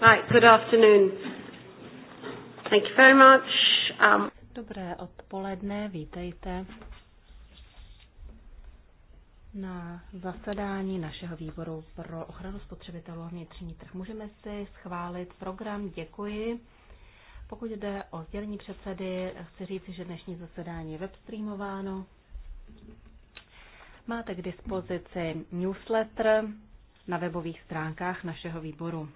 Right, good afternoon. Thank you very much. Um... Dobré odpoledne, vítejte na zasedání našeho výboru pro ochranu spotřebitelů a vnitřní trh. Můžeme si schválit program, děkuji. Pokud jde o sdělení předsedy, chci říct, že dnešní zasedání je webstreamováno. Máte k dispozici newsletter na webových stránkách našeho výboru.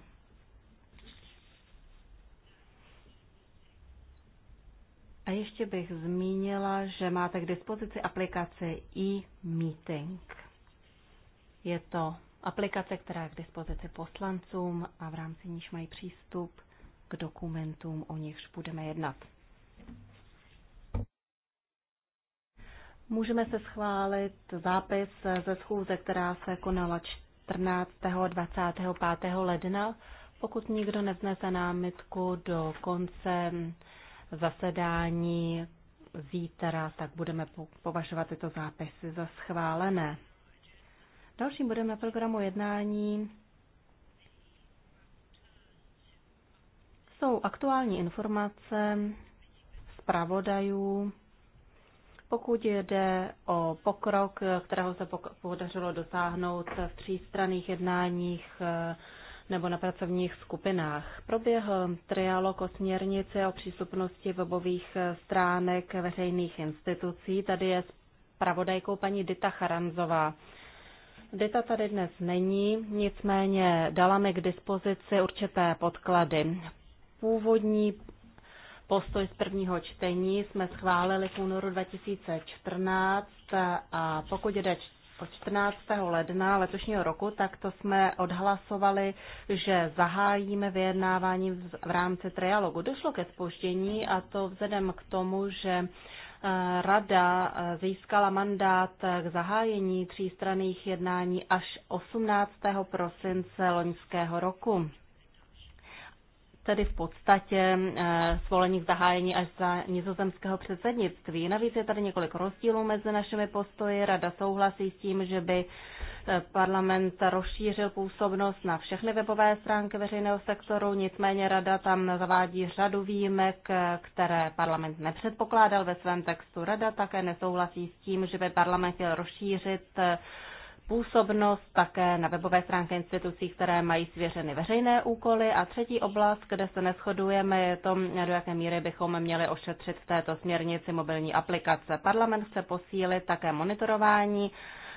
A ještě bych zmínila, že máte k dispozici aplikaci e-meeting. Je to aplikace, která je k dispozici poslancům a v rámci níž mají přístup k dokumentům, o nichž budeme jednat. Můžeme se schválit zápis ze schůze, která se konala 14. a 25. ledna, pokud nikdo nevznese námitku do konce zasedání zítra, tak budeme považovat tyto zápisy za schválené. Dalším bodem na programu jednání jsou aktuální informace zpravodajů, pokud jde o pokrok, kterého se podařilo dosáhnout v třístranných jednáních nebo na pracovních skupinách. Proběhl trialog o směrnici o přístupnosti webových stránek veřejných institucí. Tady je pravodajkou paní Dita Charanzová. Dita tady dnes není, nicméně dala mi k dispozici určité podklady. Původní Postoj z prvního čtení jsme schválili v únoru 2014 a pokud jde od 14. ledna letošního roku, tak to jsme odhlasovali, že zahájíme vyjednávání v rámci trialogu. Došlo ke spoždění a to vzhledem k tomu, že eh, Rada eh, získala mandát eh, k zahájení třístranných jednání až 18. prosince loňského roku tedy v podstatě svolení eh, k zahájení až za nizozemského předsednictví. Navíc je tady několik rozdílů mezi našimi postoji. Rada souhlasí s tím, že by eh, parlament rozšířil působnost na všechny webové stránky veřejného sektoru, nicméně rada tam zavádí řadu výjimek, eh, které parlament nepředpokládal ve svém textu. Rada také nesouhlasí s tím, že by parlament chtěl rozšířit působnost také na webové stránky institucí, které mají svěřeny veřejné úkoly. A třetí oblast, kde se neschodujeme, je to, do jaké míry bychom měli ošetřit v této směrnici mobilní aplikace. Parlament chce posílit také monitorování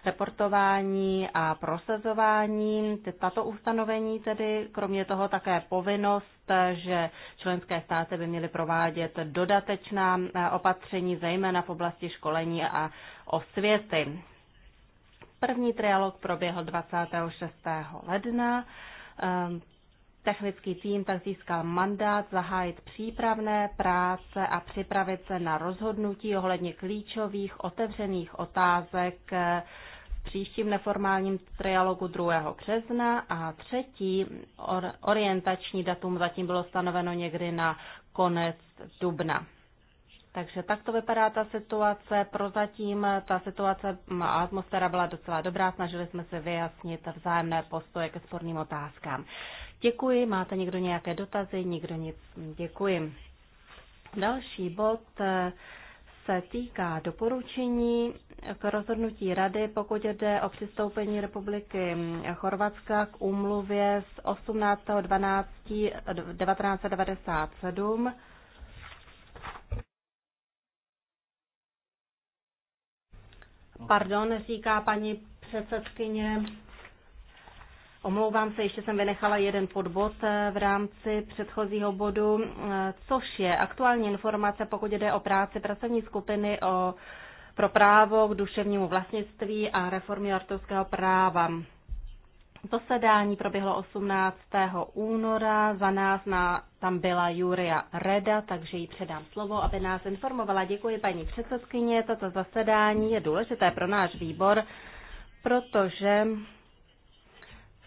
reportování a prosazování. Tato ustanovení tedy kromě toho také povinnost, že členské státy by měly provádět dodatečná eh, opatření, zejména v oblasti školení a osvěty. První trialog proběhl 26. ledna. Ehm, technický tým tak získal mandát zahájit přípravné práce a připravit se na rozhodnutí ohledně klíčových otevřených otázek eh, v příštím neformálním trialogu 2. března a třetí orientační datum zatím bylo stanoveno někdy na konec dubna. Takže tak to vypadá ta situace. Prozatím ta situace a atmosféra byla docela dobrá. Snažili jsme se vyjasnit vzájemné postoje ke sporným otázkám. Děkuji. Máte někdo nějaké dotazy? Nikdo nic. Děkuji. Další bod eh, se týká doporučení k rozhodnutí Rady, pokud jde o přistoupení Republiky Chorvatska k úmluvě z 18.12.1997 Pardon, říká paní předsedkyně. Omlouvám se, ještě jsem vynechala jeden podbod eh, v rámci předchozího bodu, eh, což je aktuální informace, pokud jde o práci pracovní skupiny o, pro právo k duševnímu vlastnictví a reformě autorského práva. Zasedání proběhlo 18. února, za nás na, tam byla Júria Reda, takže jí předám slovo, aby nás informovala. Děkuji paní předsedkyně, toto zasedání je důležité pro náš výbor, protože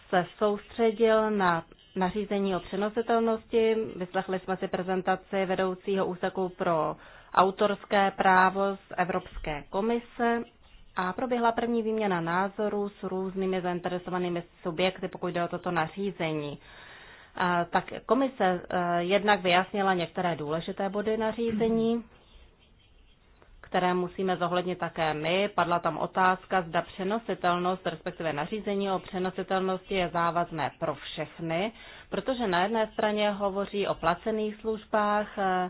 se soustředil na nařízení o přenositelnosti. Vyslechli jsme si prezentaci vedoucího úseku pro autorské právo z Evropské komise a proběhla první výměna názorů s různými zainteresovanými subjekty, pokud jde o toto nařízení. Tak komise e, jednak vyjasnila některé důležité body nařízení, které musíme zohlednit také my. Padla tam otázka, zda přenositelnost, respektive nařízení o přenositelnosti je závazné pro všechny, protože na jedné straně hovoří o placených službách, e,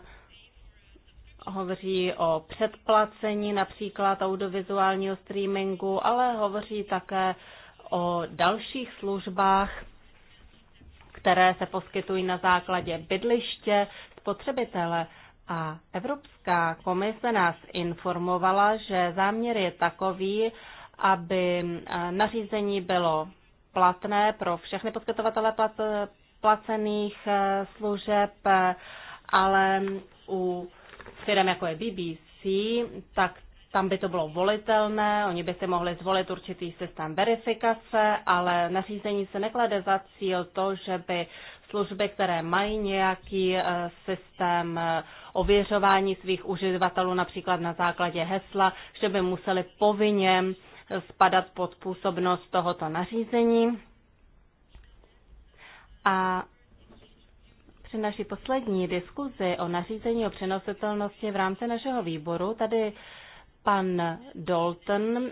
hovoří o předplacení například audiovizuálního streamingu, ale hovoří také o dalších službách, které se poskytují na základě bydliště spotřebitele. A Evropská komise nás informovala, že záměr je takový, aby eh, nařízení bylo platné pro všechny poskytovatele placených eh, služeb, eh, ale u firm jako je BBC, tak tam by to bylo volitelné, oni by si mohli zvolit určitý systém verifikace, ale nařízení se neklade za cíl to, že by služby, které mají nějaký eh, systém eh, ověřování svých uživatelů, například na základě hesla, že by museli povinně eh, spadat pod působnost tohoto nařízení. A při naší poslední diskuzi o nařízení o přenositelnosti v rámci našeho výboru tady pan Dalton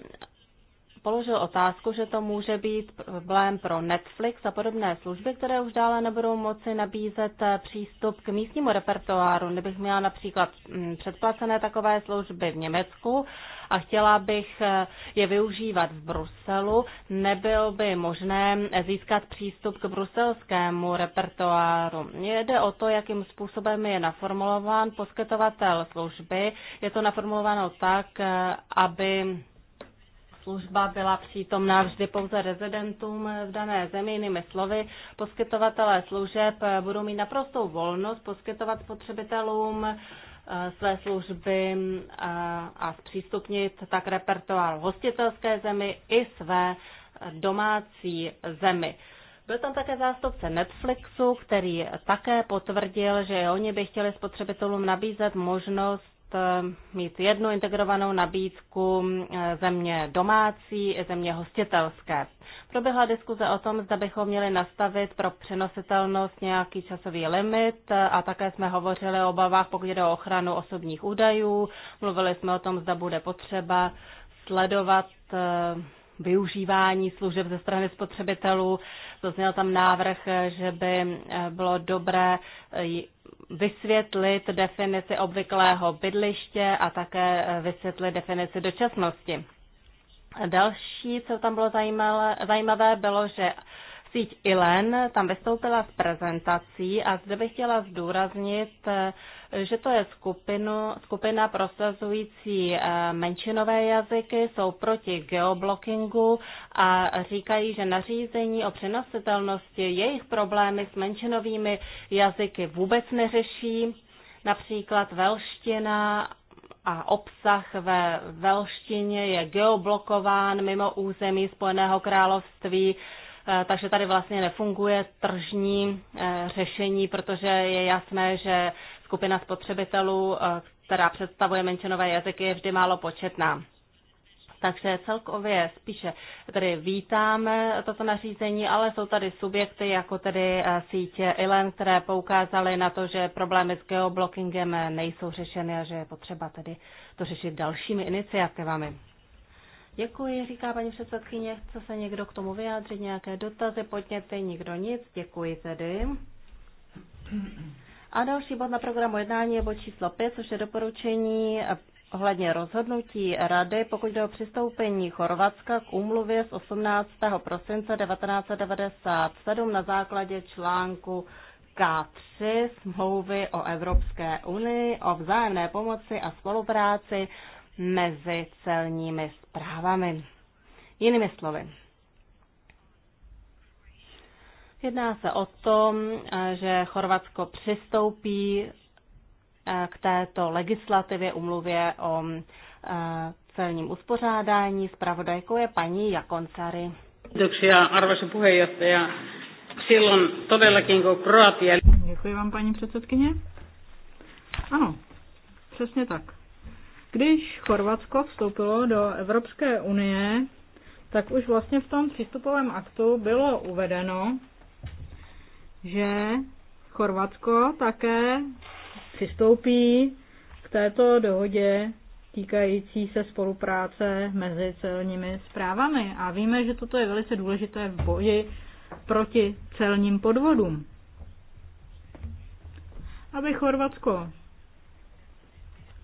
položil otázku, že to může být problém pro Netflix a podobné služby, které už dále nebudou moci nabízet eh, přístup k místnímu repertoáru. Kdybych měla například mm, předplacené takové služby v Německu a chtěla bych eh, je využívat v Bruselu, nebyl by možné získat přístup k bruselskému repertoáru. Jde o to, jakým způsobem je naformulován poskytovatel služby. Je to naformulováno tak, eh, aby služba byla přítomná vždy pouze rezidentům v dané zemi. Jinými slovy, poskytovatelé služeb budou mít naprostou volnost poskytovat spotřebitelům eh, své služby eh, a zpřístupnit tak repertoár hostitelské zemi i své domácí zemi. Byl tam také zástupce Netflixu, který také potvrdil, že oni by chtěli spotřebitelům nabízet možnost Eh, mít jednu integrovanou nabídku eh, země domácí i země hostitelské. Proběhla diskuze o tom, zda bychom měli nastavit pro přenositelnost nějaký časový limit eh, a také jsme hovořili o obavách, pokud jde o ochranu osobních údajů. Mluvili jsme o tom, zda bude potřeba sledovat využívání služeb ze strany spotřebitelů. Zazněl tam návrh, že by eh, bylo dobré eh, vysvětlit definici obvyklého bydliště a také eh, vysvětlit definici dočasnosti. Další, co tam bylo zajímavé, zajímavé bylo, že síť ILEN tam vystoupila s prezentací a zde bych chtěla zdůraznit, eh, že to je skupinu, skupina prosazující eh, menšinové jazyky, jsou proti geoblockingu a říkají, že nařízení o přenositelnosti jejich problémy s menšinovými jazyky vůbec neřeší, například velština a obsah ve velštině je geoblokován mimo území Spojeného království Eh, takže tady vlastně nefunguje tržní eh, řešení, protože je jasné, že skupina spotřebitelů, eh, která představuje menšinové jazyky, je vždy málo početná. Takže celkově spíše tedy vítáme toto nařízení, ale jsou tady subjekty jako tedy sítě ILEN, které poukázaly na to, že problémy s geoblockingem nejsou řešeny a že je potřeba tedy to řešit dalšími iniciativami. Děkuji, říká paní předsedkyně. Chce se někdo k tomu vyjádřit? Nějaké dotazy, podněty? Nikdo nic. Děkuji tedy. A další bod na programu jednání je bod číslo 5, což je doporučení ohledně rozhodnutí Rady, pokud jde o přistoupení Chorvatska k úmluvě z 18. prosince 1997 na základě článku K3 smlouvy o Evropské unii o vzájemné pomoci a spolupráci mezi celními zprávami. Jinými slovy, jedná se o to, že Chorvatsko přistoupí eh, k této legislativě umluvě o eh, celním uspořádání. Spravodajkou je paní Jakoncary. Děkuji vám, paní předsedkyně. Ano, přesně tak. Když Chorvatsko vstoupilo do Evropské unie, tak už vlastně v tom přístupovém aktu bylo uvedeno, že Chorvatsko také přistoupí k této dohodě týkající se spolupráce mezi celními zprávami. A víme, že toto je velice důležité v boji proti celním podvodům. Aby Chorvatsko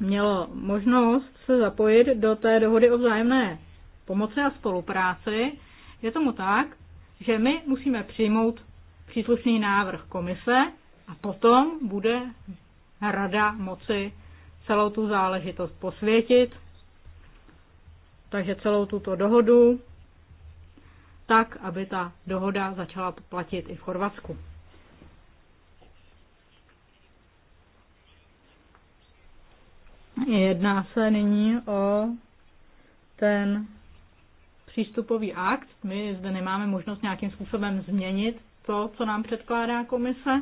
mělo možnost se zapojit do té dohody o vzájemné pomoci a spolupráci, je tomu tak, že my musíme přijmout příslušný návrh komise a potom bude rada moci celou tu záležitost posvětit, takže celou tuto dohodu, tak, aby ta dohoda začala platit i v Chorvatsku. Jedná se nyní o ten přístupový akt. My zde nemáme možnost nějakým způsobem změnit to, co nám předkládá komise,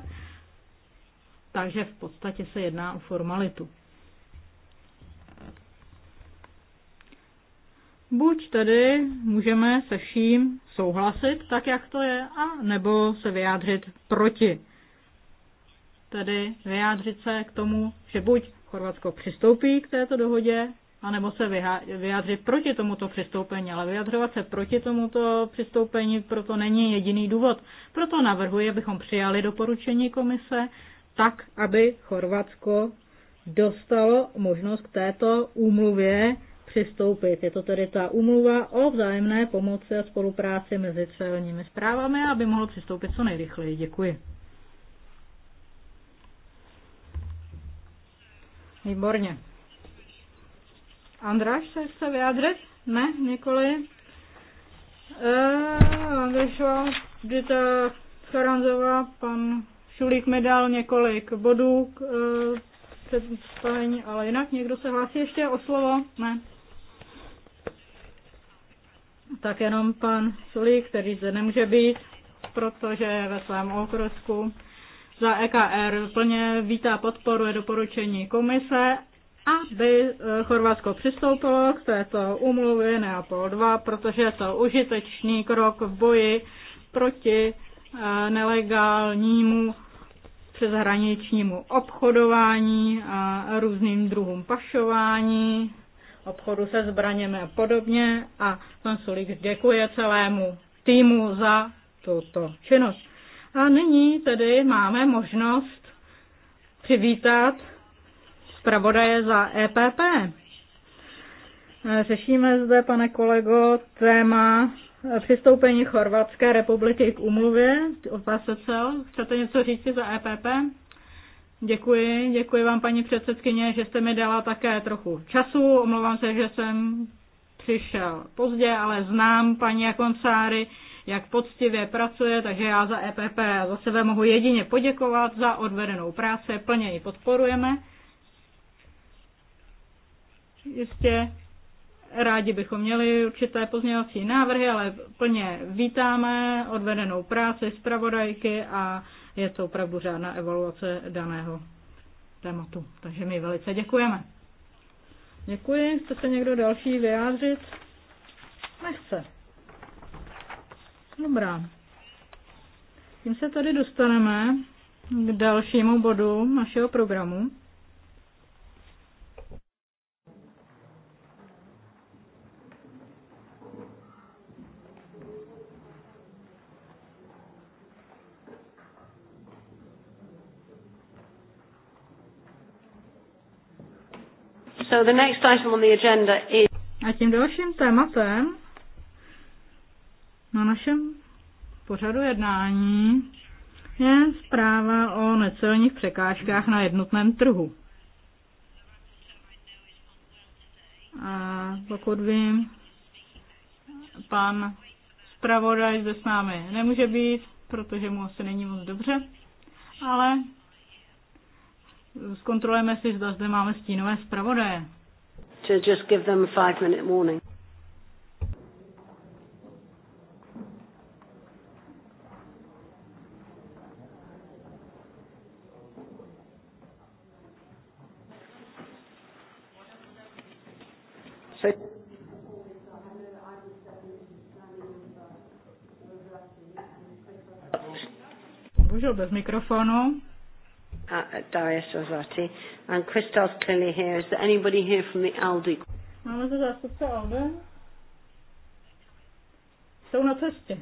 takže v podstatě se jedná o formalitu. Buď tedy můžeme se vším souhlasit tak, jak to je, a nebo se vyjádřit proti. Tedy vyjádřit se k tomu, že buď Chorvatsko přistoupí k této dohodě, anebo se vyjádřit proti tomuto přistoupení, ale vyjadřovat se proti tomuto přistoupení proto není jediný důvod. Proto navrhuji, abychom přijali doporučení komise tak, aby Chorvatsko dostalo možnost k této úmluvě přistoupit. Je to tedy ta úmluva o vzájemné pomoci a spolupráci mezi celními zprávami, aby mohlo přistoupit co nejrychleji. Děkuji. Výborně. Andráš se chce vyjádřit? Ne, nikoli. Eee, eh, Andrášová, Dita Charanzová, pan Šulík mi dal několik bodů k eh, představení, ale jinak někdo se hlásí ještě o slovo? Ne. Tak jenom pan Šulík, který zde nemůže být, protože je ve svém okresku za EKR plně vítá podporu a doporučení komise, aby e, Chorvatsko přistoupilo k této umluvě Neapol 2, protože je to užitečný krok v boji proti e, nelegálnímu přeshraničnímu obchodování a různým druhům pašování, obchodu se zbraněmi a podobně. A pan Sulik děkuje celému týmu za tuto činnost. A nyní tedy máme možnost přivítat zpravodaje za EPP. Řešíme zde, pane kolego, téma přistoupení Chorvatské republiky k umluvě o PSCL. Chcete něco říct za EPP? Děkuji, děkuji vám, paní předsedkyně, že jste mi dala také trochu času. Omlouvám se, že jsem přišel pozdě, ale znám paní Akoncáry jak poctivě pracuje, takže já za EPP za sebe mohu jedině poděkovat za odvedenou práci, plně ji podporujeme. Jistě rádi bychom měli určité pozměňovací návrhy, ale plně vítáme odvedenou práci zpravodajky a je to opravdu řádná evaluace daného tématu. Takže my velice děkujeme. Děkuji. Chce se někdo další vyjádřit? Nechce. Dobrá. Tím se tady dostaneme k dalšímu bodu našeho programu. So the next item on the agenda is... A tím dalším tématem na našem pořadu jednání je zpráva o necelních překážkách na jednotném trhu. A pokud vím, pan zpravodaj zde s námi nemůže být, protože mu asi není moc dobře, ale zkontrolujeme si, zda zde máme stínové zpravodaje. To just give them a five minute warning. hovořil bez mikrofonu. Máme zde zástupce Alde. Jsou na cestě.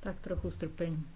Tak trochu strpení.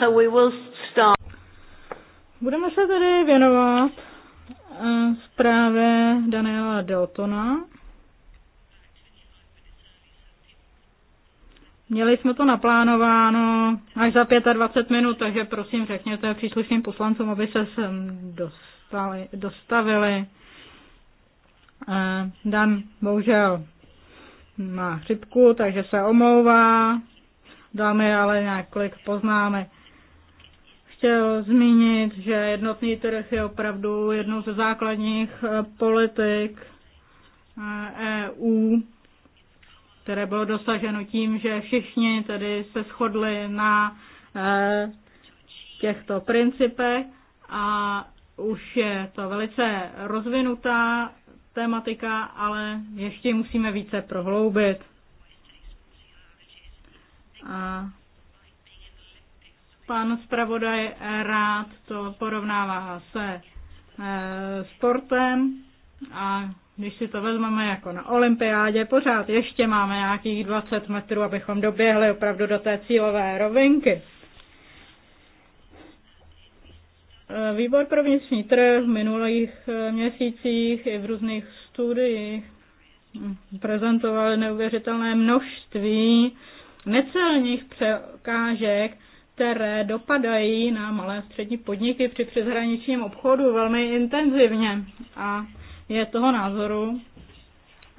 So we will start. Budeme se tedy věnovat eh, zprávě Daniela Deltona. Měli jsme to naplánováno až za 25 minut, takže prosím řekněte příslušným poslancům, aby se sem dostali, dostavili. Eh, Dan bohužel má chřipku, takže se omlouvá. Dáme ale několik poznámek chtěl zmínit, že jednotný trh je opravdu jednou ze základních eh, politik EU, eh, e které bylo dosaženo tím, že všichni tedy se shodli na eh, těchto principech a už je to velice rozvinutá tématika, ale ještě musíme více prohloubit. A pan zpravodaj rád to porovnává se eh, sportem a když si to vezmeme jako na olympiádě, pořád ještě máme nějakých 20 metrů, abychom doběhli opravdu do té cílové rovinky. Eh, výbor pro vnitřní trh v minulých eh, měsících i v různých studiích hm, prezentoval neuvěřitelné množství necelních překážek, které dopadají na malé střední podniky při přeshraničním obchodu velmi intenzivně. A je toho názoru,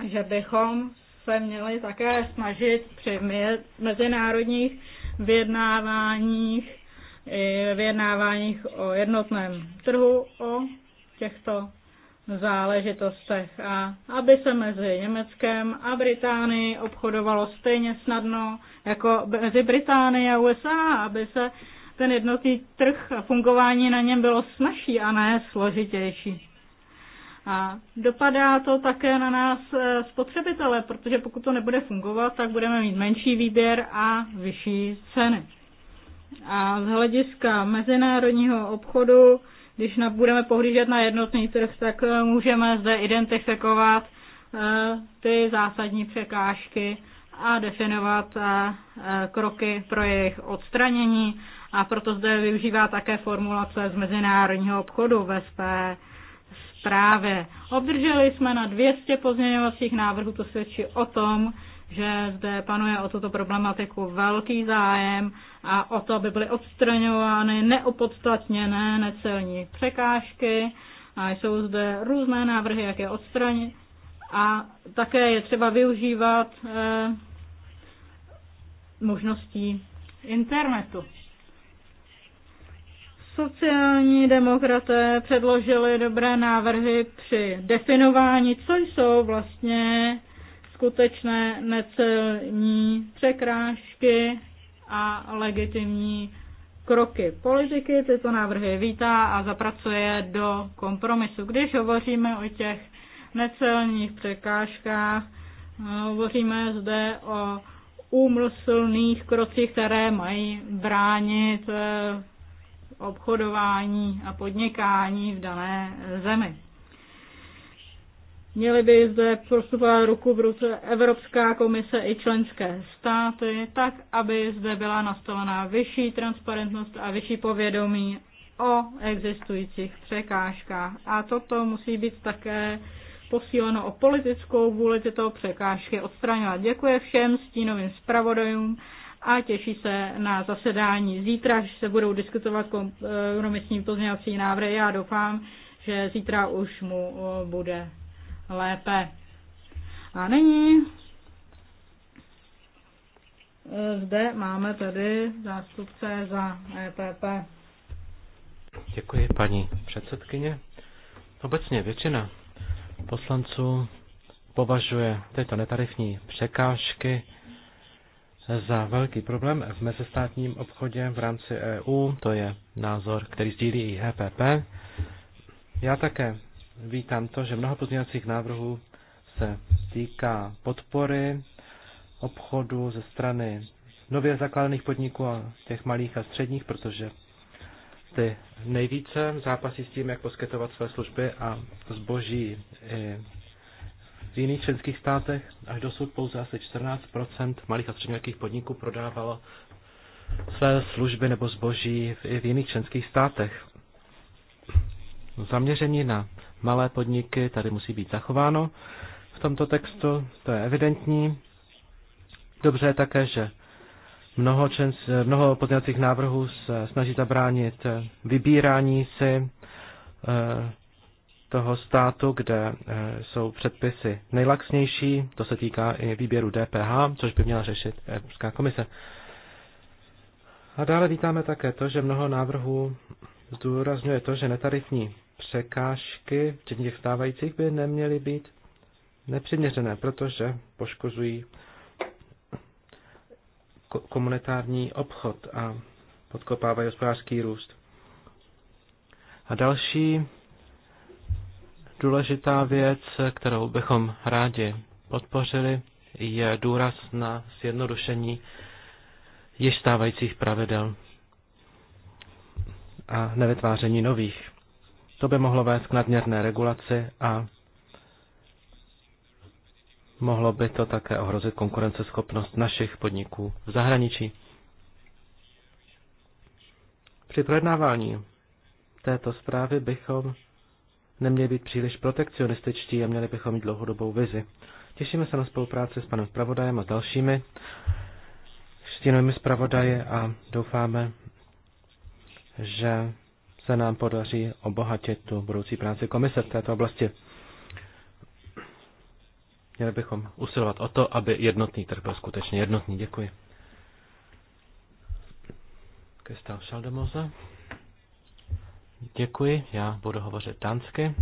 že bychom se měli také snažit při mezinárodních vyjednáváních, vyjednáváních o jednotném trhu o těchto záležitostech a aby se mezi Německem a Británií obchodovalo stejně snadno jako mezi Británií a USA, aby se ten jednotný trh a fungování na něm bylo snažší a ne složitější. A dopadá to také na nás eh, spotřebitele, protože pokud to nebude fungovat, tak budeme mít menší výběr a vyšší ceny. A z hlediska mezinárodního obchodu když budeme pohlížet na jednotný trh, tak eh, můžeme zde identifikovat eh, ty zásadní překážky a definovat eh, kroky pro jejich odstranění a proto zde využívá také formulace z mezinárodního obchodu ve své zprávě. Obdrželi jsme na 200 pozměňovacích návrhů, to svědčí o tom, že zde panuje o tuto problematiku velký zájem a o to, aby byly odstraňovány neopodstatněné necelní překážky. A jsou zde různé návrhy, jak je odstranit. A také je třeba využívat eh, možností internetu. Sociální demokraté předložili dobré návrhy při definování, co jsou vlastně skutečné necelní překrážky a legitimní kroky politiky. Tyto návrhy vítá a zapracuje do kompromisu. Když hovoříme o těch necelních překážkách, hovoříme zde o úmyslných krocích, které mají bránit eh, obchodování a podnikání v dané zemi. Měly by zde postupovat ruku v ruce Evropská komise i členské státy, tak aby zde byla nastavená vyšší transparentnost a vyšší povědomí o existujících překážkách. A toto musí být také posíleno o politickou vůli tyto překážky odstraňovat. Děkuji všem stínovým zpravodajům a těší se na zasedání zítra, že se budou diskutovat eh, kompromisní pozměňovací návrhy. Já doufám, že zítra už mu eh, bude lépe. A nyní eh, zde máme tedy zástupce za EPP. Děkuji, paní předsedkyně. Obecně většina poslanců považuje tyto netarifní překážky za velký problém v mezistátním obchodě v rámci EU. To je názor, který sdílí i EPP. Já také vítám to, že mnoho pozměňovacích návrhů se týká podpory obchodu ze strany nově zakládaných podniků a těch malých a středních, protože ty nejvíce zápasí s tím, jak poskytovat své služby a zboží v jiných členských státech. Až dosud pouze asi 14 malých a středních podniků prodávalo své služby nebo zboží i v jiných členských státech. Zaměření na malé podniky tady musí být zachováno v tomto textu, to je evidentní. Dobře je také, že mnoho, čens, mnoho pozměňovacích návrhů se snaží zabránit vybírání si eh, toho státu, kde eh, jsou předpisy nejlaxnější, to se týká i výběru DPH, což by měla řešit Evropská komise. A dále vítáme také to, že mnoho návrhů zdůrazňuje to, že netarifní překážky, včetně těch stávajících, by neměly být nepřiměřené, protože poškozují komunitární obchod a podkopávají hospodářský růst. A další důležitá věc, kterou bychom rádi podpořili, je důraz na zjednodušení již stávajících pravidel a nevytváření nových. To by mohlo vést k nadměrné regulaci a mohlo by to také ohrozit konkurenceschopnost našich podniků v zahraničí. Při projednávání této zprávy bychom neměli být příliš protekcionističtí a měli bychom mít dlouhodobou vizi. Těšíme se na spolupráci s panem zpravodajem a s dalšími stínovými zpravodaje a doufáme, že se nám podaří obohatit tu budoucí práci komise v této oblasti. Měli bychom usilovat o to, aby jednotný trh byl skutečně jednotný. Děkuji. Kristal Šaldemoza. Děkuji, já budu hovořit dánsky.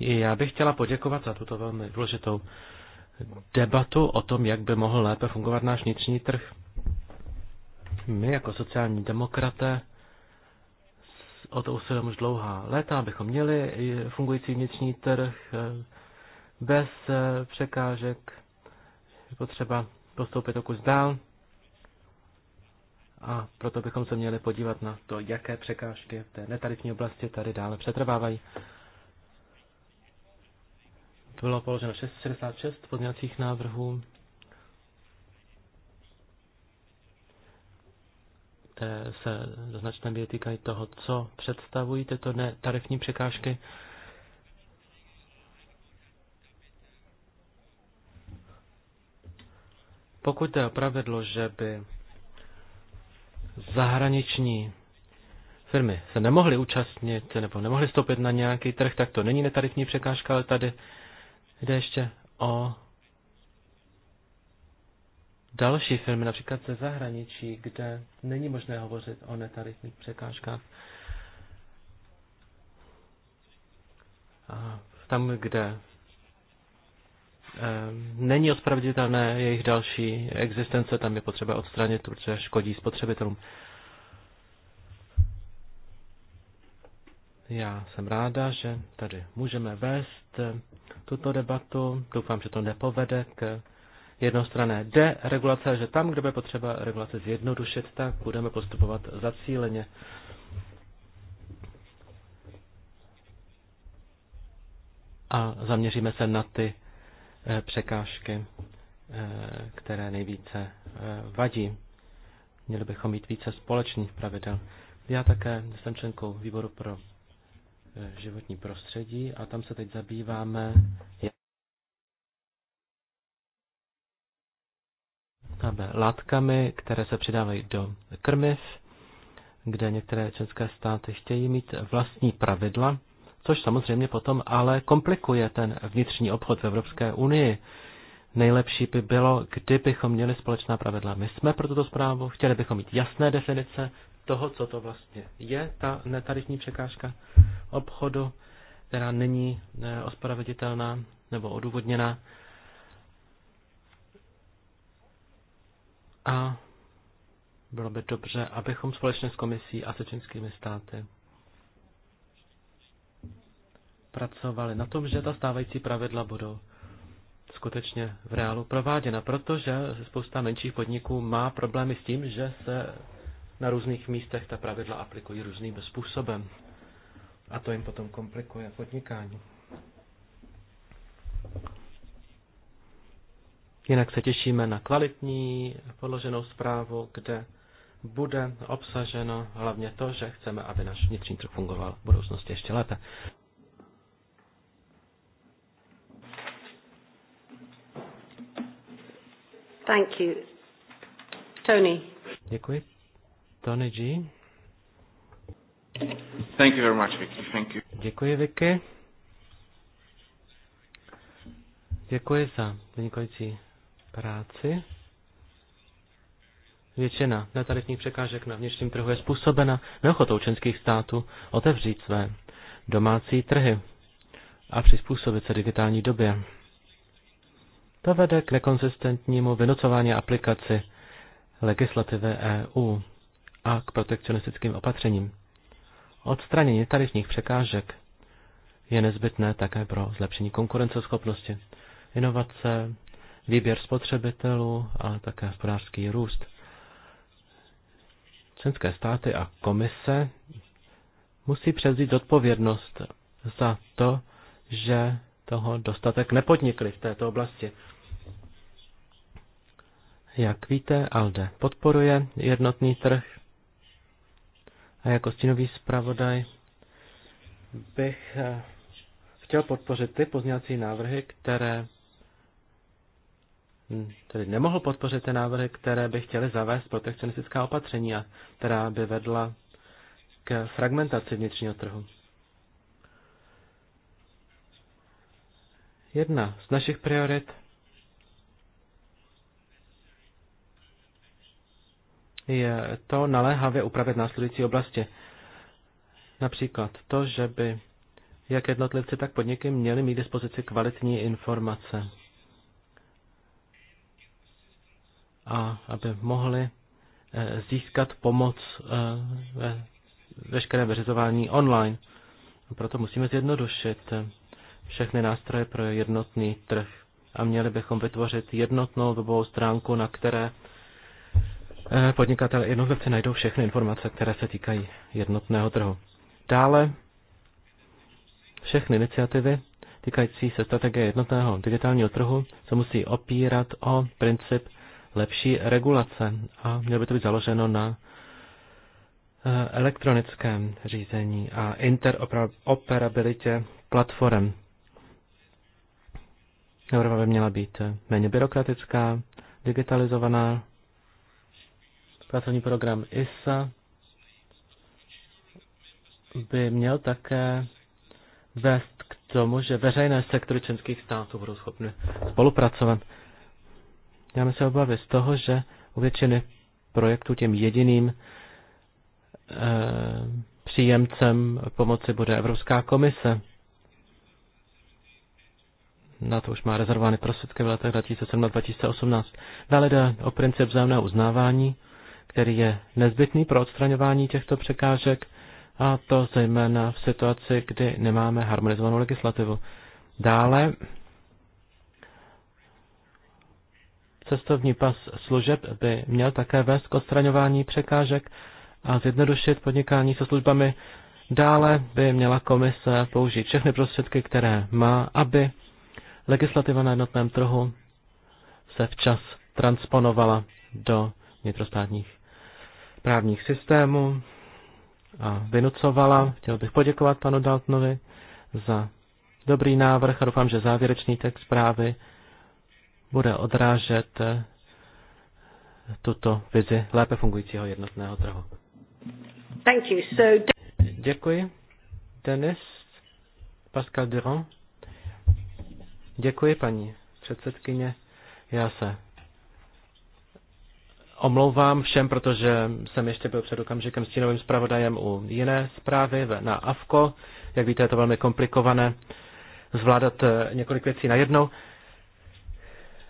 Já bych chtěla poděkovat za tuto velmi důležitou debatu o tom, jak by mohl lépe fungovat náš vnitřní trh. My jako sociální demokraté o to usilujeme už dlouhá léta, abychom měli fungující vnitřní trh eh, bez eh, překážek. Je potřeba postoupit o kus dál. A proto bychom se měli podívat na to, jaké překážky v té netarifní oblasti tady dále přetrvávají. Bylo položeno 66 podněcích návrhů, které se do značné míry týkají toho, co představují tyto tarifní překážky. Pokud je pravidlo, že by zahraniční firmy se nemohly účastnit nebo nemohly stoupit na nějaký trh, tak to není netarifní překážka, ale tady Jde ještě o další firmy například ze zahraničí, kde není možné hovořit o netarifních překážkách. A tam, kde ehm, není ospravedlitelné jejich další existence, tam je potřeba odstranit, protože škodí spotřebitelům. Já jsem ráda, že tady můžeme vést eh, tuto debatu. Doufám, že to nepovede k jednostrané deregulace, že tam, kde bude potřeba regulace zjednodušit, tak budeme postupovat zacíleně. A zaměříme se na ty eh, překážky, eh, které nejvíce vadí. Měli bychom mít více společných pravidel. Já také jsem členkou výboru pro životní prostředí a tam se teď zabýváme látkami, které se přidávají do krmiv, kde některé české státy chtějí mít vlastní pravidla, což samozřejmě potom ale komplikuje ten vnitřní obchod v Evropské unii. Nejlepší by bylo, kdybychom měli společná pravidla. My jsme pro tuto zprávu, chtěli bychom mít jasné definice, toho, co to vlastně je, ta netarifní překážka obchodu, která není eh, ospravedlitelná nebo odůvodněná. A bylo by dobře, abychom společně s komisí a se čínskými státy pracovali na tom, že ta stávající pravidla budou skutečně v reálu prováděna, protože spousta menších podniků má problémy s tím, že se na různých místech ta pravidla aplikují různým způsobem. A to jim potom komplikuje podnikání. Jinak se těšíme na kvalitní podloženou zprávu, kde bude obsaženo hlavně to, že chceme, aby náš vnitřní trh fungoval v budoucnosti ještě lépe. Thank you. Tony. Děkuji. Tony G. Thank you very much, Vicky. Thank you. Děkuji, Vicky. Děkuji za vynikající práci. Většina netarifních překážek na vnitřním trhu je způsobena neochotou členských států otevřít své domácí trhy a přizpůsobit se digitální době. To vede k nekonsistentnímu vynocování aplikaci legislativy EU a k protekcionistickým opatřením. Odstranění tarifních překážek je nezbytné také pro zlepšení konkurenceschopnosti, inovace, výběr spotřebitelů a také hospodářský růst. Členské státy a komise musí převzít odpovědnost za to, že toho dostatek nepodnikli v této oblasti. Jak víte, ALDE podporuje jednotný trh a jako stínový zpravodaj bych eh, chtěl podpořit ty pozměňovací návrhy, které hm, tedy nemohl podpořit ty návrhy, které by chtěly zavést protekcionistická opatření a která by vedla k fragmentaci vnitřního trhu. Jedna z našich priorit je to naléhavě upravit následující oblasti. Například to, že by jak jednotlivci, tak podniky měli mít dispozici kvalitní informace a aby mohli eh, získat pomoc eh, ve veškerém vyřizování online. Proto musíme zjednodušit eh, všechny nástroje pro jednotný trh a měli bychom vytvořit jednotnou webovou stránku, na které Eh, podnikatelé jednotlivci najdou všechny informace, které se týkají jednotného trhu. Dále všechny iniciativy týkající se strategie jednotného digitálního trhu se musí opírat o princip lepší regulace a mělo by to být založeno na eh, elektronickém řízení a interoperabilitě platform. Evropa by měla být eh, méně byrokratická, digitalizovaná, pracovní program ISA by měl také vést k tomu, že veřejné sektory členských států budou schopny spolupracovat. Já se obavy z toho, že u většiny projektů tím jediným e, příjemcem pomoci bude Evropská komise. Na to už má rezervovány prostředky v letech 2017-2018. Dále jde o princip vzájemného uznávání který je nezbytný pro odstraňování těchto překážek, a to zejména v situaci, kdy nemáme harmonizovanou legislativu. Dále cestovní pas služeb by měl také vést k odstraňování překážek a zjednodušit podnikání se službami. Dále by měla komise použít všechny prostředky, které má, aby legislativa na jednotném trhu se včas transponovala do vnitrostátních právních systémů a vynucovala. Chtěl bych poděkovat panu Daltnovi za dobrý návrh a doufám, že závěrečný text zprávy bude odrážet eh, tuto vizi lépe fungujícího jednotného trhu. Thank you. So... Děkuji. Denis Pascal Durand. Děkuji, paní předsedkyně. Já se omlouvám všem, protože jsem ještě byl před okamžikem stínovým zpravodajem u jiné zprávy na AFKO. Jak víte, je to velmi komplikované zvládat eh, několik věcí najednou.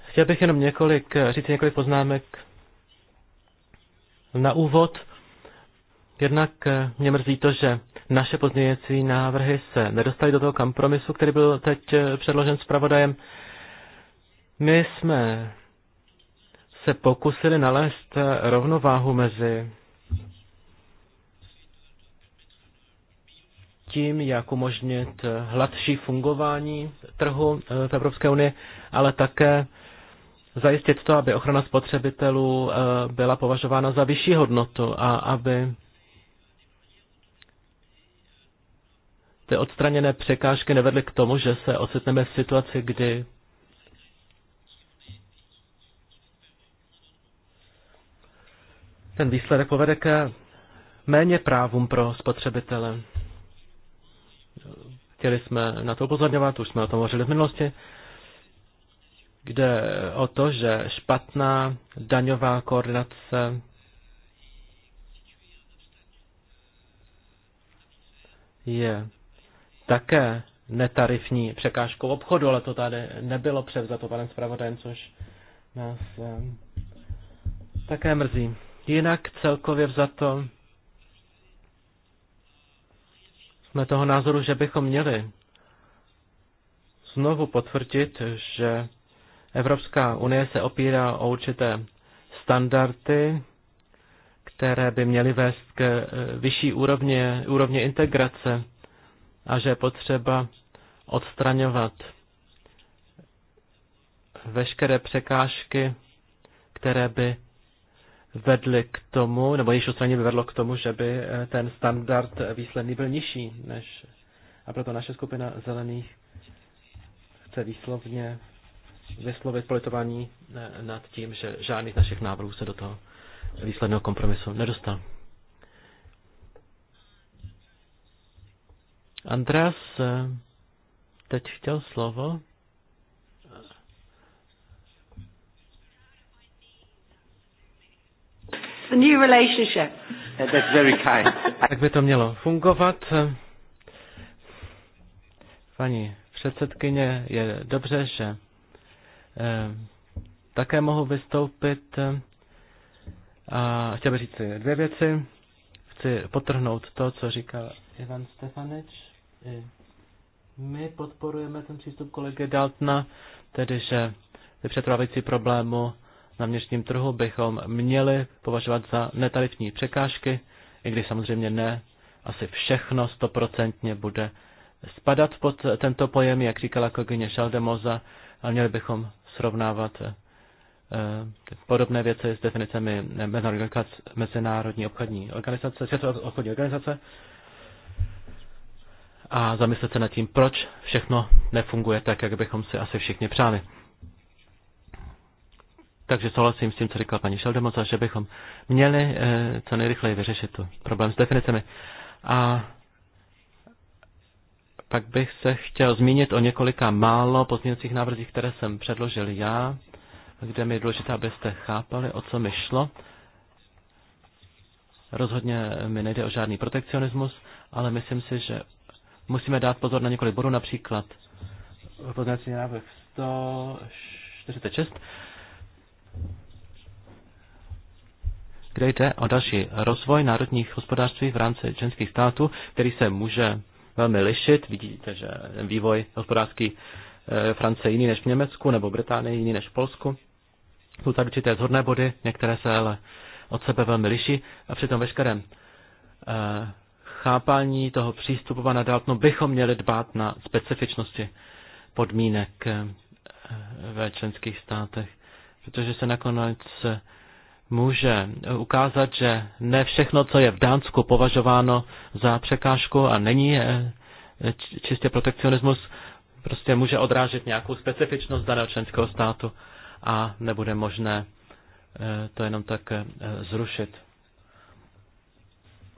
Chtěl bych jenom několik, eh, říct několik poznámek na úvod. Jednak eh, mě mrzí to, že naše pozměňovací návrhy se nedostaly do toho kompromisu, který byl teď předložen zpravodajem. My jsme se pokusili nalézt rovnováhu mezi tím, jak umožnit hladší fungování trhu eh, v Evropské unii, ale také zajistit to, aby ochrana spotřebitelů eh, byla považována za vyšší hodnotu a aby ty odstraněné překážky nevedly k tomu, že se ocitneme v situaci, kdy ten výsledek povede ke méně právům pro spotřebitele. Chtěli jsme na to upozorňovat, už jsme o tom hovořili v minulosti, kde o to, že špatná daňová koordinace je také netarifní překážkou obchodu, ale to tady nebylo převzato panem zpravodajem, což nás eh, také mrzí. Jinak celkově vzato jsme toho názoru, že bychom měli znovu potvrdit, že Evropská unie se opírá o určité standardy, které by měly vést k eh, vyšší úrovně, úrovně integrace a že je potřeba odstraňovat veškeré překážky, které by vedly k tomu, nebo jejich odstranění by vedlo k tomu, že by eh, ten standard výsledný byl nižší než. A proto naše skupina zelených chce výslovně vyslovit politování eh, nad tím, že žádný z našich návrhů se do toho výsledného kompromisu nedostal. Andreas eh, teď chtěl slovo. new relationship. That's very kind. tak by to mělo fungovat. Paní předsedkyně, je dobře, že eh, také mohu vystoupit eh, a chtěl bych říct dvě věci. Chci potrhnout to, co říkal Ivan Stefanič. My podporujeme ten přístup kolegy Daltna, tedy že vypřetrávající problému na vnitřním trhu bychom měli považovat za netarifní překážky, i když samozřejmě ne asi všechno stoprocentně bude spadat pod tento pojem, jak říkala kolegyně Šaldemoza, ale měli bychom srovnávat eh, podobné věci s definicemi Mezinárodní obchodní organizace, Světové obchodní organizace a zamyslet se nad tím, proč všechno nefunguje tak, jak bychom si asi všichni přáli. Takže souhlasím s tím, co říkala paní Šeldemoca, že bychom měli eh, co nejrychleji vyřešit tu problém s definicemi. A pak bych se chtěl zmínit o několika málo pozměňovacích návrzích, které jsem předložil já, kde mi je důležité, abyste chápali, o co mi šlo. Rozhodně mi nejde o žádný protekcionismus, ale myslím si, že musíme dát pozor na několik bodů, například pozměňovací návrh 146, kde jde o další rozvoj národních hospodářství v rámci členských států, který se může velmi lišit. Vidíte, že vývoj hospodářský eh, Francie jiný než v Německu nebo Británii jiný než v Polsku. Jsou tady určité zhodné body, některé se ale od sebe velmi liší a přitom veškerém eh, chápání toho přístupu na dálku bychom měli dbát na specifičnosti podmínek eh, ve členských státech protože se nakonec může ukázat, že ne všechno, co je v Dánsku považováno za překážku a není eh, čistě protekcionismus, prostě může odrážet nějakou specifičnost daného členského státu a nebude možné eh, to jenom tak eh, zrušit.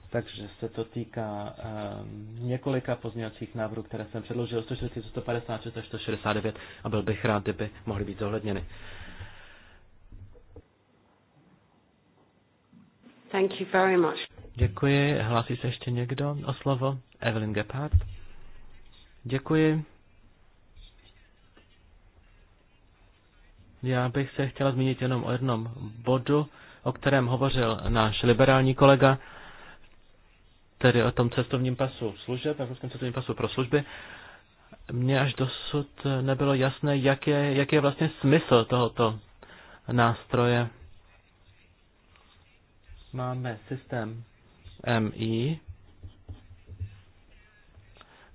Takže se to týká několika pozměňovacích návrhů, které jsem předložil, 140, 156 a 169 a byl bych rád, kdyby mohly být zohledněny. Thank you very much. Děkuji. Hlásí se ještě někdo o slovo? Evelyn Gephardt. Děkuji. Já bych se chtěla zmínit jenom o jednom bodu, o kterém hovořil náš liberální kolega, tedy o tom cestovním pasu služeb, evropském cestovním pasu pro služby. Mně až dosud nebylo jasné, jak je, jak je vlastně smysl tohoto nástroje máme systém MI,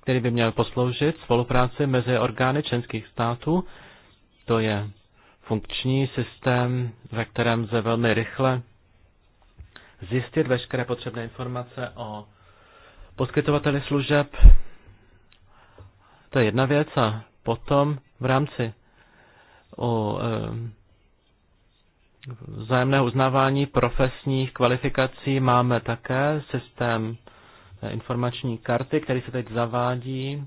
který by měl posloužit spolupráci mezi orgány členských států. To je funkční systém, ve kterém se velmi rychle zjistit veškeré potřebné informace o poskytovateli služeb. To je jedna věc a potom v rámci o e, vzájemného uznávání profesních kvalifikací máme také systém informační karty, který se teď zavádí.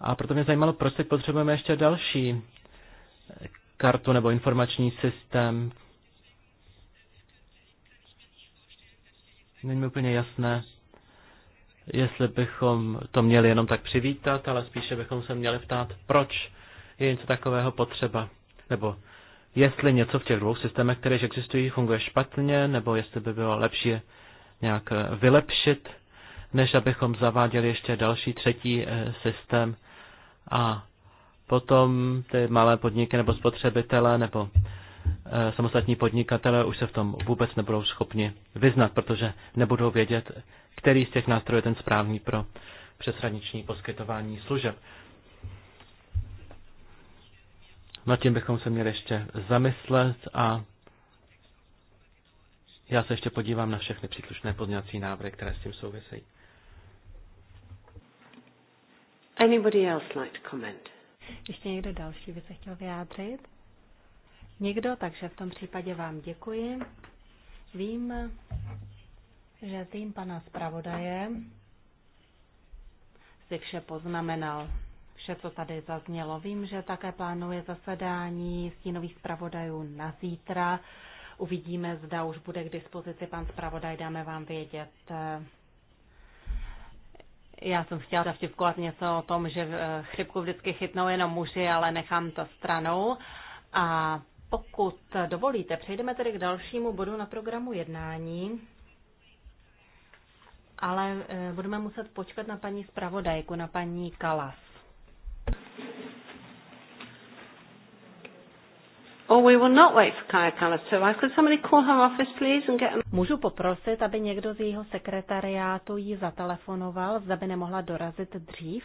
A proto mě zajímalo, proč teď potřebujeme ještě další kartu nebo informační systém. Není mi úplně jasné, jestli bychom to měli jenom tak přivítat, ale spíše bychom se měli ptát, proč je něco takového potřeba. Nebo jestli něco v těch dvou systémech, které existují, funguje špatně, nebo jestli by bylo lepší nějak eh, vylepšit, než abychom zaváděli ještě další třetí eh, systém a potom ty malé podniky nebo spotřebitele nebo eh, samostatní podnikatele už se v tom vůbec nebudou schopni vyznat, protože nebudou vědět, který z těch nástrojů je ten správný pro přeshraniční poskytování služeb. Nad tím bychom se měli ještě zamyslet a já se ještě podívám na všechny příslušné pozměňovací návrhy, které s tím souvisejí. Anybody else like to comment? Ještě někdo další by se chtěl vyjádřit? Nikdo, takže v tom případě vám děkuji. Vím, že tým pana zpravodaje si vše poznamenal vše, co tady zaznělo. Vím, že také plánuje zasedání stínových zpravodajů na zítra. Uvidíme, zda už bude k dispozici pan zpravodaj, dáme vám vědět. Já jsem chtěla zavtipkovat něco o tom, že eh, chřipku vždycky chytnou jenom muži, ale nechám to stranou. A pokud dovolíte, přejdeme tedy k dalšímu bodu na programu jednání, ale eh, budeme muset počkat na paní zpravodajku, na paní Kalas. Or we will not wait for Kaya to arrive. Could somebody call her office, please, and get... Můžu poprosit, aby někdo z jejího sekretariátu jí zatelefonoval, zda by nemohla dorazit dřív?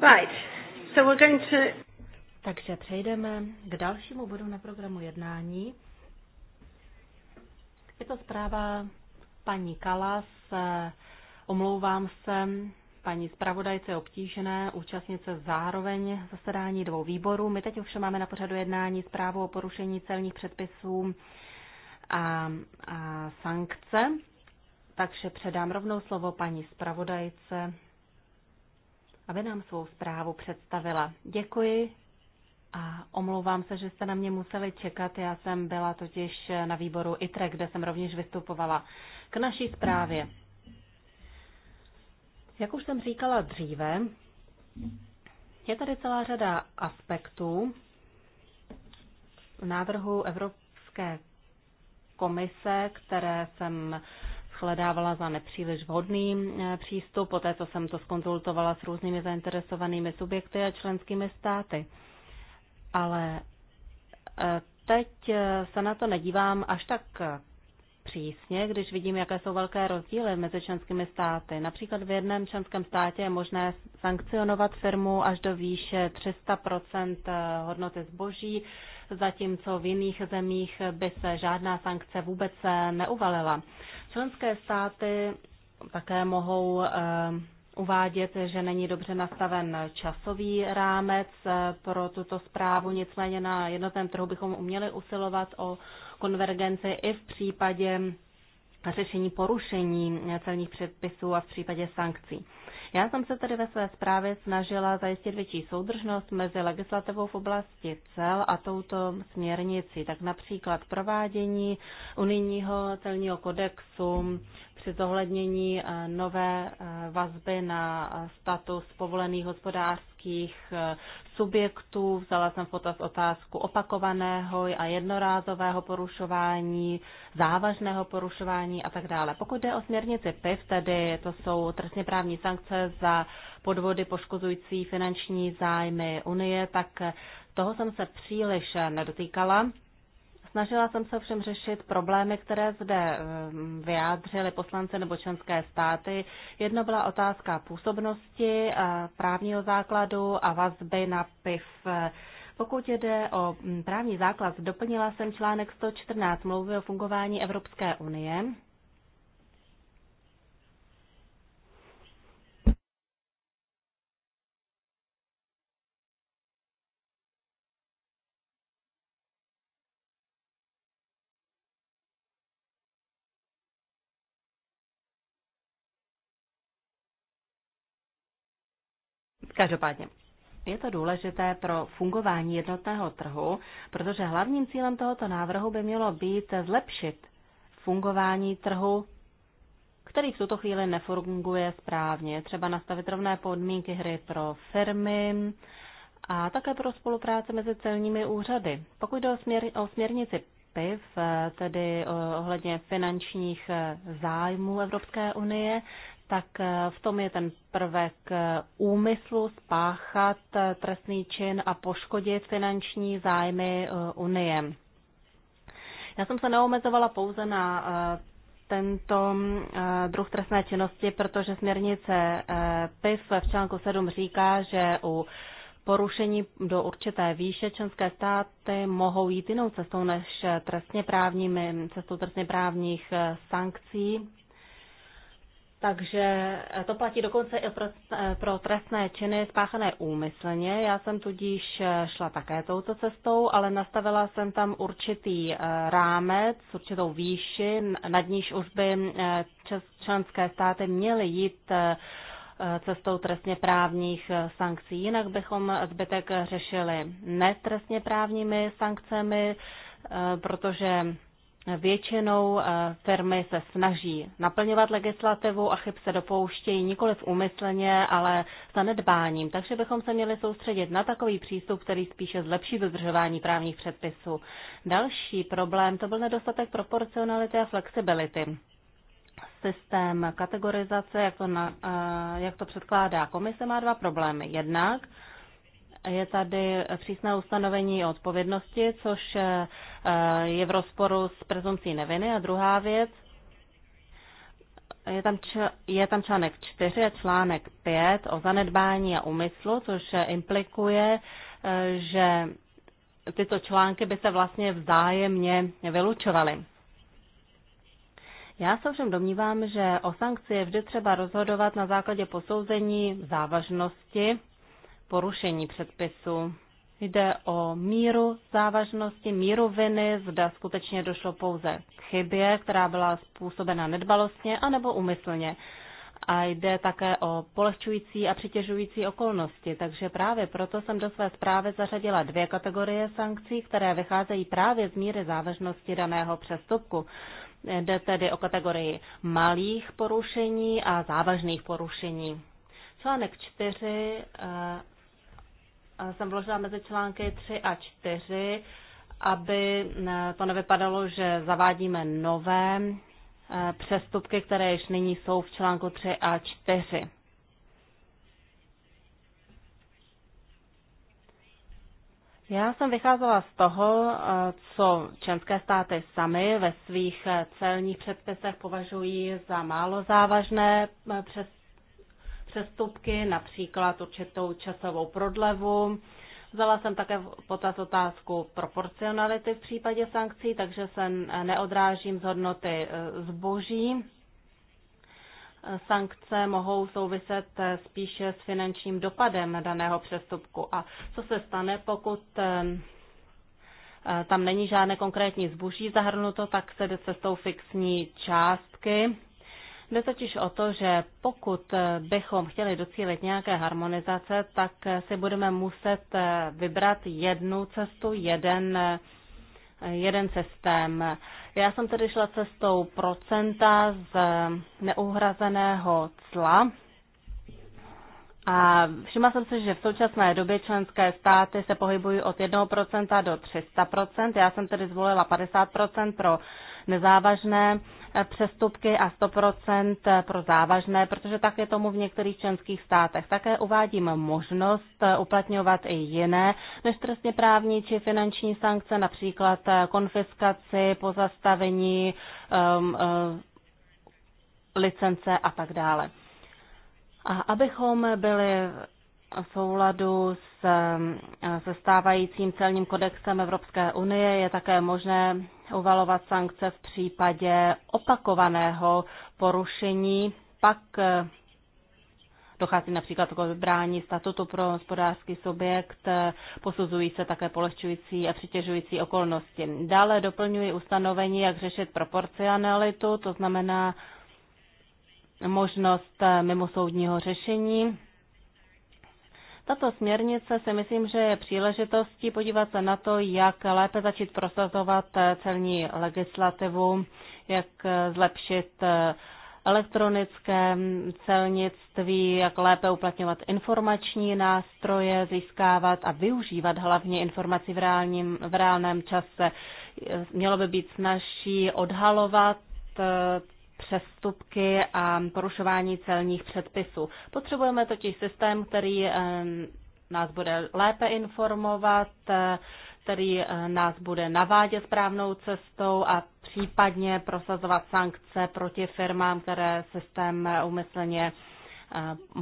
Right. So we're going to... Takže přejdeme k dalšímu bodu na programu jednání. Je to zpráva paní Kalas. Omlouvám se paní zpravodajce obtížené, účastnice zároveň zasedání dvou výborů. My teď už máme na pořadu jednání zprávu o porušení celních předpisů a, a sankce. Takže předám rovnou slovo paní zpravodajce aby nám svou zprávu představila. Děkuji a omlouvám se, že jste na mě museli čekat. Já jsem byla totiž na výboru ITRE, kde jsem rovněž vystupovala. K naší zprávě. Jak už jsem říkala dříve, je tady celá řada aspektů návrhu Evropské komise, které jsem shledávala za nepříliš vhodný e, přístup, poté co jsem to skonzultovala s různými zainteresovanými subjekty a členskými státy. Ale e, teď e, se na to nedívám až tak přísně, když vidím, jaké jsou velké rozdíly mezi členskými státy. Například v jednom členském státě je možné sankcionovat firmu až do výše 300 hodnoty zboží, zatímco v jiných zemích by se žádná sankce vůbec neuvalila. Členské státy také mohou eh, uvádět, že není dobře nastaven časový rámec eh, pro tuto zprávu, nicméně na jednotném trhu bychom uměli usilovat o konvergenci i v případě řešení porušení celních předpisů a v případě sankcí. Já jsem se tedy ve své zprávě snažila zajistit větší soudržnost mezi legislativou v oblasti cel a touto směrnicí, tak například provádění unijního celního kodexu při zohlednění eh, nové eh, vazby na eh, status povolených hospodářských subjektů. Vzala jsem v potaz otázku opakovaného a jednorázového porušování, závažného porušování a tak dále. Pokud jde o směrnici PIV, tedy to jsou trestně právní sankce za podvody poškozující finanční zájmy Unie, tak toho jsem se příliš nedotýkala. Snažila jsem se všem řešit problémy, které zde ehm, vyjádřili poslance nebo členské státy. Jedno byla otázka působnosti, eh, právního základu a vazby na PIF. Pokud jde o hm, právní základ, doplnila jsem článek 114 mluvy o fungování Evropské unie, Každopádně, je to důležité pro fungování jednotného trhu, protože hlavním cílem tohoto návrhu by mělo být zlepšit fungování trhu, který v tuto chvíli nefunguje správně. Třeba nastavit rovné podmínky hry pro firmy a také pro spolupráci mezi celními úřady. Pokud jde o, směr, o směrnici PIV, tedy eh, ohledně finančních eh, zájmů Evropské unie, tak eh, v tom je ten prvek eh, úmyslu spáchat eh, trestný čin a poškodit finanční zájmy Unie. Já jsem se neomezovala pouze na tento druh trestné činnosti, protože směrnice PIF v článku 7 říká, že u porušení do určité výše členské státy mohou jít jinou cestou než trestně právními, cestou trestně právních sankcí takže to platí dokonce i pro, pro trestné činy spáchané úmyslně. Já jsem tudíž šla také touto cestou, ale nastavila jsem tam určitý eh, rámec, určitou výši, nad níž už by eh, členské státy měly jít eh, cestou trestně právních sankcí. Jinak bychom zbytek řešili netrestně právními sankcemi, protože Většinou eh, firmy se snaží naplňovat legislativu a chyb se dopouštějí nikoli v úmyslně, ale zanedbáním. Takže bychom se měli soustředit na takový přístup, který spíše zlepší dodržování právních předpisů. Další problém to byl nedostatek proporcionality a flexibility systém kategorizace, jak to, na, eh, jak to předkládá komise, má dva problémy. Jednak je tady přísné ustanovení o odpovědnosti, což eh, je v rozporu s prezumcí neviny. A druhá věc, je tam, č- je tam článek 4 a článek 5 o zanedbání a úmyslu, což eh, implikuje, eh, že tyto články by se vlastně vzájemně vylučovaly. Já se ovšem domnívám, že o sankci je vždy třeba rozhodovat na základě posouzení závažnosti porušení předpisu. Jde o míru závažnosti, míru viny, zda skutečně došlo pouze k chybě, která byla způsobena nedbalostně anebo umyslně. A jde také o polehčující a přitěžující okolnosti, takže právě proto jsem do své zprávy zařadila dvě kategorie sankcí, které vycházejí právě z míry závažnosti daného přestupku. Jde tedy o kategorii malých porušení a závažných porušení. Článek 4 jsem vložila mezi články 3 a 4, aby eh, to nevypadalo, že zavádíme nové eh, přestupky, které již nyní jsou v článku 3 a 4. Já jsem vycházela z toho, eh, co členské státy sami ve svých celních předpisech považují za málo závažné přestupky přestupky, například určitou časovou prodlevu. Vzala jsem také potaz otázku proporcionality v případě sankcí, takže se neodrážím z hodnoty e, zboží. Sankce mohou souviset e, spíše s finančním dopadem daného přestupku. A co se stane, pokud e, tam není žádné konkrétní zboží zahrnuto, tak se jde cestou fixní částky Jde totiž o to, že pokud bychom chtěli docílit nějaké harmonizace, tak si budeme muset vybrat jednu cestu, jeden jeden systém. Já jsem tedy šla cestou procenta z neuhrazeného cla. A všimla jsem si, že v současné době členské státy se pohybují od 1% do 300%. Já jsem tedy zvolila 50% pro nezávažné přestupky a 100% pro závažné, protože tak je tomu v některých členských státech. Také uvádím možnost uplatňovat i jiné než trestně právní či finanční sankce, například konfiskaci, pozastavení um, uh, licence a tak dále. A abychom byli souladu s se stávajícím celním kodexem Evropské unie je také možné uvalovat sankce v případě opakovaného porušení, pak eh, dochází například k vybrání statutu pro hospodářský subjekt, eh, posuzují se také polehčující a přitěžující okolnosti. Dále doplňuji ustanovení, jak řešit proporcionalitu, to znamená možnost eh, mimosoudního řešení tato směrnice si myslím, že je příležitostí podívat se na to, jak lépe začít prosazovat eh, celní legislativu, jak eh, zlepšit eh, elektronické mm, celnictví, jak lépe uplatňovat informační nástroje, získávat a využívat hlavně informací v, reálním, v reálném čase. Mělo by být snažší odhalovat přestupky a porušování celních předpisů. Potřebujeme totiž systém, který eh, nás bude lépe informovat, eh, který eh, nás bude navádět správnou cestou a případně prosazovat sankce proti firmám, které systém umyslně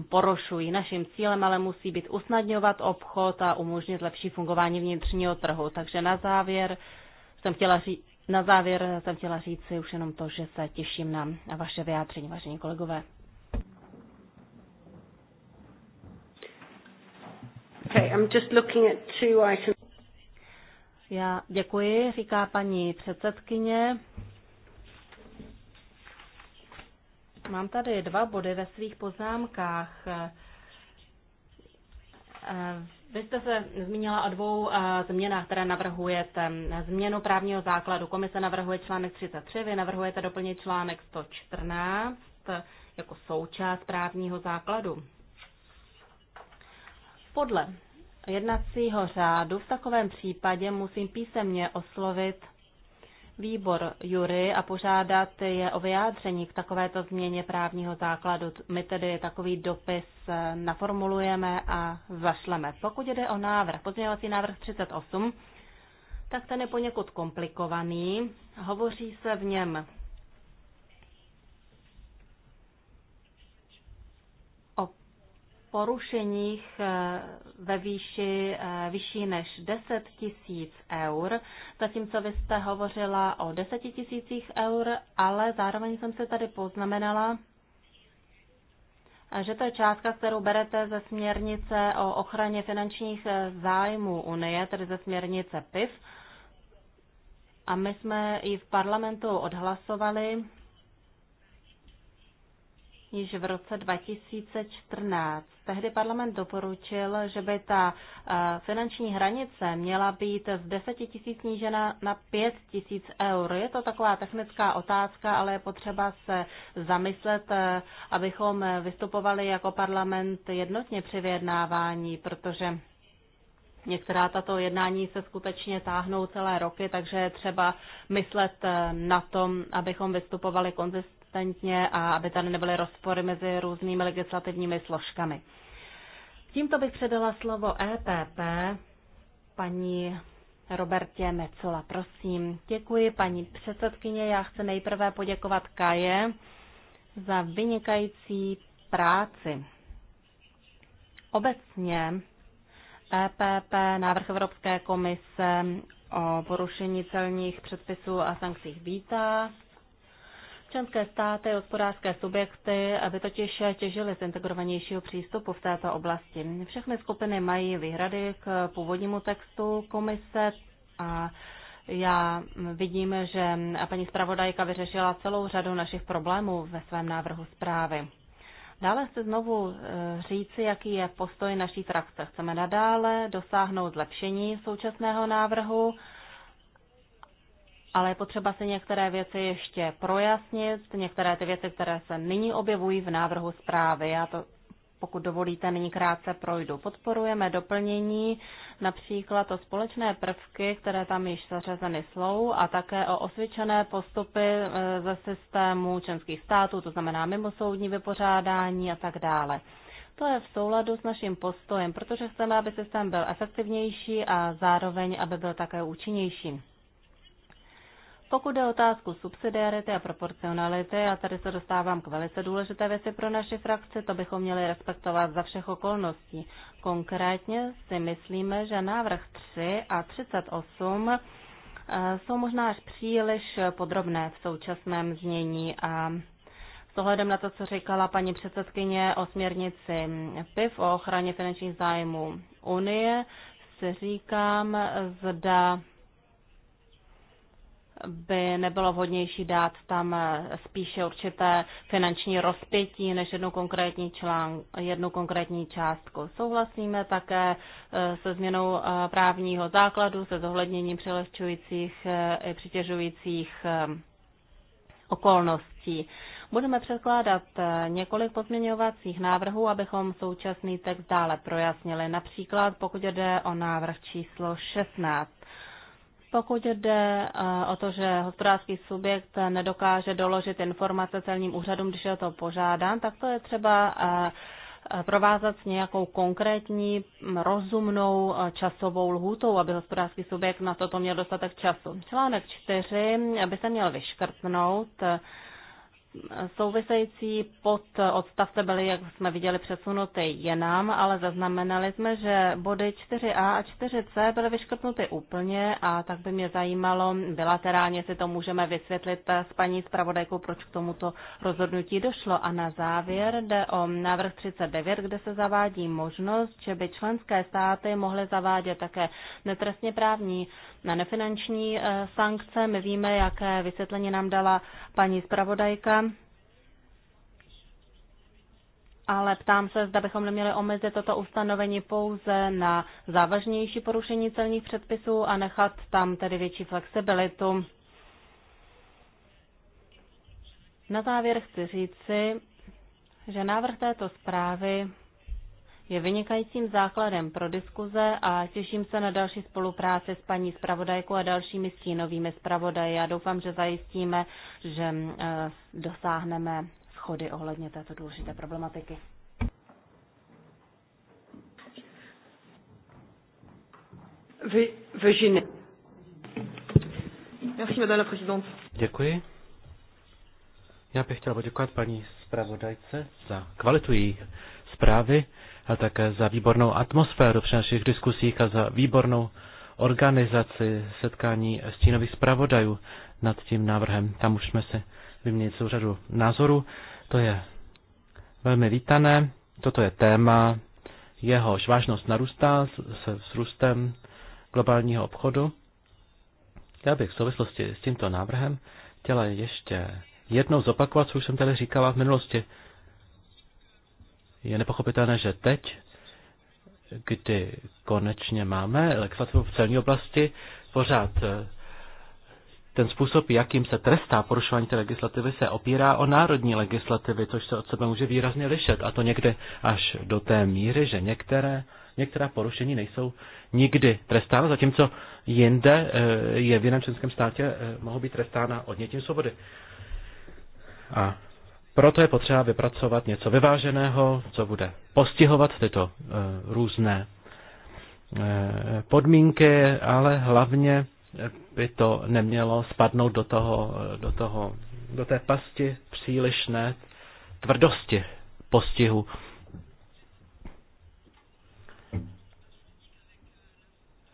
porušují. Naším cílem ale musí být usnadňovat obchod a umožnit lepší fungování vnitřního trhu. Takže na závěr jsem chtěla říct, na závěr jsem chtěla říct, už jenom to, že se těším na vaše vyjádření, vážení kolegové. Okay, I'm just looking at two items. Já děkuji, říká paní předsedkyně. Mám tady dva body ve svých poznámkách. Vy jste se zmínila o dvou eh, změnách, které navrhujete. Změnu právního základu. Komise navrhuje článek 33, vy navrhujete doplnit článek 114 jako součást právního základu. Podle jednacího řádu v takovém případě musím písemně oslovit výbor Jury a požádat je o vyjádření k takovéto změně právního základu. My tedy takový dopis eh, naformulujeme a zašleme. Pokud jde o návrh, pozměňovací návrh 38, tak ten je poněkud komplikovaný. Hovoří se v něm porušeních eh, ve výši eh, vyšší než 10 tisíc eur, zatímco vy jste hovořila o 10 tisících eur, ale zároveň jsem se tady poznamenala, eh, že to je částka, kterou berete ze směrnice o ochraně finančních zájmů Unie, tedy ze směrnice PIF. A my jsme ji v parlamentu odhlasovali již v roce 2014. Tehdy parlament doporučil, že by ta eh, finanční hranice měla být z 10 tisíc snížena na 5 tisíc eur. Je to taková technická otázka, ale je potřeba se zamyslet, eh, abychom vystupovali jako parlament jednotně při vyjednávání, protože Některá tato jednání se skutečně táhnou celé roky, takže je třeba myslet eh, na tom, abychom vystupovali konzistentně konzistentně a aby tady nebyly rozpory mezi různými legislativními složkami. Tímto bych předala slovo EPP paní Robertě Mecola. Prosím. Děkuji, paní předsedkyně. Já chci nejprve poděkovat Kaje za vynikající práci. Obecně EPP, návrh Evropské komise o porušení celních předpisů a sankcích vítá. Členské státy, hospodářské subjekty, aby totiž těžily z integrovanějšího přístupu v této oblasti. Všechny skupiny mají výhrady k původnímu textu komise a já vidím, že paní zpravodajka vyřešila celou řadu našich problémů ve svém návrhu zprávy. Dále se znovu eh, říci, jaký je postoj naší frakce. Chceme nadále dosáhnout zlepšení současného návrhu ale je potřeba si některé věci ještě projasnit, některé ty věci, které se nyní objevují v návrhu zprávy. Já to, pokud dovolíte, nyní krátce projdu. Podporujeme doplnění například o společné prvky, které tam již zařazeny jsou, a také o osvědčené postupy e, ze systému členských států, to znamená mimosoudní vypořádání a tak dále. To je v souladu s naším postojem, protože chceme, aby systém byl efektivnější a zároveň, aby byl také účinnější. Pokud jde o otázku subsidiarity a proporcionality, a tady se dostávám k velice důležité věci pro naši frakci, to bychom měli respektovat za všech okolností. Konkrétně si myslíme, že návrh 3 a 38 eh, jsou možná až příliš podrobné v současném znění a s ohledem na to, co říkala paní předsedkyně o směrnici PIV o ochraně finančních zájmů Unie, si říkám, zda by nebylo vhodnější dát tam spíše určité finanční rozpětí než jednu konkrétní, člán, jednu konkrétní částku. Souhlasíme také eh, se změnou eh, právního základu, se zohledněním přilehčujících eh, i přitěžujících okolností. Budeme předkládat několik pozměňovacích návrhů, abychom současný text dále projasnili, například pokud jde o návrh číslo 16. Pokud jde eh, o to, že hospodářský subjekt nedokáže doložit informace celním úřadům, když je o to požádán, tak to je třeba eh, provázat s nějakou konkrétní, mm, rozumnou eh, časovou lhůtou, aby hospodářský subjekt na toto měl dostatek času. Článek 4 by se měl vyškrtnout související pod odstavce byly, jak jsme viděli, přesunuty jenam, ale zaznamenali jsme, že body 4a a 4c byly vyškrtnuty úplně a tak by mě zajímalo bilaterálně, si to můžeme vysvětlit s paní zpravodajkou, proč k tomuto rozhodnutí došlo. A na závěr jde o návrh 39, kde se zavádí možnost, že by členské státy mohly zavádět také netrestně právní na nefinanční eh, sankce. My víme, jaké vysvětlení nám dala paní zpravodajka. Ale ptám se, zda bychom neměli omezit toto ustanovení pouze na závažnější porušení celních předpisů a nechat tam tedy větší flexibilitu. Na závěr chci říci, že návrh této zprávy je vynikajícím základem pro diskuze a těším se na další spolupráci s paní zpravodajkou a dalšími stínovými zpravodaji. Já doufám, že zajistíme, že eh, dosáhneme schody ohledně této důležité problematiky. Děkuji. Já bych chtěl poděkovat paní zpravodajce za kvalitu její zprávy a také za výbornou atmosféru při našich diskusích a za výbornou organizaci setkání stínových zpravodajů nad tím návrhem. Tam už jsme si vyměnili celou řadu názorů. To je velmi vítané. Toto je téma, jehož vážnost narůstá se s růstem globálního obchodu. Já bych v souvislosti s tímto návrhem chtěla ještě jednou zopakovat, co už jsem tady říkala v minulosti. Je nepochopitelné, že teď, kdy konečně máme legislativu v celní oblasti, pořád eh, ten způsob, jakým se trestá porušování té legislativy, se opírá o národní legislativy, což se od sebe může výrazně lišet. A to někde až do té míry, že některé, některá porušení nejsou nikdy trestána, zatímco jinde eh, je v jiném členském státě eh, mohou být trestána odnětím svobody. A proto je potřeba vypracovat něco vyváženého, co bude postihovat tyto eh, různé eh, podmínky, ale hlavně eh, by to nemělo spadnout do, toho, do, toho, do té pasti přílišné tvrdosti postihu.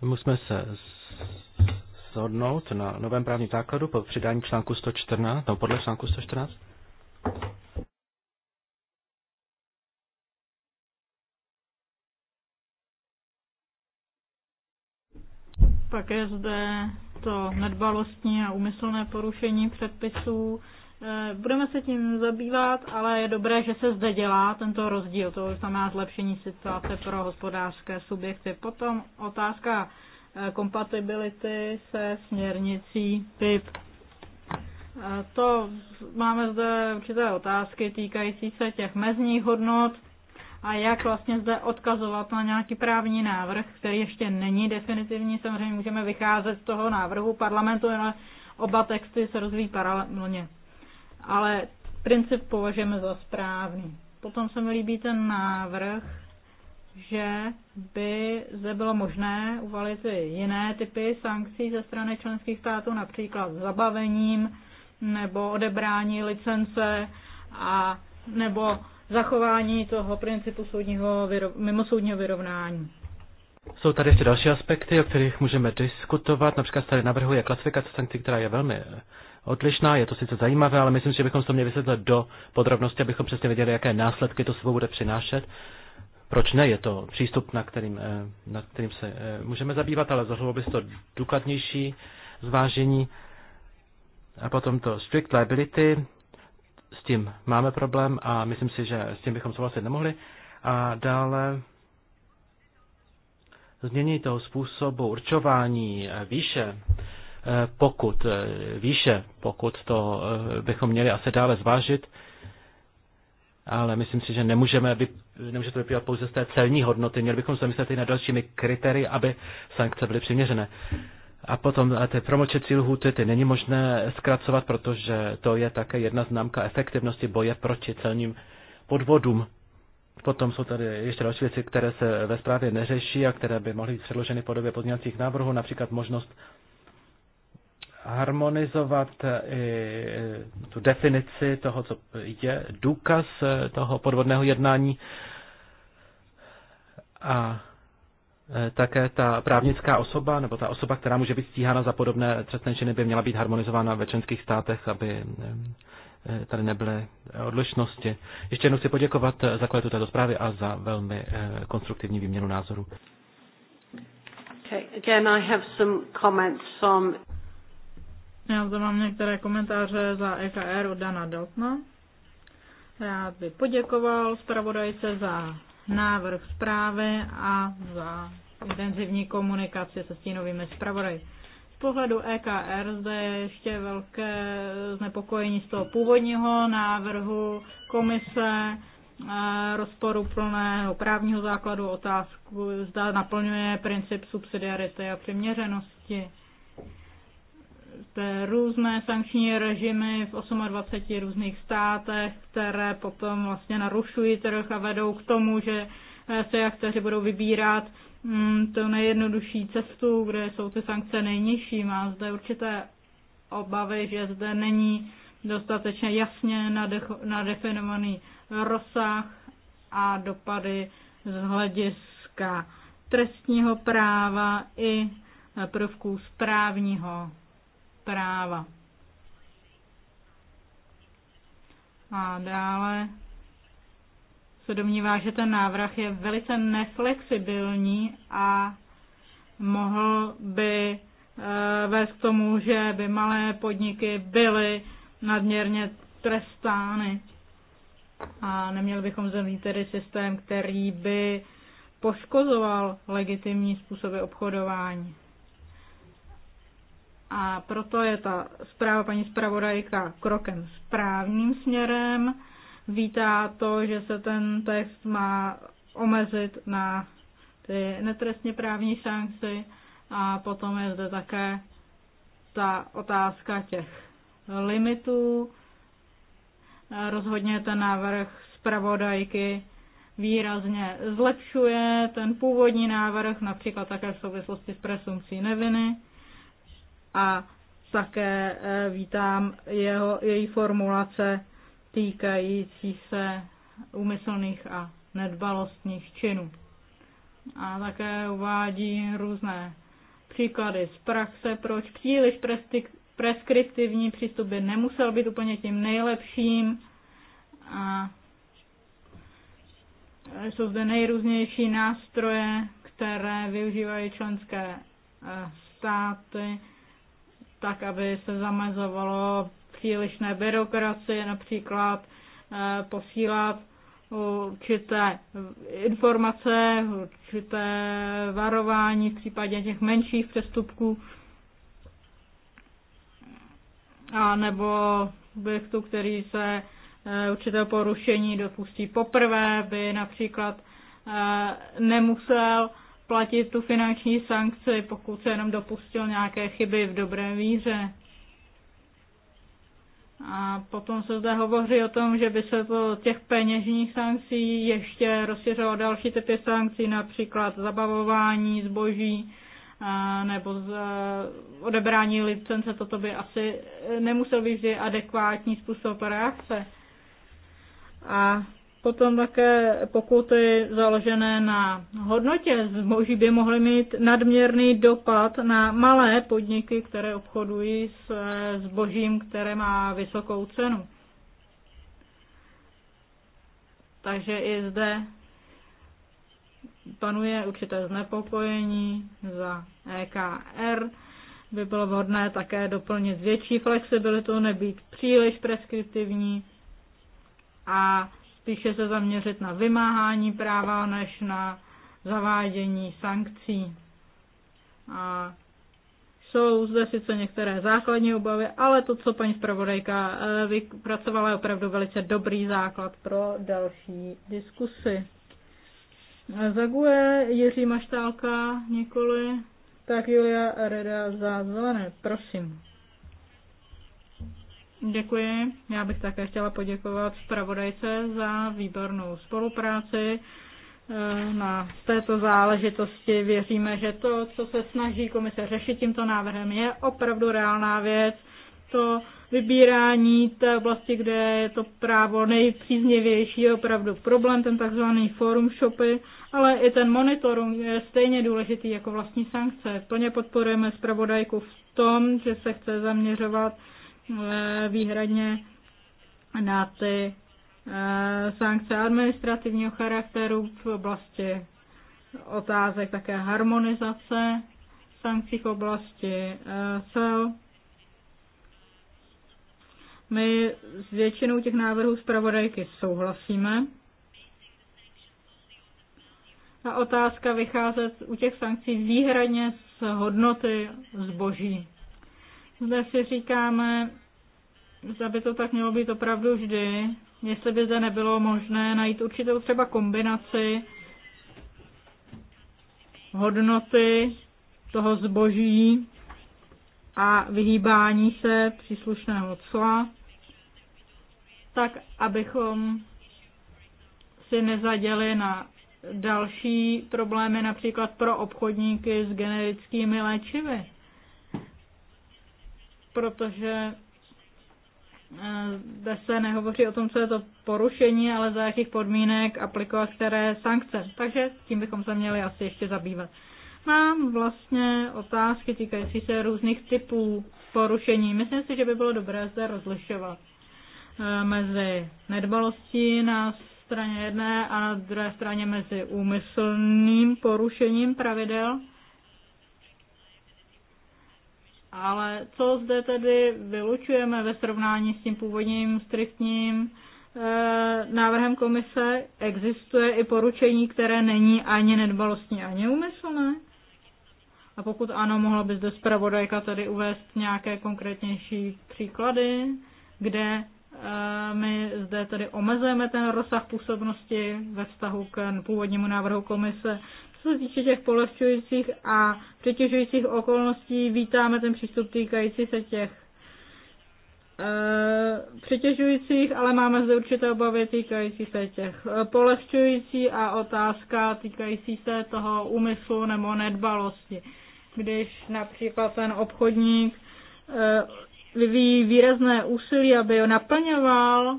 Musíme se shodnout na novém právním základu po přidání článku 114, no podle článku 114. Pak je zde to nedbalostní a úmyslné porušení předpisů. Eh, budeme se tím zabývat, ale je dobré, že se zde dělá tento rozdíl. To znamená zlepšení situace pro hospodářské subjekty. Potom otázka eh, kompatibility se směrnicí PIP to máme zde určité otázky týkající se těch mezních hodnot a jak vlastně zde odkazovat na nějaký právní návrh, který ještě není definitivní. Samozřejmě můžeme vycházet z toho návrhu parlamentu, ale oba texty se rozvíjí paralelně. Ale princip považujeme za správný. Potom se mi líbí ten návrh, že by zde bylo možné uvalit i jiné typy sankcí ze strany členských států, například zabavením, nebo odebrání licence a nebo zachování toho principu soudního vyrov, mimosoudního vyrovnání. Jsou tady ještě další aspekty, o kterých můžeme diskutovat. Například tady navrhuje klasifikace sankcí, která je velmi eh, odlišná. Je to sice zajímavé, ale myslím, že bychom se měli vysvětlit do podrobnosti, abychom přesně věděli, jaké následky to sebou bude přinášet. Proč ne? Je to přístup, na kterým, eh, na kterým se eh, můžeme zabývat, ale zahrnulo by to důkladnější zvážení. A potom to strict liability, s tím máme problém a myslím si, že s tím bychom souhlasit nemohli. A dále změní toho způsobu určování eh, výše eh, pokud, eh, výše pokud, to bychom měli asi dále zvážit, ale myslím si, že nemůžeme, nemůže to vyplývat pouze z té celní hodnoty, měli bychom se myslet i na dalšími kritérii, aby sankce byly přiměřené. A potom ty promlčecí lhůty, ty není možné zkracovat, protože to je také jedna známka efektivnosti boje proti celním podvodům. Potom jsou tady ještě další věci, které se ve zprávě neřeší a které by mohly být předloženy v podobě pozměňovacích návrhů, například možnost harmonizovat i e, tu definici toho, co je důkaz e, toho podvodného jednání a Eh, také ta právnická osoba nebo ta osoba, která může být stíhána za podobné trestné činy, by měla být harmonizována ve členských státech, aby eh, eh, tady nebyly odlišnosti. Ještě jednou chci poděkovat za kvalitu této zprávy a za velmi konstruktivní výměnu názorů. Já zde mám některé komentáře za EKR od Dana Deltna. Rád bych poděkoval zpravodajce za návrh zprávy a za intenzivní komunikaci se stínovými zpravodaji. Z pohledu EKR zde je ještě velké znepokojení z toho původního návrhu komise, eh, rozporu plného právního základu otázku, zda naplňuje princip subsidiarity a přiměřenosti. Té různé sankční režimy v 28 různých státech, které potom vlastně narušují trh a vedou k tomu, že eh, se aktéři budou vybírat mm, to nejjednodušší cestu, kde jsou ty sankce nejnižší. Má zde určité obavy, že zde není dostatečně jasně nadefinovaný rozsah a dopady z hlediska trestního práva i prvků správního práva. A dále se domnívá, že ten návrh je velice neflexibilní a mohl by eh, vést k tomu, že by malé podniky byly nadměrně trestány. A neměli bychom zemít tedy systém, který by poškozoval legitimní způsoby obchodování. A proto je ta zpráva paní zpravodajka krokem správným směrem vítá to, že se ten text má omezit na ty netrestně právní sankci a potom je zde také ta otázka těch limitů. Rozhodně ten návrh zpravodajky výrazně zlepšuje ten původní návrh, například také v souvislosti s presumpcí neviny. A také eh, vítám jeho, její formulace týkající se úmyslných a nedbalostních činů. A také uvádí různé příklady z praxe, proč příliš preskriptivní přístup by nemusel být úplně tím nejlepším. A jsou zde nejrůznější nástroje, které využívají členské eh, státy, tak aby se zamezovalo přílišné byrokracie, například eh, posílat určité informace, určité varování v případě těch menších přestupků, a nebo objektu, který se eh, určitého porušení dopustí poprvé, by například eh, nemusel platit tu finanční sankci, pokud se jenom dopustil nějaké chyby v dobré víře. A potom se zde hovoří o tom, že by se to těch peněžních sankcí ještě rozšiřovalo další typy sankcí, například zabavování zboží nebo z e, odebrání licence. Toto by asi nemusel být vždy adekvátní způsob reakce. A Potom také pokuty založené na hodnotě zboží by mohly mít nadměrný dopad na malé podniky, které obchodují s zbožím, které má vysokou cenu. Takže i zde panuje určité znepokojení za EKR. By bylo vhodné také doplnit větší flexibilitu, nebýt příliš preskriptivní a spíše se zaměřit na vymáhání práva než na zavádění sankcí. A jsou zde sice některé základní obavy, ale to, co paní zpravodajka eh, vypracovala, je opravdu velice dobrý základ pro další diskusy. Eh, Zaguje Jiří Maštálka nikoli, tak Julia Reda za zelené, prosím. Děkuji. Já bych také chtěla poděkovat zpravodajce za výbornou spolupráci e, na této záležitosti. Věříme, že to, co se snaží komise řešit tímto návrhem, je opravdu reálná věc. To vybírání té oblasti, kde je to právo nejpříznivější, je opravdu problém, ten takzvaný forum shopy, ale i ten monitoring je stejně důležitý jako vlastní sankce. Plně podporujeme zpravodajku v tom, že se chce zaměřovat Eh, výhradně na ty eh, sankce administrativního charakteru v oblasti otázek také harmonizace sankcí v oblasti eh, cel. My s většinou těch návrhů zpravodajky souhlasíme. A otázka vycházet u těch sankcí výhradně z hodnoty zboží. Zde si říkáme, že by to tak mělo být opravdu vždy, jestli by zde nebylo možné najít určitou třeba kombinaci hodnoty toho zboží a vyhýbání se příslušného cla, tak abychom si nezaděli na další problémy, například pro obchodníky s generickými léčivy. Protože zde eh, se nehovoří o tom, co je to porušení, ale za jakých podmínek aplikovat které sankce. Takže tím bychom se měli asi ještě zabývat. Mám vlastně otázky týkající se různých typů porušení. Myslím si, že by bylo dobré zde rozlišovat eh, mezi nedbalostí na straně jedné a na druhé straně mezi úmyslným porušením pravidel ale co zde tedy vylučujeme ve srovnání s tím původním striktním eh, návrhem komise existuje i poručení, které není ani nedbalostní, ani umyslné? A pokud ano, mohla by zde zpravodajka tady uvést nějaké konkrétnější příklady, kde eh, my zde tedy omezujeme ten rozsah působnosti ve vztahu k původnímu návrhu komise, co se týče těch polehčujících a přetěžujících okolností, vítáme ten přístup týkající se těch e, přetěžujících, ale máme zde určité obavy týkající se těch eh, polehčující a otázka týkající se toho úmyslu nebo nedbalosti. Když například ten obchodník e, vyvíjí výrazné úsilí, aby ho naplňoval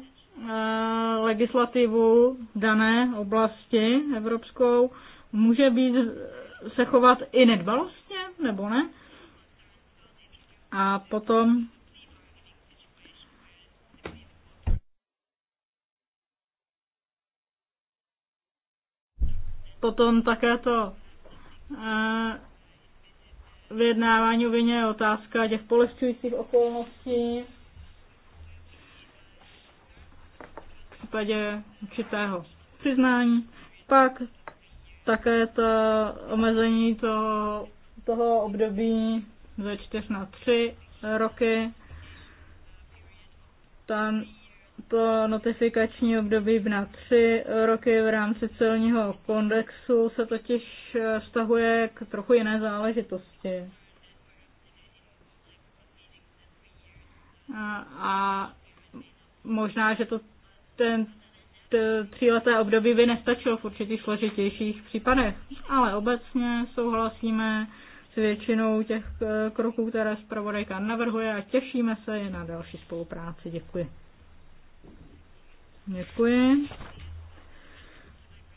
legislativu dané oblasti evropskou, může být se chovat i nedbalostně, nebo ne? A potom potom také to eh, vyjednávání vině je otázka těch polehčujících okolností v případě určitého přiznání. Pak také to omezení toho, toho období ze čtyř na tři roky. Tam to notifikační období na tři roky v rámci celního kondexu se totiž eh, vztahuje k trochu jiné záležitosti. A možná, že to ten Eh, tříleté období by nestačilo v určitých složitějších případech, ale obecně souhlasíme s většinou těch eh, kroků, které zpravodajka navrhuje a těšíme se i na další spolupráci. Děkuji. Děkuji.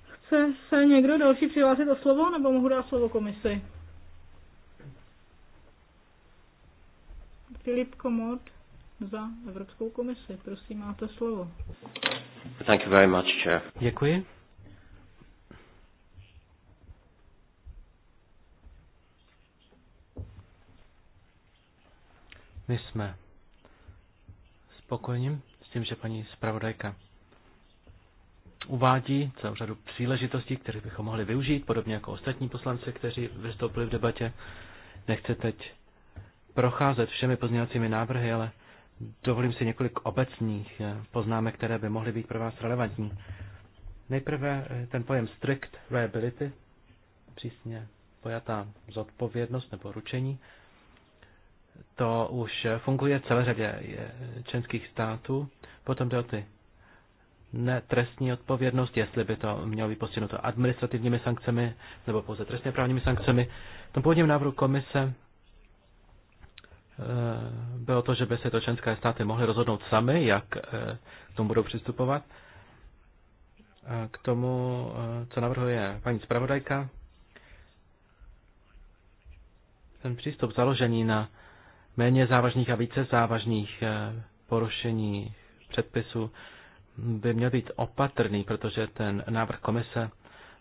Chce se někdo další přihlásit o slovo, nebo mohu dát slovo komisi? Filip Komod za Evropskou komisi. Prosím, máte slovo. Thank you very much, Chair. Děkuji. My jsme spokojeni s tím, že paní zpravodajka uvádí celou řadu příležitostí, které bychom mohli využít, podobně jako ostatní poslanci, kteří vystoupili v debatě. Nechce teď procházet všemi pozměňovacími návrhy, ale Dovolím si několik obecných eh, poznámek, které by mohly být pro vás relevantní. Nejprve eh, ten pojem strict liability, přísně pojatá zodpovědnost nebo ručení. To už funguje celé řadě eh, členských států. Potom jde o ty netrestní odpovědnost, jestli by to mělo být postihnuto administrativními sankcemi nebo pouze trestně právními sankcemi. V tom původním návrhu komise Eh, bylo to, že by se to členské státy mohly rozhodnout sami, jak eh, k tomu budou přistupovat. A k tomu, eh, co navrhuje paní zpravodajka, ten přístup založený na méně závažných a více závažných porušení předpisu by měl být opatrný, protože ten návrh komise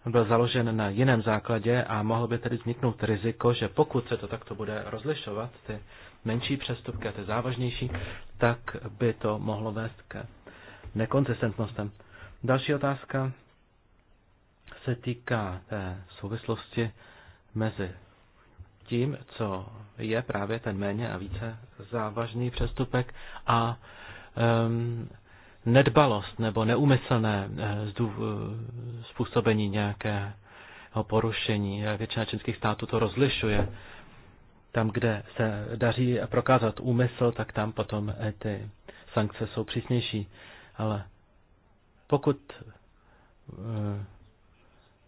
byl založen na jiném základě a mohlo by tedy vzniknout riziko, že pokud se to takto bude rozlišovat, ty menší přestupky a ty závažnější, tak by to mohlo vést k nekonzistentnostem. Další otázka se týká té souvislosti mezi tím, co je právě ten méně a více závažný přestupek a um, nedbalost nebo neumyslné eh, eh, způsobení nějakého porušení. Většina čínských států to rozlišuje tam, kde se daří prokázat úmysl, tak tam potom eh, ty sankce jsou přísnější. Ale pokud eh,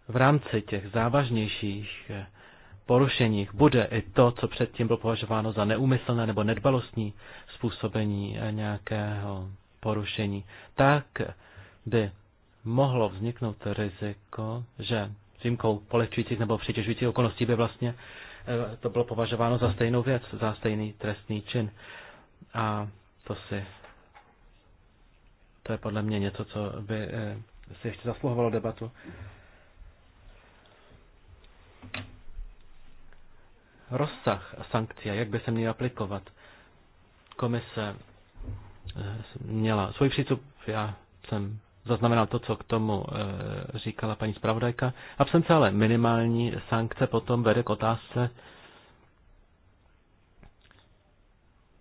v rámci těch závažnějších eh, porušeních bude i to, co předtím bylo považováno za neúmyslné nebo nedbalostní způsobení nějakého porušení, tak by mohlo vzniknout riziko, že s výjimkou polehčujících nebo přitěžujících okolností by vlastně Eh, to bylo považováno za stejnou věc, za stejný trestný čin. A to si, to je podle mě něco, co by eh, si ještě zasluhovalo debatu. Rozsah sankcí a jak by se měly aplikovat. Komise eh, měla svůj přístup, já jsem zaznamenal to, co k tomu eh, říkala paní zpravodajka. Absence ale minimální sankce potom vede k otázce,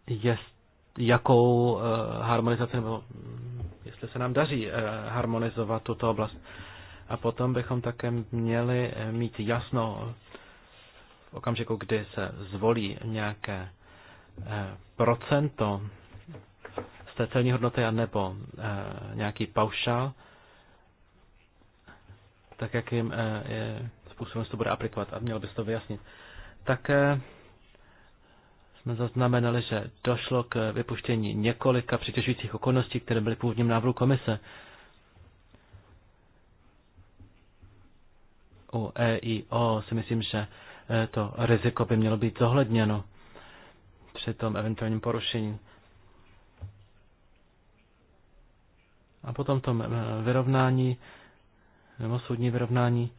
jest, jakou eh, harmonizaci nebo hm, jestli se nám daří eh, harmonizovat tuto oblast. A potom bychom také měli mít jasno v okamžiku, kdy se zvolí nějaké procento té celní hodnoty e, nějaký paušál, tak jakým eh, způsobem se to bude aplikovat a mělo by se to vyjasnit. Také eh, jsme zaznamenali, že došlo k vypuštění několika přitěžujících okolností, které byly původním návrhu komise. U EIO si myslím, že to riziko by mělo být zohledněno při tom eventuálním porušení. A potom to eh, vyrovnání, mimo soudní vyrovnání,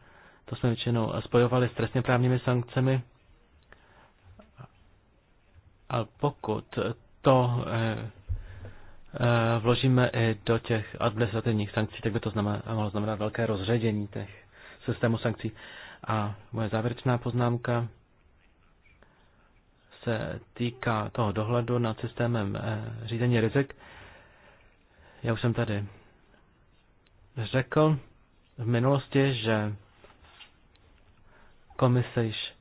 to jsme většinou spojovali s trestně právními sankcemi. A pokud to eh, eh, vložíme i do těch administrativních sankcí, tak by to znamená, mohlo znamenat velké rozředění těch systému sankcí. A moje závěrečná poznámka se týká toho dohledu nad systémem řízení rizik. Já už jsem tady řekl v minulosti, že komise již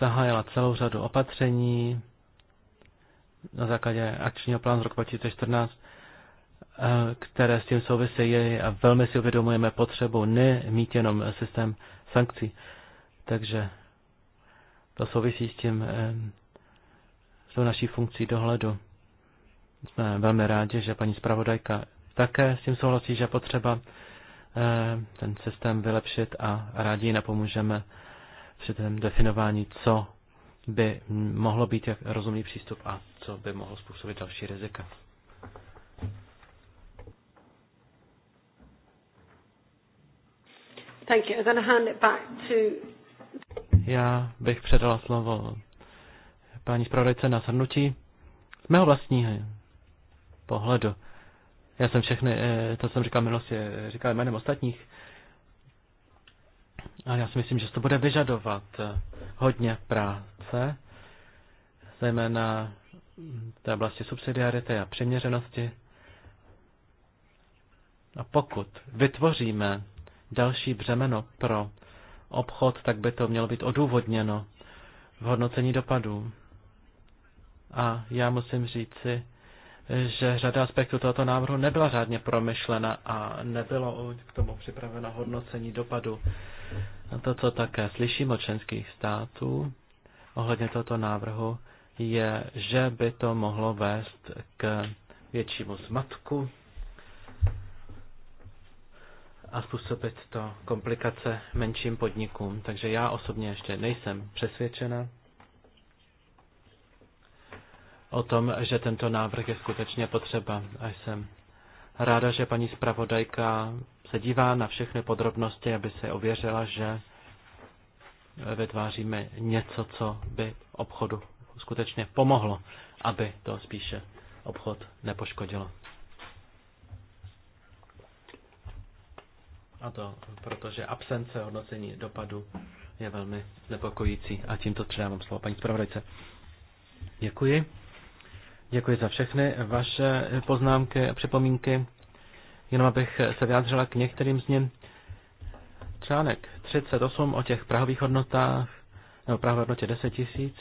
zahájila celou řadu opatření na základě akčního plánu z roku 2014, eh, které s tím souvisejí a velmi si uvědomujeme potřebu mít jenom systém sankcí. Takže to souvisí s tím, eh, s tou naší funkcí dohledu. Jsme velmi rádi, že paní zpravodajka také s tím souhlasí, že potřeba eh, ten systém vylepšit a rádi napomůžeme při tom definování, co by mohlo být jak rozumný přístup a co by mohlo způsobit další rizika. Thank you. I'm going to hand it back to... Já bych předala slovo paní zpravodajce na shrnutí z mého vlastního pohledu. Já jsem všechny, eh, to jsem říkal minulosti, eh, říkal jménem ostatních. A já si myslím, že to bude vyžadovat eh, hodně práce, zejména v té oblasti subsidiarity a přiměřenosti. A pokud vytvoříme další břemeno pro obchod, tak by to mělo být odůvodněno v hodnocení dopadů. A já musím říci, že řada aspektů tohoto návrhu nebyla řádně promyšlena a nebylo k tomu připraveno hodnocení dopadu. A to, co také slyším od členských států ohledně tohoto návrhu, je, že by to mohlo vést k většímu zmatku a způsobit to komplikace menším podnikům. Takže já osobně ještě nejsem přesvědčena o tom, že tento návrh je skutečně potřeba. A jsem ráda, že paní zpravodajka se dívá na všechny podrobnosti, aby se ověřila, že vytváříme něco, co by obchodu skutečně pomohlo, aby to spíše obchod nepoškodilo. A to protože absence hodnocení dopadu je velmi nepokojící A tímto předávám slovo paní zpravodajce. Děkuji. Děkuji za všechny vaše poznámky a připomínky. Jenom abych se vyjádřila k některým z nich. Článek 38 o těch prahových hodnotách, nebo prahové hodnotě 10 tisíc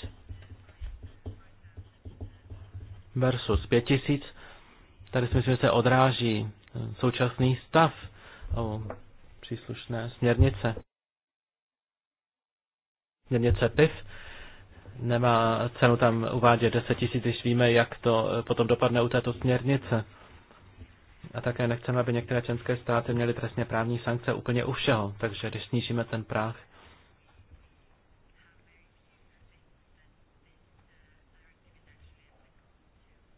versus 5 tisíc. Tady si myslím, že se odráží současný stav o příslušné směrnice. Směrnice PIF nemá cenu tam uvádět 10 tisíc, když víme, jak to eh, potom dopadne u této směrnice. A také nechceme, aby některé členské státy měly trestně právní sankce úplně u všeho, takže když snížíme ten práh,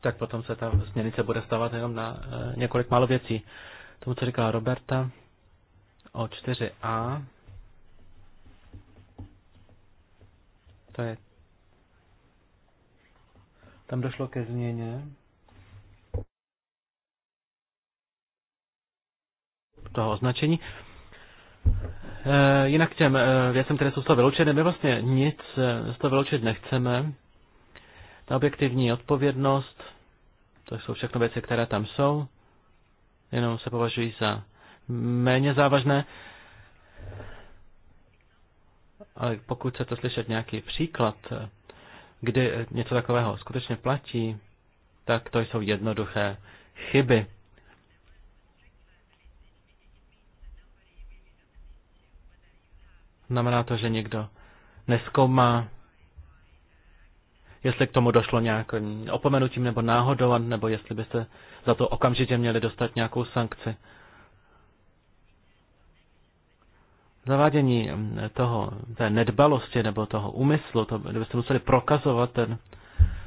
tak potom se ta směrnice bude stávat jenom na eh, několik málo věcí. Tomu, co říkala Roberta o 4a, to je tam došlo ke změně. toho označení. E, jinak k těm e, věcem, které jsou z toho vyloučeny, my vlastně nic eh, z toho vyloučit nechceme. Ta objektivní odpovědnost, to jsou všechno věci, které tam jsou, jenom se považují za méně závažné. Ale pokud chcete slyšet nějaký příklad, kdy něco takového skutečně platí, tak to jsou jednoduché chyby. Znamená to, že někdo neskoumá, jestli k tomu došlo nějakým opomenutím nebo náhodou, nebo jestli by se za to okamžitě měli dostat nějakou sankci. zavádění toho, té nedbalosti nebo toho úmyslu, to, kdybyste museli prokazovat ten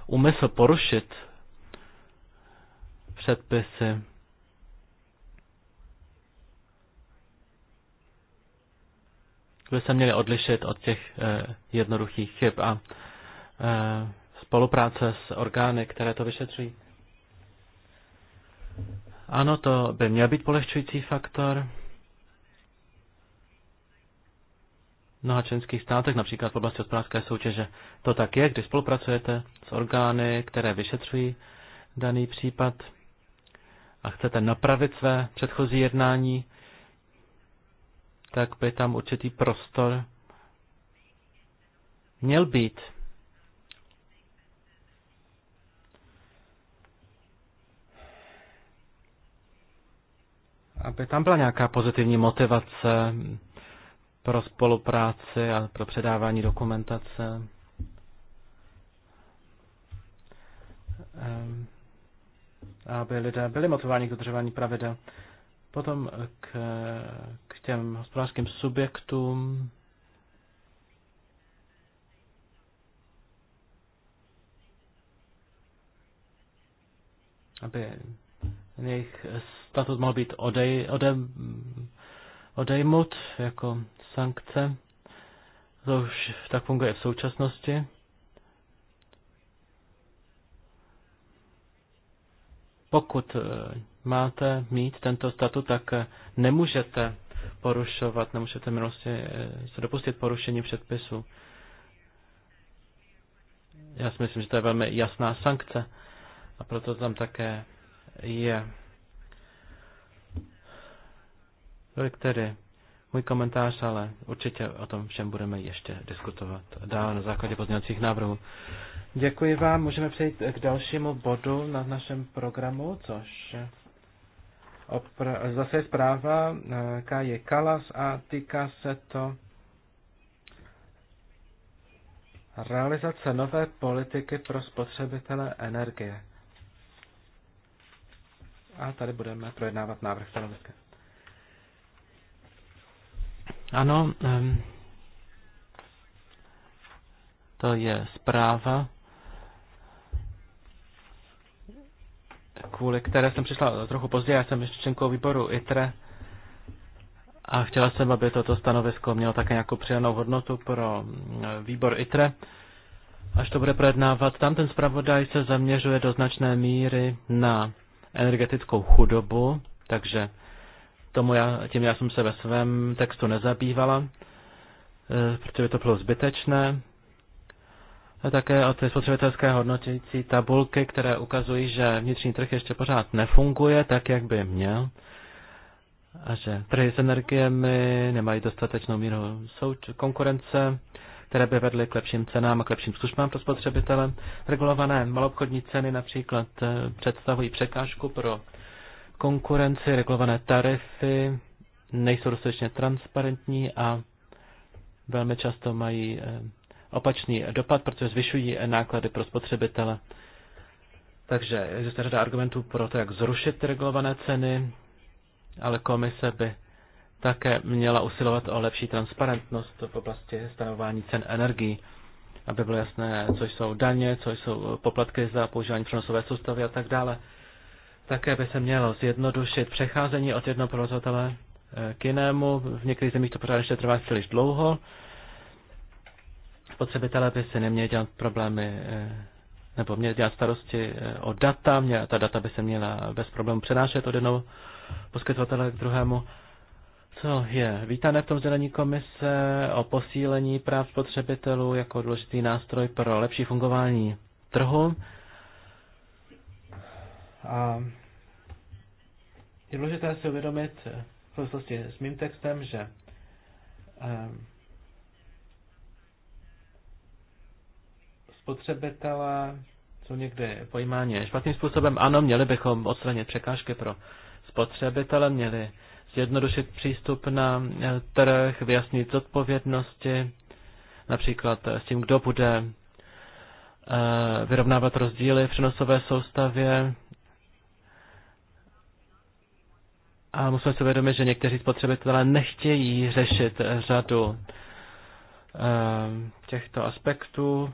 úmysl porušit předpisy, by se měli odlišit od těch eh, jednoduchých chyb a eh, spolupráce s orgány, které to vyšetřují. Ano, to by měl být polehčující faktor. mnoha členských státech, například v oblasti hospodářské soutěže. To tak je, když spolupracujete s orgány, které vyšetřují daný případ a chcete napravit své předchozí jednání, tak by tam určitý prostor měl být. Aby tam byla nějaká pozitivní motivace pro spolupráci a pro předávání dokumentace. Ehm, aby lidé byli motivováni k dodržování pravidel. Potom k, k těm hospodářským subjektům. Aby jejich status mohl být odej, ode, odejmout jako sankce. To už tak funguje v současnosti. Pokud eh, máte mít tento statut, tak eh, nemůžete porušovat, nemůžete minulosti eh, se dopustit porušení předpisu. Já si myslím, že to je velmi jasná sankce a proto tam také je. Tolik tedy můj komentář, ale určitě o tom všem budeme ještě diskutovat dále na základě pozměňovacích návrhů. Děkuji vám, můžeme přejít k dalšímu bodu na našem programu, což opra- zase je zpráva eh, Kaje Kalas a týká se to realizace nové politiky pro spotřebitele energie. A tady budeme projednávat návrh stanoviska. Ano, to je zpráva, kvůli které jsem přišla trochu později, já jsem ještě členkou výboru ITRE a chtěla jsem, aby toto stanovisko mělo také nějakou přijanou hodnotu pro výbor ITRE. Až to bude projednávat, tam ten zpravodaj se zaměřuje do značné míry na energetickou chudobu, takže Tomu já, tím já jsem se ve svém textu nezabývala, e, protože by to bylo zbytečné. A také o ty spotřebitelské hodnotící tabulky, které ukazují, že vnitřní trh ještě pořád nefunguje tak, jak by měl a že trhy s energiemi nemají dostatečnou míru souč- konkurence, které by vedly k lepším cenám a k lepším službám pro spotřebitele. Regulované malobchodní ceny například e, představují překážku pro konkurenci, regulované tarify nejsou dostatečně transparentní a velmi často mají eh, opačný dopad, protože zvyšují náklady pro spotřebitele. Takže existuje řada argumentů pro to, jak zrušit regulované ceny, ale komise by také měla usilovat o lepší transparentnost v oblasti stanování cen energií, aby bylo jasné, co jsou daně, co jsou poplatky za používání přenosové soustavy a tak dále. Také by se mělo zjednodušit přecházení od jednoho provozovatele eh, k jinému. V některých zemích to pořád ještě trvá příliš dlouho. Spotřebitelé by se neměli dělat problémy eh, nebo měli dělat starosti eh, o data, Měla ta data by se měla bez problémů přenášet od jednoho poskytovatele k druhému. Co je vítané v tom sdělení komise o posílení práv spotřebitelů jako důležitý nástroj pro lepší fungování trhu? A je důležité si uvědomit eh, v souvislosti s mým textem, že eh, spotřebitelé jsou někdy pojímáni špatným způsobem. Ano, měli bychom odstranit překážky pro spotřebitele, měli zjednodušit přístup na eh, trh, vyjasnit odpovědnosti, například s tím, kdo bude vyrovnávat rozdíly v přenosové soustavě, A musíme si uvědomit, že někteří spotřebitelé nechtějí řešit řadu ehm, těchto aspektů.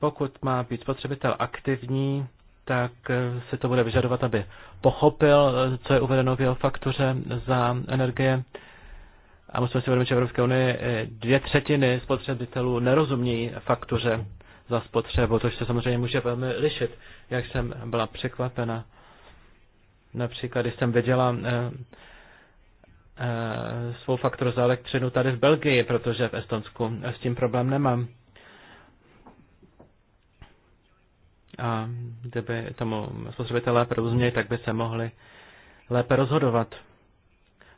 Pokud má být spotřebitel aktivní, tak eh, se to bude vyžadovat, aby pochopil, eh, co je uvedeno v jeho faktuře za energie. A musíme si uvědomit, že v Evropské unii eh, dvě třetiny spotřebitelů nerozumějí faktuře za spotřebu, což se samozřejmě může velmi lišit, jak jsem byla překvapena Například, když jsem viděla eh, eh, svou faktor za elektřinu tady v Belgii, protože v Estonsku s tím problém nemám. A kdyby tomu spotřebitelé porozuměli, tak by se mohli lépe rozhodovat.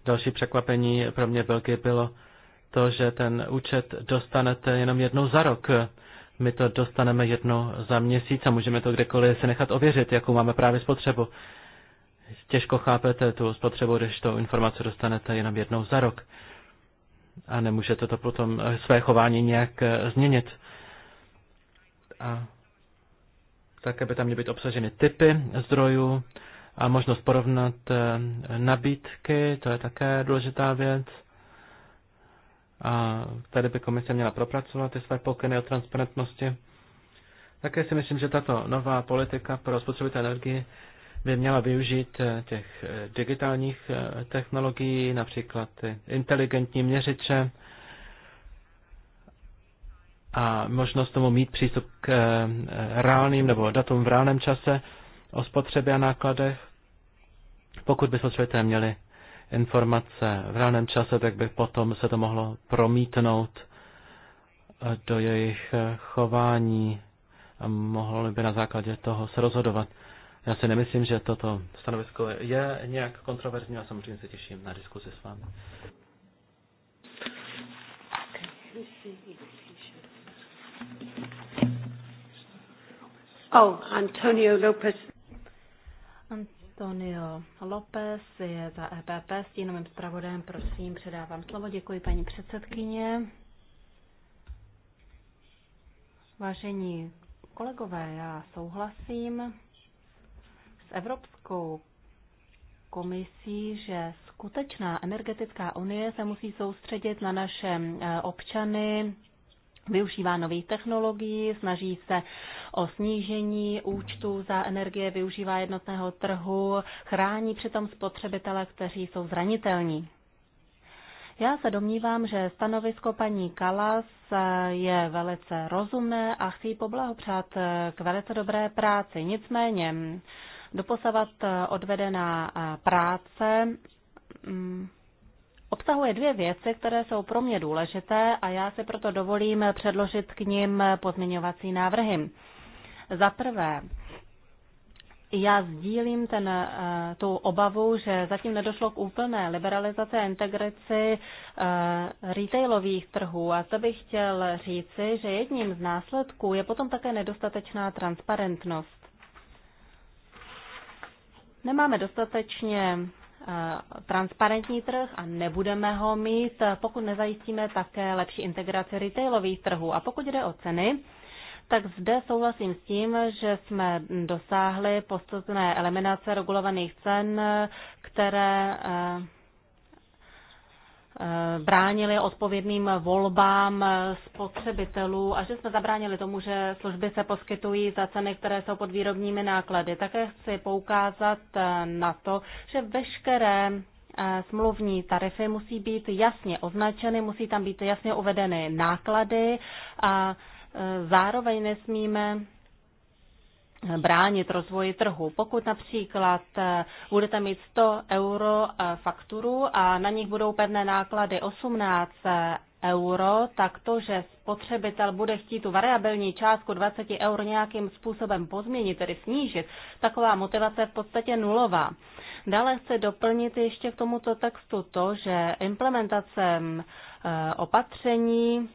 Další překvapení pro mě v Belgii bylo to, že ten účet dostanete jenom jednou za rok. My to dostaneme jednou za měsíc a můžeme to kdekoliv si nechat ověřit, jakou máme právě spotřebu těžko chápete tu spotřebu, když tu informaci dostanete jenom jednou za rok a nemůžete to potom své chování nějak eh, změnit. A také by tam měly být obsaženy typy zdrojů a možnost porovnat eh, nabídky, to je také důležitá věc. A tady by komise měla propracovat ty své pokyny o transparentnosti. Také si myslím, že tato nová politika pro spotřebitelné energii by měla využít eh, těch eh, digitálních eh, technologií, například ty inteligentní měřiče a možnost tomu mít přístup k reálným nebo datům v reálném čase o spotřebě a nákladech. Pokud by spotřebitelé měli informace v reálném čase, tak by potom se to mohlo promítnout do jejich chování a mohlo by na základě toho se rozhodovat. Já si nemyslím, že toto stanovisko je nějak kontroverzní a samozřejmě se těším na diskuzi s vámi. Oh, Antonio Lopez. Antonio Lopez je za EPP s stínovým zpravodajem. Prosím, předávám slovo. Děkuji, paní předsedkyně. Vážení kolegové, já souhlasím Evropskou komisí, že skutečná energetická unie se musí soustředit na naše eh, občany, využívá nových technologií, snaží se o snížení účtu za energie, využívá jednotného trhu, chrání přitom spotřebitele, kteří jsou zranitelní. Já se domnívám, že stanovisko paní Kalas eh, je velice rozumné a chci poblahopřát eh, k velice dobré práci. Nicméně doposavat eh, odvedená eh, práce mm, obsahuje dvě věci, které jsou pro mě důležité a já si proto dovolím předložit k ním pozměňovací návrhy. Za prvé, já sdílím ten, eh, tu obavu, že zatím nedošlo k úplné liberalizaci a integraci retailových trhů. A to bych chtěl říci, že jedním z následků je potom také nedostatečná transparentnost. Nemáme dostatečně eh, transparentní trh a nebudeme ho mít, eh, pokud nezajistíme také lepší integraci retailových trhů. A pokud jde o ceny, tak zde souhlasím s tím, že jsme dosáhli postupné eliminace regulovaných cen, eh, které Eh, bránili odpovědným volbám spotřebitelů a že jsme zabránili tomu, že služby se poskytují za ceny, které jsou pod výrobními náklady. Také chci poukázat eh, na to, že veškeré eh, smluvní tarify musí být jasně označeny, musí tam být jasně uvedeny náklady a zároveň nesmíme bránit rozvoji trhu. Pokud například eh, budete mít 100 euro eh, fakturu a na nich budou pevné náklady 18 eh, euro, tak to, že spotřebitel bude chtít tu variabilní částku 20 eur nějakým způsobem pozměnit, tedy snížit, taková motivace je v podstatě nulová. Dále chci doplnit ještě k tomuto textu to, že implementacem opatření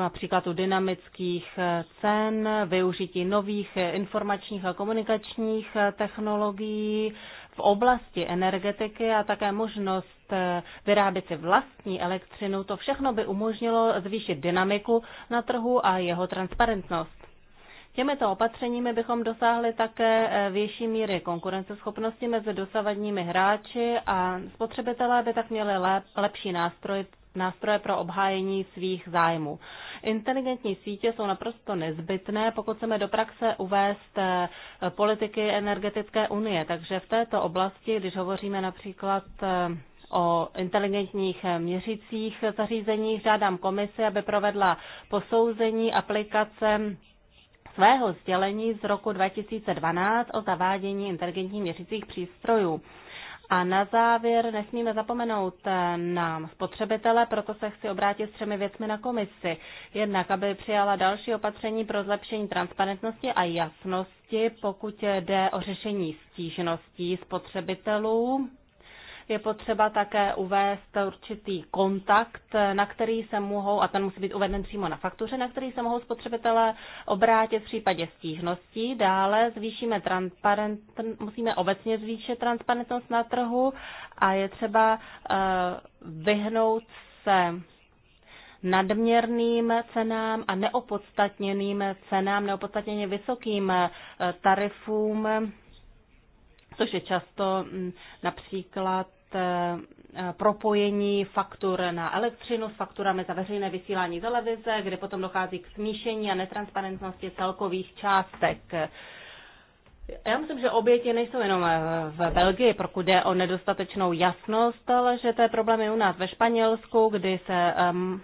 například u dynamických eh, cen, využití nových eh, informačních a komunikačních eh, technologií v oblasti energetiky a také možnost vyrábět si vlastní elektřinu. To všechno by umožnilo zvýšit dynamiku na trhu a jeho transparentnost. Těmito opatřeními bychom dosáhli také větší míry konkurenceschopnosti mezi dosavadními hráči a spotřebitelé by tak měli lep, lepší nástroj nástroje pro obhájení svých zájmů. Inteligentní sítě jsou naprosto nezbytné, pokud chceme do praxe uvést eh, politiky energetické unie. Takže v této oblasti, když hovoříme například eh, o inteligentních eh, měřicích zařízeních, žádám komisi, aby provedla posouzení aplikace svého sdělení z roku 2012 o zavádění inteligentních měřicích přístrojů. A na závěr nesmíme zapomenout eh, na spotřebitele, proto se chci obrátit s třemi věcmi na komisi. Jednak, aby přijala další opatření pro zlepšení transparentnosti a jasnosti, pokud jde o řešení stížností spotřebitelů je potřeba také uvést určitý kontakt, na který se mohou, a ten musí být uveden přímo na faktuře, na který se mohou spotřebitelé obrátit v případě stížností. Dále zvýšíme transparent, musíme obecně zvýšit transparentnost na trhu a je třeba eh, vyhnout se nadměrným cenám a neopodstatněným cenám, neopodstatněně vysokým eh, tarifům, což je často hm, například Eh, propojení faktur na elektřinu s fakturami za veřejné vysílání televize, kde potom dochází k smíšení a netransparentnosti celkových částek. Já myslím, že oběti nejsou jenom v Belgii, pokud jde o nedostatečnou jasnost, ale že to je problém i u nás ve Španělsku, kdy se um,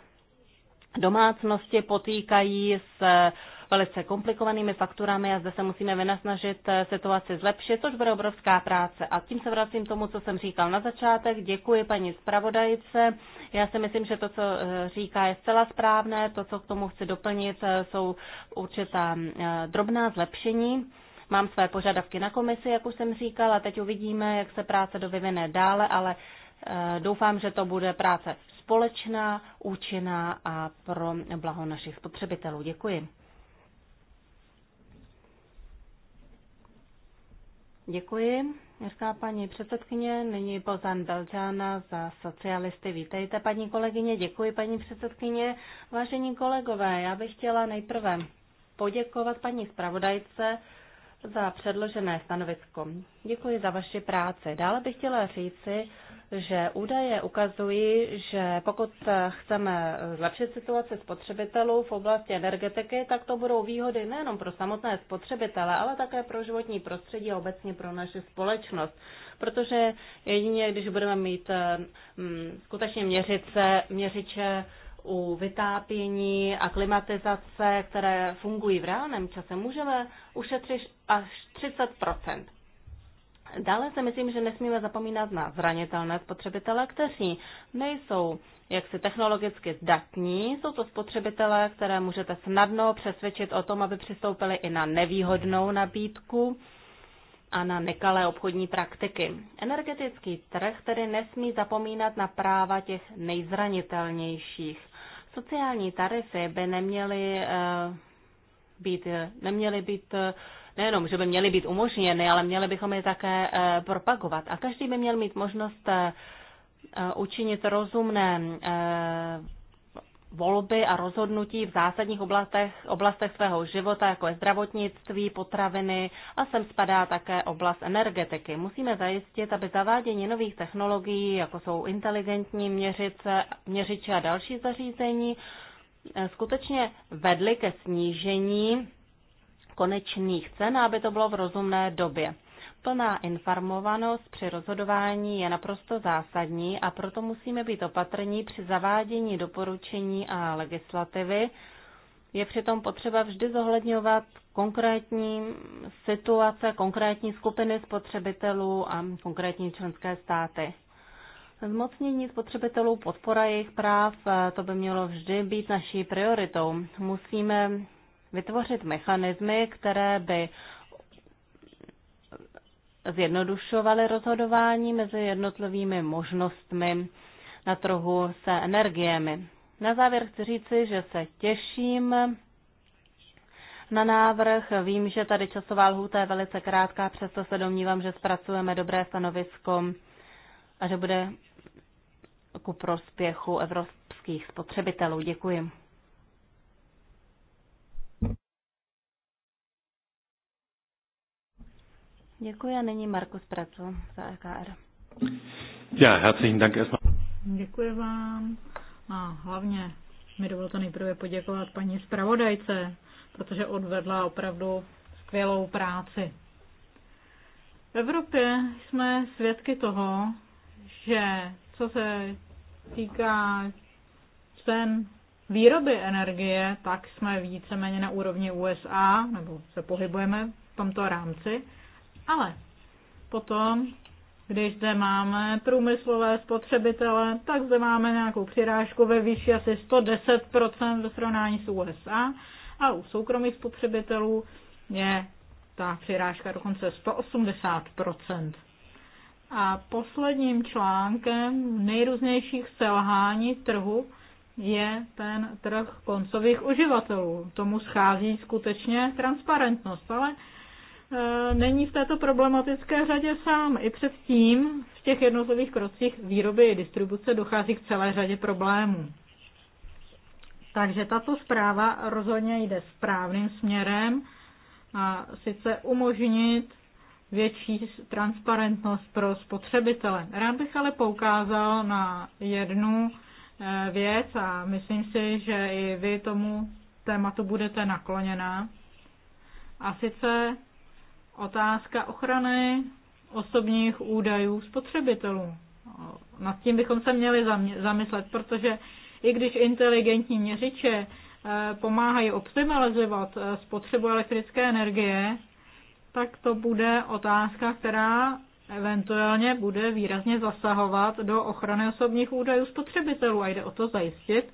domácnosti potýkají s uh, velice komplikovanými fakturami a zde se musíme vynasnažit eh, situaci zlepšit, což bude obrovská práce. A tím se vracím tomu, co jsem říkal na začátek. Děkuji paní zpravodajce. Já si myslím, že to, co eh, říká, je zcela správné. To, co k tomu chci doplnit, eh, jsou určitá drobná zlepšení. Mám své požadavky na komisi, jak už jsem říkala, teď uvidíme, jak se práce dovyvine dále, ale doufám, že to bude práce společná, účinná a pro blaho našich spotřebitelů. Děkuji. Děkuji. Říká paní předsedkyně, nyní Bozan Belžána za socialisty. Vítejte, paní kolegyně, děkuji, paní předsedkyně. Vážení kolegové, já bych chtěla nejprve poděkovat paní zpravodajce za předložené stanovisko. Děkuji za vaši práci. Dále bych chtěla říci, že údaje ukazují, že pokud chceme zlepšit situaci spotřebitelů v oblasti energetiky, tak to budou výhody nejenom pro samotné spotřebitele, ale také pro životní prostředí a obecně pro naši společnost. Protože jedině, když budeme mít mm, skutečně měřice, měřiče u vytápění a klimatizace, které fungují v reálném čase, můžeme ušetřit až 30 Dále si myslím, že nesmíme zapomínat na zranitelné spotřebitele, kteří nejsou jaksi technologicky zdatní. Jsou to spotřebitele, které můžete snadno přesvědčit o tom, aby přistoupili i na nevýhodnou nabídku a na nekalé obchodní praktiky. Energetický trh tedy nesmí zapomínat na práva těch nejzranitelnějších. Sociální tarify by neměly eh, být, neměly být eh, nejenom, že by měly být umožněny, ale měli bychom je také eh, propagovat. A každý by měl mít možnost eh, eh, učinit rozumné volby a rozhodnutí v zásadních oblastech, oblastech svého života, jako je zdravotnictví, potraviny a sem spadá také oblast energetiky. Musíme zajistit, aby zavádění nových technologií, jako jsou inteligentní měřice, měřiče a další zařízení, skutečně vedly ke snížení konečných cen, aby to bylo v rozumné době. Plná informovanost při rozhodování je naprosto zásadní a proto musíme být opatrní při zavádění doporučení a legislativy. Je přitom potřeba vždy zohledňovat konkrétní situace, konkrétní skupiny spotřebitelů a konkrétní členské státy. Zmocnění spotřebitelů, podpora jejich práv, to by mělo vždy být naší prioritou. Musíme vytvořit mechanismy, které by zjednodušovaly rozhodování mezi jednotlivými možnostmi na trhu se energiemi. Na závěr chci říci, že se těším na návrh. Vím, že tady časová lhůta je velice krátká, přesto se domnívám, že zpracujeme dobré stanovisko a že bude ku prospěchu evropských spotřebitelů. Děkuji. Děkuji a nyní Markus Pracu za EKR. Já, herzlichen Dank erstmal. Děkuji vám a hlavně mi dovolte nejprve poděkovat paní zpravodajce, protože odvedla opravdu skvělou práci. V Evropě jsme svědky toho, že co se týká cen výroby energie, tak jsme víceméně na úrovni USA, nebo se pohybujeme v tomto rámci. Ale potom, když zde máme průmyslové spotřebitele, tak zde máme nějakou přirážku ve výši asi 110% ve srovnání s USA a u soukromých spotřebitelů je ta přirážka dokonce 180%. A posledním článkem nejrůznějších selhání trhu je ten trh koncových uživatelů. Tomu schází skutečně transparentnost, ale E, není v této problematické řadě sám. I předtím v těch jednotlivých krocích výroby i distribuce dochází k celé řadě problémů. Takže tato zpráva rozhodně jde správným směrem a sice umožnit větší transparentnost pro spotřebitele. Rád bych ale poukázal na jednu e, věc a myslím si, že i vy tomu tématu budete nakloněná. A sice otázka ochrany osobních údajů spotřebitelů. Nad tím bychom se měli zamyslet, protože i když inteligentní měřiče eh, pomáhají optimalizovat eh, spotřebu elektrické energie, tak to bude otázka, která eventuálně bude výrazně zasahovat do ochrany osobních údajů spotřebitelů a jde o to zajistit,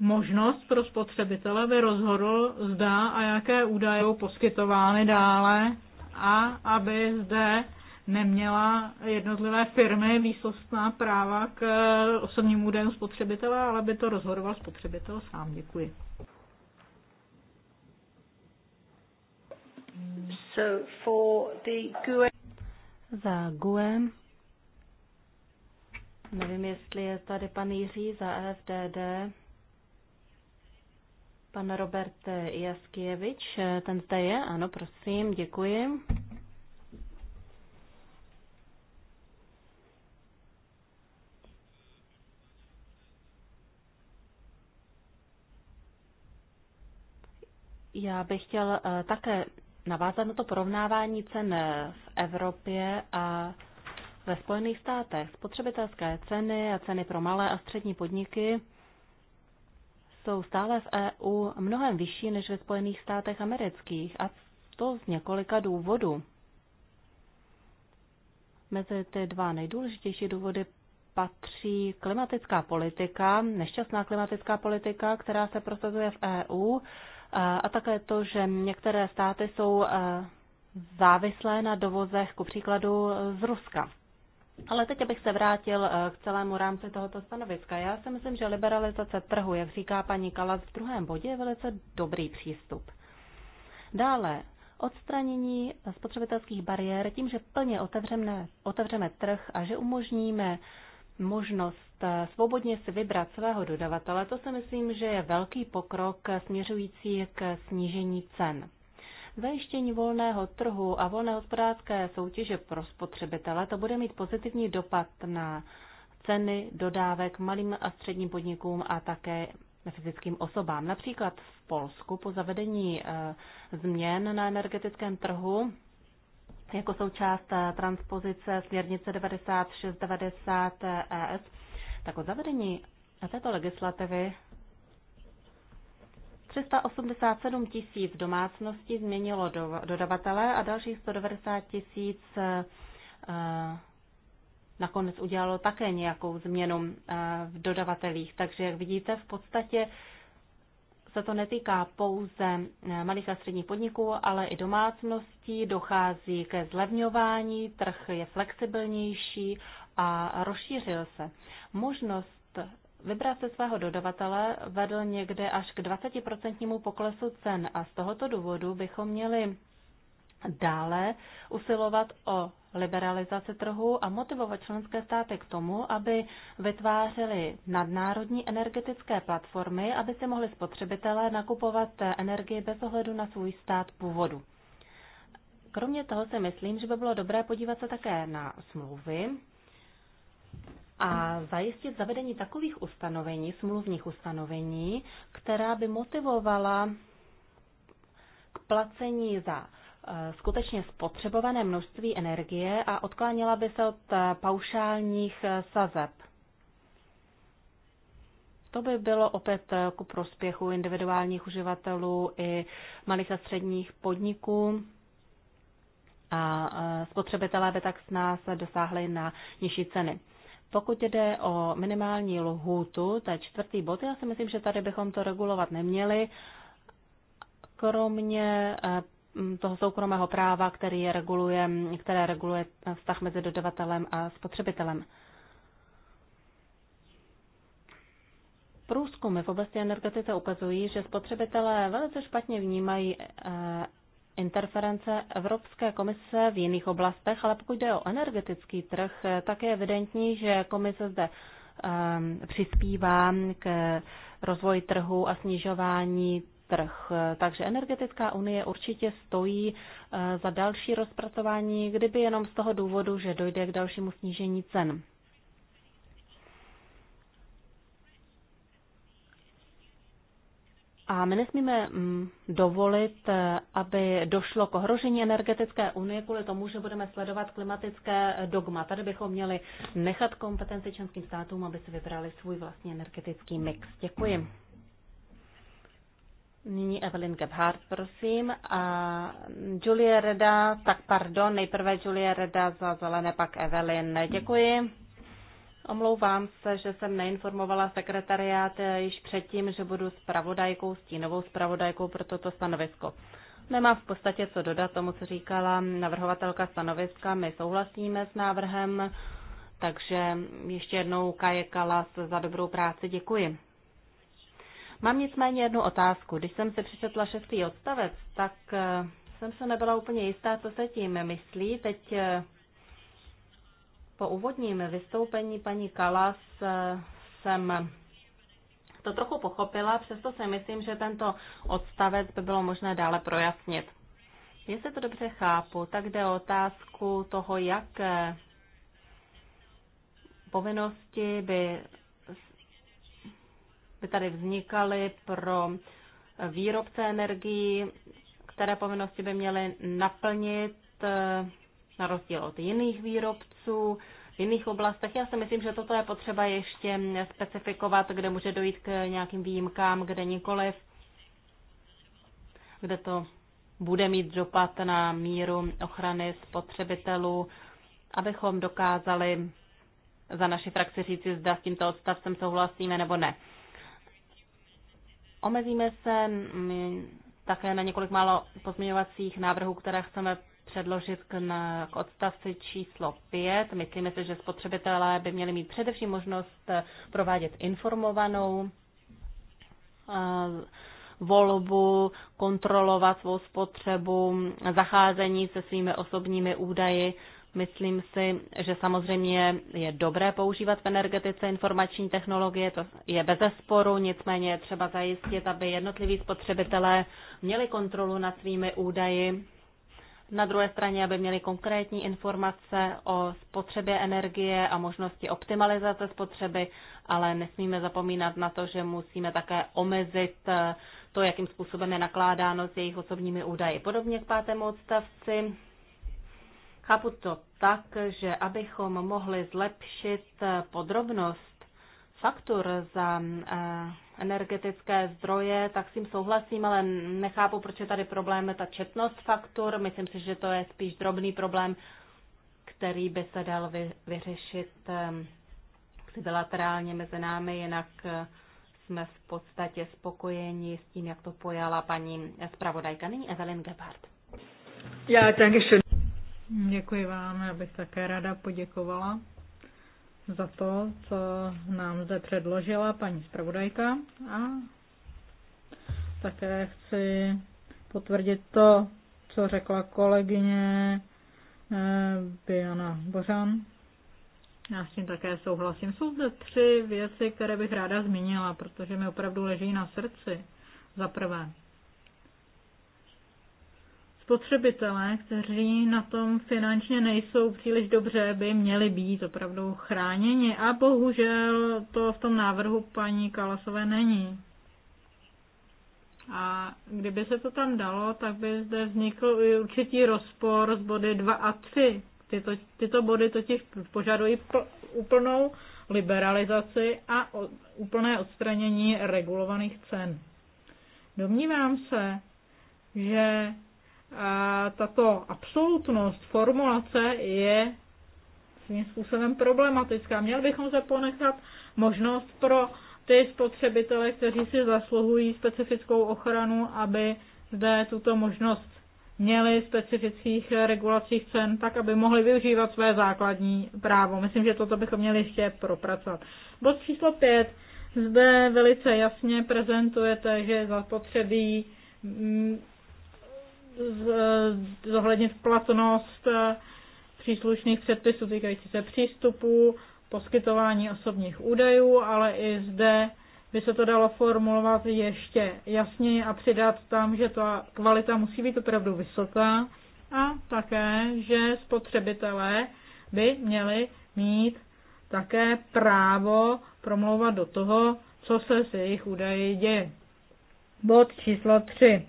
možnost pro spotřebitele, aby rozhodl, zda a jaké údaje jsou poskytovány dále a aby zde neměla jednotlivé firmy výsostná práva k eh, osobním údajům spotřebitele, ale by to rozhodoval spotřebitel sám. Děkuji. So for the GUE... Za GUE Nevím, jestli je tady pan Jiří za FDD. Pan Robert Jaskijevič, ten zde je, ano, prosím, děkuji. Já bych chtěl eh, také navázat na to porovnávání cen v Evropě a ve Spojených státech. Spotřebitelské ceny a ceny pro malé a střední podniky jsou stále v EU mnohem vyšší než ve Spojených státech amerických a to z několika důvodů. Mezi ty dva nejdůležitější důvody patří klimatická politika, nešťastná klimatická politika, která se prosazuje v EU, a také to, že některé státy jsou závislé na dovozech, ku příkladu z Ruska. Ale teď bych se vrátil eh, k celému rámci tohoto stanoviska. Já si myslím, že liberalizace trhu, jak říká paní Kalas v druhém bodě, je velice dobrý přístup. Dále odstranění spotřebitelských bariér tím, že plně otevřeme, otevřeme trh a že umožníme možnost eh, svobodně si vybrat svého dodavatele, to si myslím, že je velký pokrok eh, směřující k snížení cen. Zajištění volného trhu a volné hospodářské soutěže pro spotřebitele to bude mít pozitivní dopad na ceny dodávek malým a středním podnikům a také fyzickým osobám. Například v Polsku po zavedení eh, změn na energetickém trhu jako součást eh, transpozice směrnice 9690 ES, eh, e tak o zavedení této legislativy 387 tisíc domácností změnilo do, dodavatele a dalších 190 tisíc eh, eh, nakonec udělalo také nějakou změnu eh, v dodavatelích. Takže, jak vidíte, v podstatě se to netýká pouze malých a středních podniků, ale i domácností. Dochází ke zlevňování, trh je flexibilnější a rozšířil se. Možnost Vybrat se svého dodavatele vedl někde až k 20% poklesu cen a z tohoto důvodu bychom měli dále usilovat o liberalizaci trhu a motivovat členské státy k tomu, aby vytvářely nadnárodní energetické platformy, aby si mohli spotřebitelé nakupovat energii bez ohledu na svůj stát původu. Kromě toho si myslím, že by bylo dobré podívat se také na smlouvy, a zajistit zavedení takových ustanovení, smluvních ustanovení, která by motivovala k placení za e, skutečně spotřebované množství energie a odklánila by se od e, paušálních e, sazeb. To by bylo opět ku prospěchu individuálních uživatelů i malých a středních podniků. A spotřebitelé by tak s nás dosáhli na nižší ceny. Pokud jde o minimální lhůtu, to je čtvrtý bod, já si myslím, že tady bychom to regulovat neměli, kromě eh, toho soukromého práva, který je reguluje, které reguluje vztah mezi dodavatelem a spotřebitelem. Průzkumy v oblasti energetice ukazují, že spotřebitelé velice špatně vnímají eh, interference Evropské komise v jiných oblastech, ale pokud jde o energetický trh, tak je evidentní, že komise zde ehm, přispívá k rozvoji trhu a snižování trh. Takže energetická unie určitě stojí eh, za další rozpracování, kdyby jenom z toho důvodu, že dojde k dalšímu snížení cen. A my nesmíme mm, dovolit, eh, aby došlo k ohrožení energetické unie kvůli tomu, že budeme sledovat klimatické eh, dogma. Tady bychom měli nechat kompetenci členským státům, aby si vybrali svůj vlastní energetický mix. Děkuji. Nyní Evelyn Gebhardt, prosím. A Julie Reda, tak pardon, nejprve Julie Reda za zelené, pak Evelyn. Děkuji. Omlouvám se, že jsem neinformovala sekretariát eh, již předtím, že budu spravodajkou, stínovou spravodajkou pro toto stanovisko. Nemám v podstatě co dodat tomu, co říkala navrhovatelka stanoviska. My souhlasíme s návrhem, takže ještě jednou Kaje Kalas za dobrou práci děkuji. Mám nicméně jednu otázku. Když jsem se přečetla šestý odstavec, tak eh, jsem se nebyla úplně jistá, co se tím myslí. Teď eh, po úvodním vystoupení paní Kalas eh, jsem to trochu pochopila, přesto si myslím, že tento odstavec by bylo možné dále projasnit. Jestli to dobře chápu, tak jde o otázku toho, jak eh, povinnosti by, by tady vznikaly pro výrobce energií, které povinnosti by měly naplnit eh, na rozdíl od jiných výrobců v jiných oblastech. Já si myslím, že toto je potřeba ještě specifikovat, kde může dojít k nějakým výjimkám, kde nikoliv, kde to bude mít dopad na míru ochrany spotřebitelů, abychom dokázali za naši frakci říci, zda s tímto odstavcem souhlasíme nebo ne. Omezíme se mm, také na několik málo pozměňovacích návrhů, které chceme předložit k, na, k odstavci číslo 5. Myslíme si, že spotřebitelé by měli mít především možnost eh, provádět informovanou eh, volbu, kontrolovat svou spotřebu, zacházení se svými osobními údaji. Myslím si, že samozřejmě je dobré používat v energetice informační technologie, to je bez sporu, nicméně je třeba zajistit, aby jednotliví spotřebitelé měli kontrolu nad svými údaji na druhé straně, aby měli konkrétní informace o spotřebě energie a možnosti optimalizace spotřeby, ale nesmíme zapomínat na to, že musíme také omezit eh, to, jakým způsobem je nakládáno s jejich osobními údaji. Podobně k pátému odstavci. Chápu to tak, že abychom mohli zlepšit eh, podrobnost faktur za eh, energetické zdroje, tak s tím souhlasím, ale nechápu, proč je tady problém ta četnost faktur. Myslím si, že to je spíš drobný problém, který by se dal vy, vyřešit eh, bilaterálně mezi námi, jinak eh, jsme v podstatě spokojeni s tím, jak to pojala paní zpravodajka. Nyní Evelyn Gebhardt. Já taky Děkuji vám, já bych také ráda poděkovala za to, co nám zde předložila paní zpravodajka a také chci potvrdit to, co řekla kolegyně eh, Biana Bořan. Já s tím také souhlasím. Jsou zde tři věci, které bych ráda zmínila, protože mi opravdu leží na srdci. Za prvé, spotřebitelé, kteří na tom finančně nejsou příliš dobře, by měli být opravdu chráněni a bohužel to v tom návrhu paní Kalasové není. A kdyby se to tam dalo, tak by zde vznikl i určitý rozpor z body 2 a 3. Tyto, tyto body totiž požadují úplnou liberalizaci a úplné odstranění regulovaných cen. Domnívám se, že a tato absolutnost formulace je svým způsobem problematická. Měli bychom se ponechat možnost pro ty spotřebitele, kteří si zasluhují specifickou ochranu, aby zde tuto možnost měli specifických regulacích cen, tak aby mohli využívat své základní právo. Myslím, že toto bychom měli ještě propracovat. Bod číslo 5. Zde velice jasně prezentujete, že zapotřebí mm, zohlednit platnost eh, příslušných předpisů týkající se přístupu, poskytování osobních údajů, ale i zde by se to dalo formulovat ještě jasněji a přidat tam, že ta kvalita musí být opravdu vysoká a také, že spotřebitelé by měli mít také právo promlouvat do toho, co se s jejich údaji děje. Bod číslo 3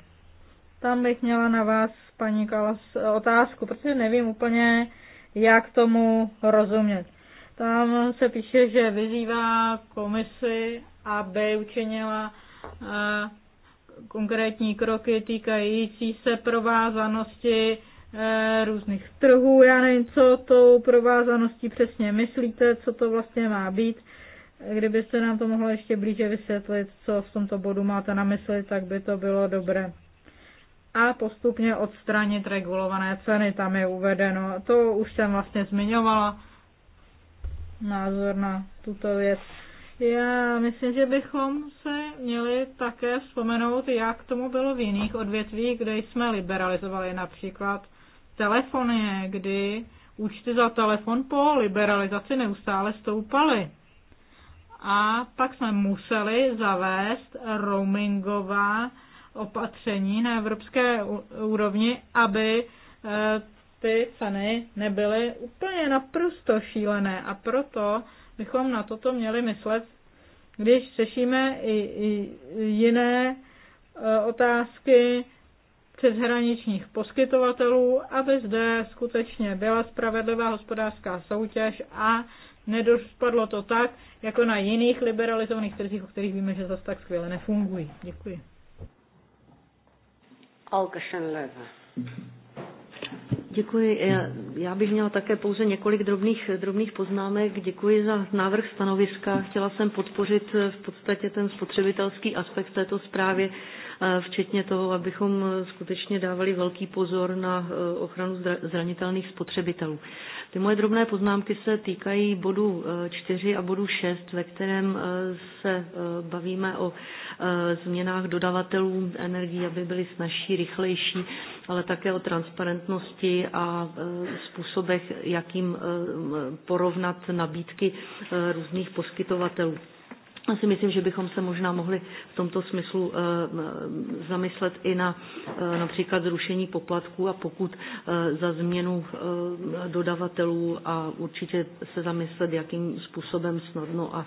tam bych měla na vás, paní Kalas, otázku, protože nevím úplně, jak tomu rozumět. Tam se píše, že vyzývá komisi, aby učinila eh, konkrétní kroky týkající se provázanosti eh, různých trhů. Já nevím, co tou provázaností přesně myslíte, co to vlastně má být. Kdybyste nám to mohla ještě blíže vysvětlit, co v tomto bodu máte na mysli, tak by to bylo dobré a postupně odstranit regulované ceny, tam je uvedeno. To už jsem vlastně zmiňovala, názor na tuto věc. Já myslím, že bychom se měli také vzpomenout, jak tomu bylo v jiných odvětvích, kde jsme liberalizovali například telefonie, kdy účty za telefon po liberalizaci neustále stoupaly. A pak jsme museli zavést roamingová opatření na evropské úrovni, aby eh, ty ceny nebyly úplně naprosto šílené a proto bychom na toto měli myslet, když řešíme i, i jiné eh, otázky přeshraničních poskytovatelů, aby zde skutečně byla spravedlivá hospodářská soutěž a nedospadlo to tak, jako na jiných liberalizovaných trzích, o kterých víme, že zase tak skvěle nefungují. Děkuji. Děkuji. Já, já bych měla také pouze několik drobných, drobných poznámek. Děkuji za návrh stanoviska. Chtěla jsem podpořit v podstatě ten spotřebitelský aspekt této zprávy včetně toho, abychom e, skutečně dávali velký pozor na e, ochranu zranitelných spotřebitelů. Ty moje drobné poznámky se týkají bodu 4 e, a bodu 6, ve kterém se bavíme o změnách dodavatelů energií, aby byly snažší, rychlejší, ale také o transparentnosti a způsobech, jakým porovnat nabídky různých poskytovatelů si myslím, že bychom se možná mohli v tomto smyslu eh, eh, zamyslet i na eh, například zrušení poplatků a pokud za změnu dodavatelů a určitě se zamyslet, jakým způsobem snadno a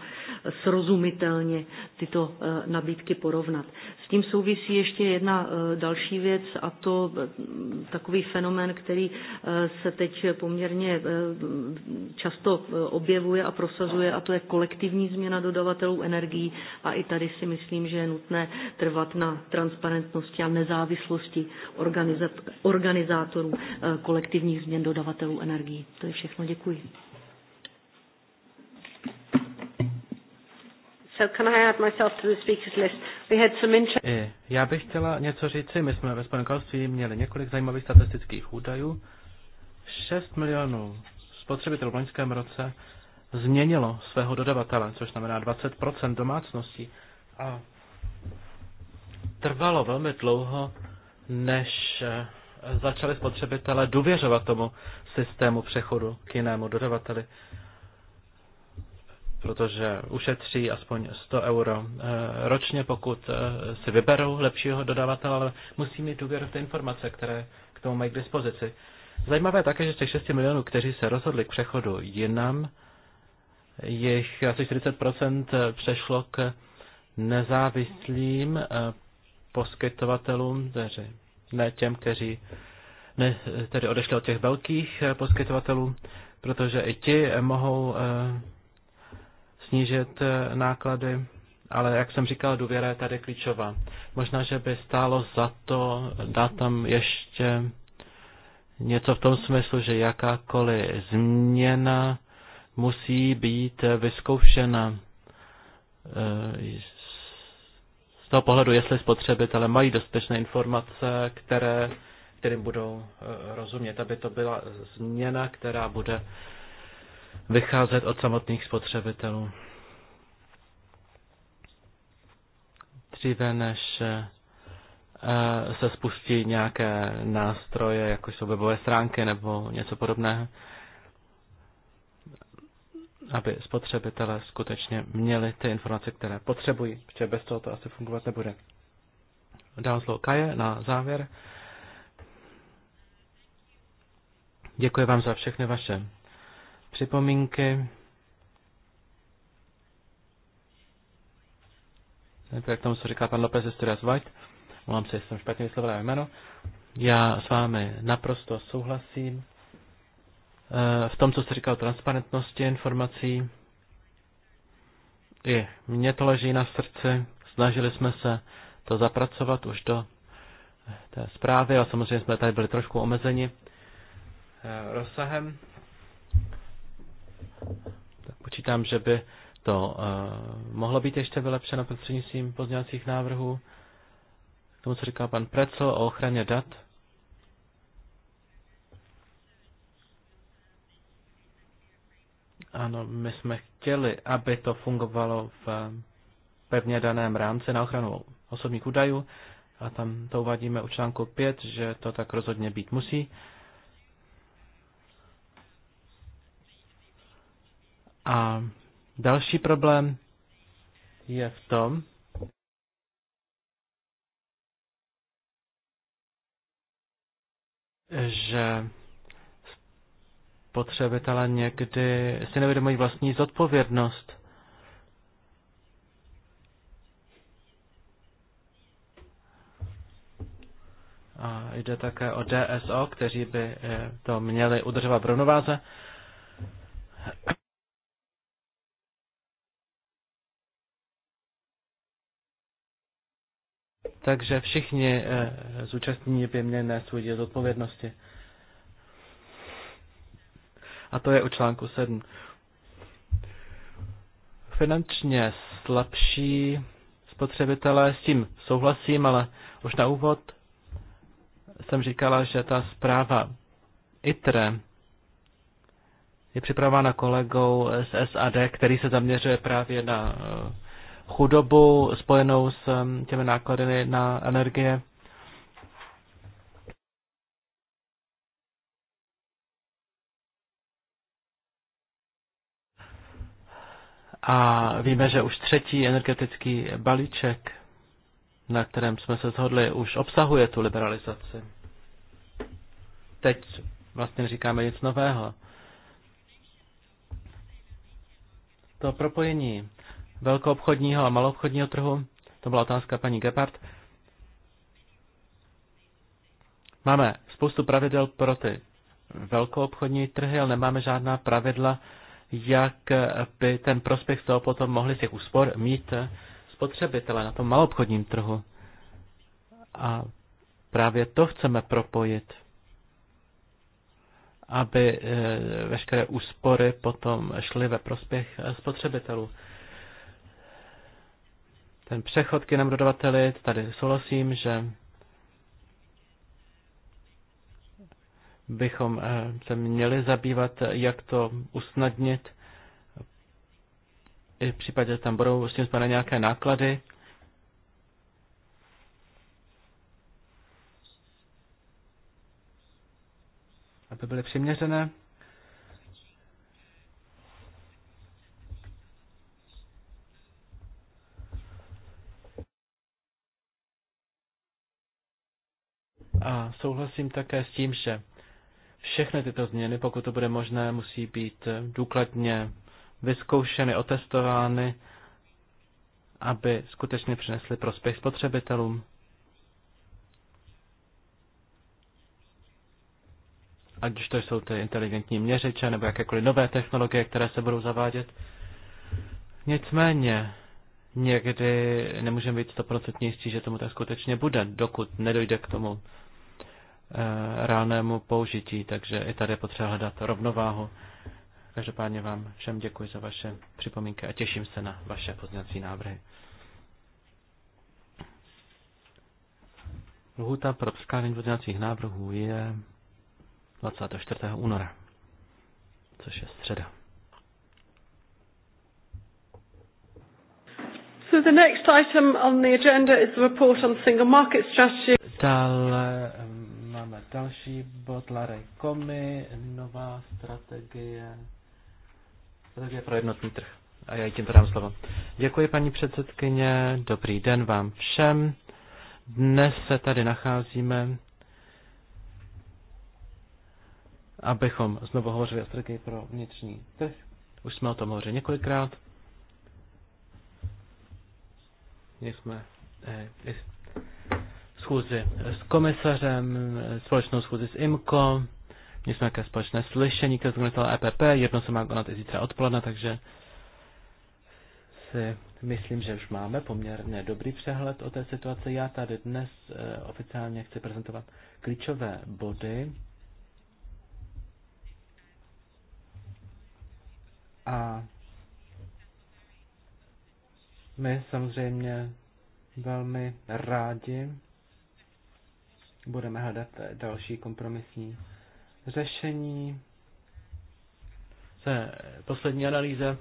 srozumitelně tyto nabídky porovnat tím souvisí ještě jedna eh, další věc a to eh, takový fenomén, který eh, se teď poměrně často objevuje a prosazuje a to je kolektivní změna dodavatelů energií a i tady si myslím, že je nutné trvat na transparentnosti a nezávislosti organizátorů kolektivních změn dodavatelů energií. To je všechno. Děkuji. Já bych chtěla něco říci. My jsme ve Spojeném měli několik zajímavých statistických údajů. 6 milionů spotřebitelů v loňském roce změnilo svého dodavatele, což znamená 20% domácností. A trvalo velmi dlouho, než eh, začali spotřebitelé důvěřovat tomu systému přechodu k jinému dodavateli protože ušetří aspoň 100 euro eh, ročně, pokud eh, si vyberou lepšího dodavatele, ale musí mít důvěru v ty informace, které k tomu mají k dispozici. Zajímavé je také, že z těch 6 milionů, kteří se rozhodli k přechodu jinam, jejich asi 40% eh, přešlo k nezávislým poskytovatelům, tedy ne těm, kteří ne, tedy odešli od těch velkých poskytovatelů, protože i ti mohou snížit eh, náklady, ale jak jsem říkal, důvěra je tady klíčová. Možná, že by stálo za to dát tam ještě něco v tom smyslu, že jakákoliv změna musí být vyzkoušena eh, z toho pohledu, jestli spotřebitelé mají dostatečné informace, které, kterým budou eh, rozumět, aby to byla změna, která bude vycházet od samotných spotřebitelů. dříve než eh, se spustí nějaké nástroje, jako jsou webové stránky nebo něco podobného, aby spotřebitelé skutečně měli ty informace, které potřebují, protože bez toho to asi fungovat nebude. Dám slovo Kaje na závěr. Děkuji vám za všechny vaše připomínky. k tomu, co říká pan López Esturias White, mám se, jsem špatně vyslovil jméno, já s vámi naprosto souhlasím eh, v tom, co jste říkal o transparentnosti informací. I mně to leží na srdci, snažili jsme se to zapracovat už do eh, té zprávy a samozřejmě jsme tady byli trošku omezeni eh, rozsahem. Tak počítám, že by to eh, mohlo být ještě vylepšeno prostřednictvím pozdějacích návrhů. K tomu, co říkal pan Preco o ochraně dat. Ano, my jsme chtěli, aby to fungovalo v eh, pevně daném rámci na ochranu osobních údajů a tam to uvádíme u článku 5, že to tak rozhodně být musí. A Další problém je v tom, že spotřebitelé někdy si nevědomují vlastní zodpovědnost. A jde také o DSO, kteří by to měli udržovat v rovnováze. takže všichni eh, zúčastnění by měli nést svůj díl odpovědnosti. A to je u článku 7. Finančně slabší spotřebitelé, s tím souhlasím, ale už na úvod jsem říkala, že ta zpráva ITRE je připravována kolegou z SAD, který se zaměřuje právě na eh, chudobu spojenou s těmi náklady na energie. A víme, že už třetí energetický balíček, na kterém jsme se shodli, už obsahuje tu liberalizaci. Teď vlastně říkáme nic nového. To propojení velkoobchodního a maloobchodního trhu. To byla otázka paní Gepard. Máme spoustu pravidel pro ty velkoobchodní trhy, ale nemáme žádná pravidla, jak by ten prospěch z toho potom mohli z těch úspor mít spotřebitele na tom maloobchodním trhu. A právě to chceme propojit, aby eh, veškeré úspory potom šly ve prospěch spotřebitelů ten přechod k jiném dodavateli, tady souhlasím, že bychom eh, se měli zabývat, jak to usnadnit, i v případě, že tam budou s tím spadat nějaké náklady. Aby byly přiměřené. A souhlasím také s tím, že všechny tyto změny, pokud to bude možné, musí být důkladně vyzkoušeny, otestovány, aby skutečně přinesly prospěch spotřebitelům. Ať už to jsou ty inteligentní měřiče nebo jakékoliv nové technologie, které se budou zavádět. Nicméně, někdy nemůžeme být stoprocentně jistí, že tomu tak skutečně bude, dokud nedojde k tomu Eh, reálnému použití, takže i tady je potřeba hledat rovnováhu. Každopádně vám všem děkuji za vaše připomínky a těším se na vaše pozměňovací návrhy. Lhuta pro předkládání pozměňovacích návrhů je 24. února, což je středa. So the next item on the agenda is the report on single market strategy. Dále máme další bod Larry Komi, nová strategie, strategie pro jednotný trh. A já tím dám slovo. Děkuji, paní předsedkyně, dobrý den vám všem. Dnes se tady nacházíme, abychom znovu hovořili o strategii pro vnitřní trh. Už jsme o tom hovořili několikrát. jsme eh, schůzi s komisařem, společnou schůzi s IMCO, měli jsme nějaké společné slyšení, které zorganizovala EPP, jedno se má konat i zítra odpoledne, takže si myslím, že už máme poměrně dobrý přehled o té situaci. Já tady dnes eh, oficiálně chci prezentovat klíčové body a my samozřejmě velmi rádi budeme hledat další kompromisní řešení. Se poslední analýze.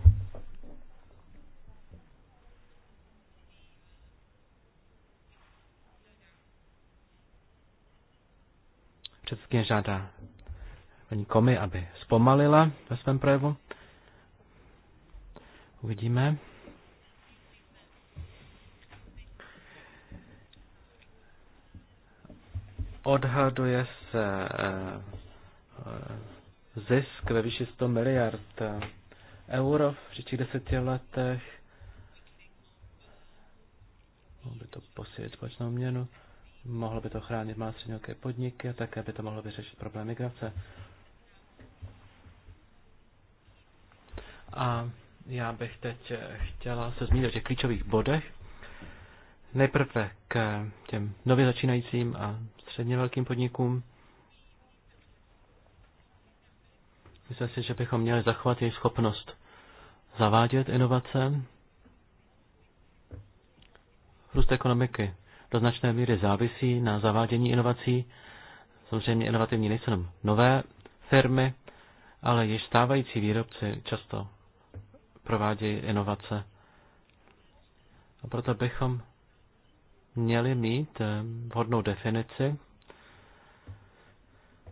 Předsedkyně žádá paní Komi, aby zpomalila ve svém projevu. Uvidíme. Odhaduje se eh, eh, zisk ve výši 100 miliard eh, euro v příštích deseti letech. Mohlo by to posílit společnou měnu, mohlo by to chránit má nějaké podniky a také by to mohlo vyřešit problém migrace. A já bych teď chtěla se zmínit o těch klíčových bodech. Nejprve k těm nově začínajícím a středně velkým podnikům. Myslím si, že bychom měli zachovat jejich schopnost zavádět inovace. Růst ekonomiky do značné míry závisí na zavádění inovací. Samozřejmě inovativní nejsou jenom nové firmy, ale již stávající výrobci často provádějí inovace. A proto bychom měli mít eh, vhodnou definici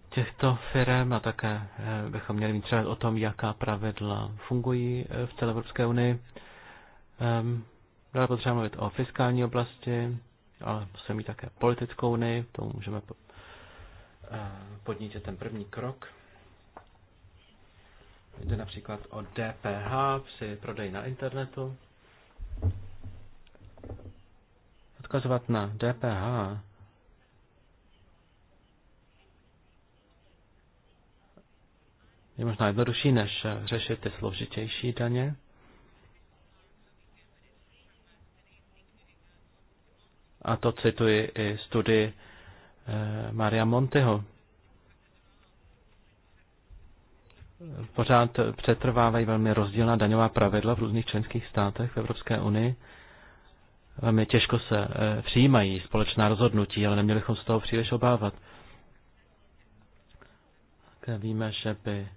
těchto firm a také eh, bychom měli mít třeba o tom, jaká pravidla fungují eh, v celé Evropské unii. Ehm, dále potřeba mluvit o fiskální oblasti, ale musíme mít také politickou unii, to můžeme podnítit ten první krok. Jde například o DPH při prodeji na internetu odkazovat na DPH, je možná jednodušší, než řešit ty složitější daně. A to cituji i studii eh, Maria Monteho. Pořád přetrvávají velmi rozdílná daňová pravidla v různých členských státech v Evropské unii velmi těžko se eh, přijímají společná rozhodnutí, ale neměli bychom z toho příliš obávat. Eh, víme, že by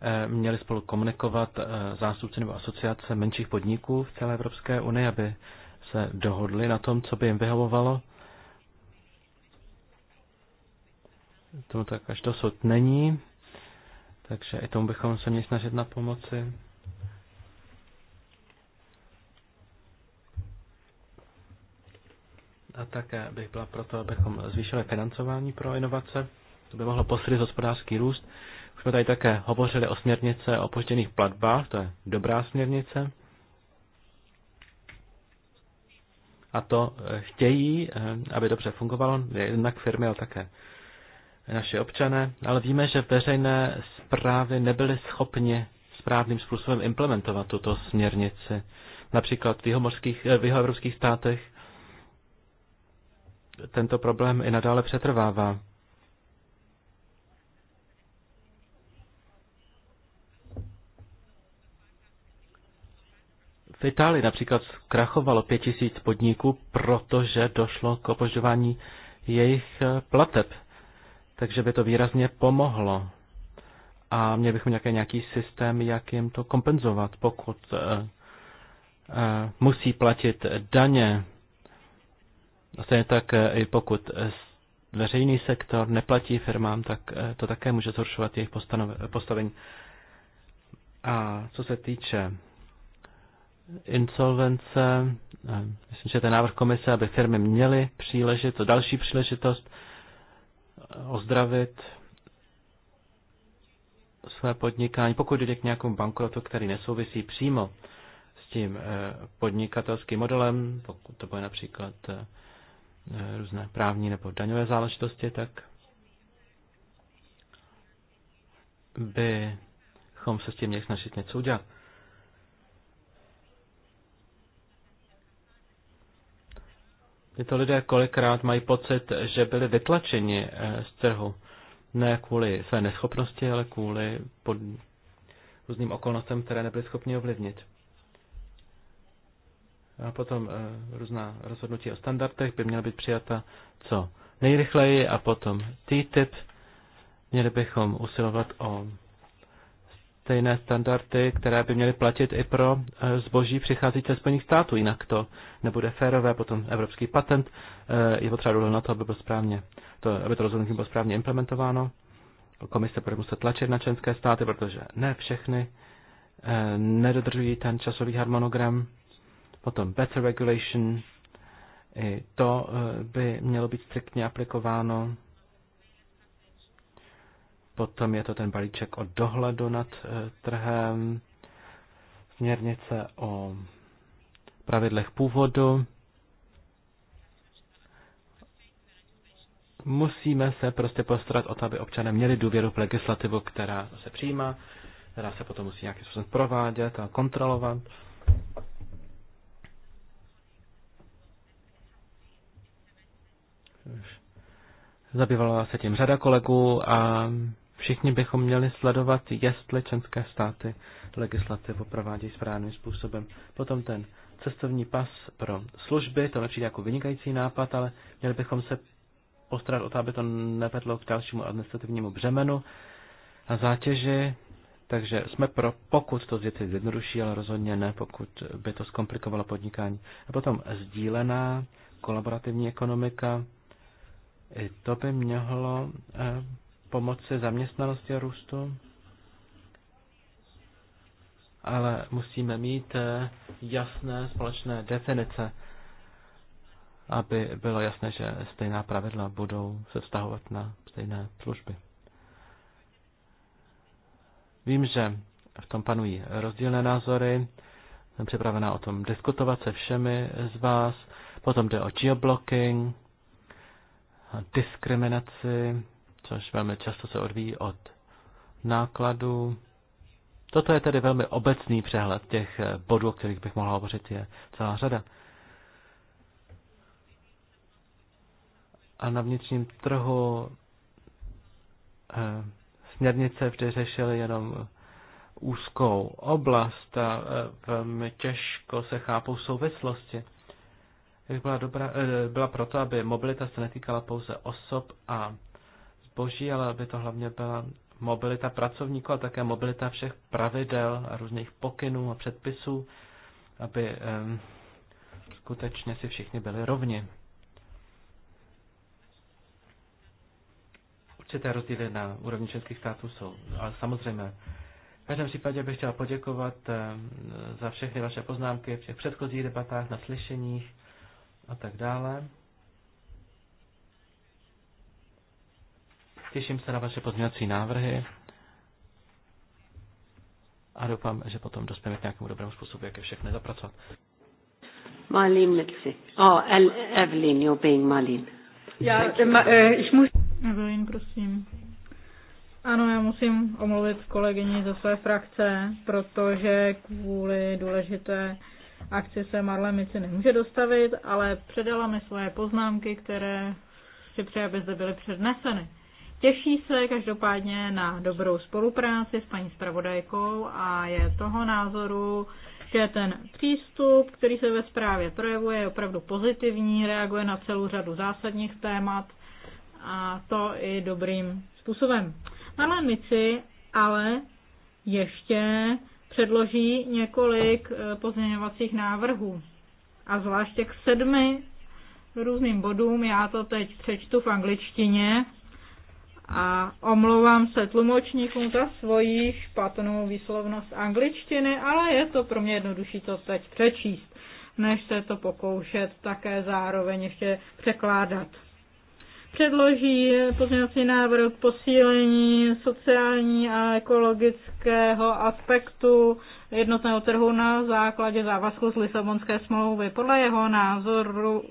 eh, měli spolu komunikovat zástupci nebo asociace menších podniků v celé Evropské unii, aby se dohodli na tom, co by jim vyhovovalo. Tomu tak až dosud není, takže i tomu bychom se měli snažit na pomoci. A také bych byla proto, abychom zvýšili financování pro inovace. To by mohlo posílit hospodářský růst. Už jsme tady také hovořili o směrnice o opožděných platbách, to je dobrá směrnice. A to eh, chtějí, eh, aby dobře fungovalo, jednak firmy, ale také naše občané. Ale víme, že veřejné zprávy nebyly schopni správným způsobem implementovat tuto směrnici. Například v eh, jihoevropských státech tento problém i nadále přetrvává. V Itálii například krachovalo tisíc podniků, protože došlo k opožďování jejich eh, plateb. Takže by to výrazně pomohlo. A měli bychom nějaký, nějaký systém, jak jim to kompenzovat, pokud uh, uh, musí platit daně. Stejně tak e, i pokud e, veřejný sektor neplatí firmám, tak e, to také může zhoršovat jejich postavení. A co se týče insolvence, myslím, že ten návrh komise, aby firmy měly příležitost, další příležitost ozdravit své podnikání, pokud jde k nějakému bankrotu, který nesouvisí přímo s tím podnikatelským modelem, pokud to bude například Eh, různé právní nebo daňové záležitosti, tak bychom se s tím měli snažit něco udělat. Tyto lidé kolikrát mají pocit, že byli vytlačeni eh, z trhu. Ne kvůli své neschopnosti, ale kvůli pod různým okolnostem, které nebyli schopni ovlivnit. A potom eh, různá rozhodnutí o standardech by měla být přijata co nejrychleji a potom TTIP. Měli bychom usilovat o stejné standardy, které by měly platit i pro eh, zboží přicházející ze Spojených států, jinak to nebude férové, potom evropský patent eh, je potřeba dohled na to, aby, byl správně, to, aby to rozhodnutí bylo správně implementováno. Komise bude muset tlačit na členské státy, protože ne všechny nedodržují ten časový harmonogram Potom better regulation, i to eh, by mělo být striktně aplikováno. Potom je to ten balíček o dohledu nad eh, trhem, směrnice o pravidlech původu. Musíme se prostě postarat o to, aby občané měli důvěru v legislativu, která se přijímá, která se potom musí nějakým způsobem provádět a kontrolovat. Zabývala se tím řada kolegů a všichni bychom měli sledovat, jestli členské státy legislativu provádějí správným způsobem. Potom ten cestovní pas pro služby, to nepřijde jako vynikající nápad, ale měli bychom se postarat o to, aby to nevedlo k dalšímu administrativnímu břemenu a zátěži. Takže jsme pro, pokud to věci zjednoduší, ale rozhodně ne, pokud by to zkomplikovalo podnikání. A potom sdílená kolaborativní ekonomika, to by mělo eh, pomoci zaměstnanosti a růstu, ale musíme mít eh, jasné společné definice, aby bylo jasné, že stejná pravidla budou se vztahovat na stejné služby. Vím, že v tom panují rozdílné názory. Jsem připravená o tom diskutovat se všemi z vás. Potom jde o geoblocking, diskriminaci, což velmi často se odvíjí od nákladů. Toto je tedy velmi obecný přehled těch eh, bodů, o kterých bych mohla hovořit, je celá řada. A na vnitřním trhu eh, směrnice vždy řešily jenom eh, úzkou oblast a eh, velmi těžko se chápou souvislosti byla, dobrá, eh, byla proto, aby mobilita se netýkala pouze osob a zboží, ale aby to hlavně byla mobilita pracovníků a také mobilita všech pravidel a různých pokynů a předpisů, aby um, skutečně si všichni byli rovni. Určité rozdíly na úrovni českých států jsou, ale samozřejmě. V každém případě bych chtěl poděkovat za všechny vaše poznámky v těch předchozích debatách, na slyšeních a tak dále. Těším se na vaše pozměňovací návrhy a doufám, že potom dospěme k nějakému dobrému způsobu, jak je všechny zapracovat. Marlene Mitzi. Oh, El Evelyn, you're being Já, eh, ich muss... Evelyn, prosím. Ano, já musím omluvit kolegyni ze své frakce, protože kvůli důležité akci se Marle Mici nemůže dostavit, ale předala mi svoje poznámky, které si přeje, aby zde byly předneseny. Těší se každopádně na dobrou spolupráci s paní zpravodajkou a je toho názoru, že ten přístup, který se ve zprávě projevuje, je opravdu pozitivní, reaguje na celou řadu zásadních témat a to i dobrým způsobem. Marle Mici ale ještě předloží několik eh, pozměňovacích návrhů. A zvláště k sedmi různým bodům, já to teď přečtu v angličtině a omlouvám se tlumočníkům za svoji špatnou výslovnost angličtiny, ale je to pro mě jednodušší to teď přečíst, než se to pokoušet také zároveň ještě překládat předloží pozměňovací návrh posílení sociální a ekologického aspektu jednotného trhu na základě závazku z Lisabonské smlouvy. Podle jeho názoru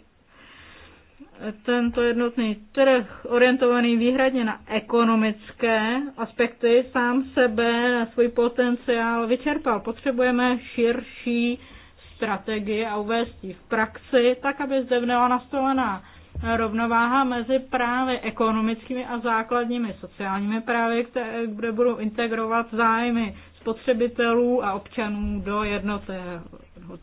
tento jednotný trh orientovaný výhradně na ekonomické aspekty sám sebe, svůj potenciál vyčerpal. Potřebujeme širší strategii a uvést ji v praxi, tak aby zde byla nastolená rovnováha mezi právě ekonomickými a základními sociálními právy, které, kde budou integrovat zájmy spotřebitelů a občanů do jednotného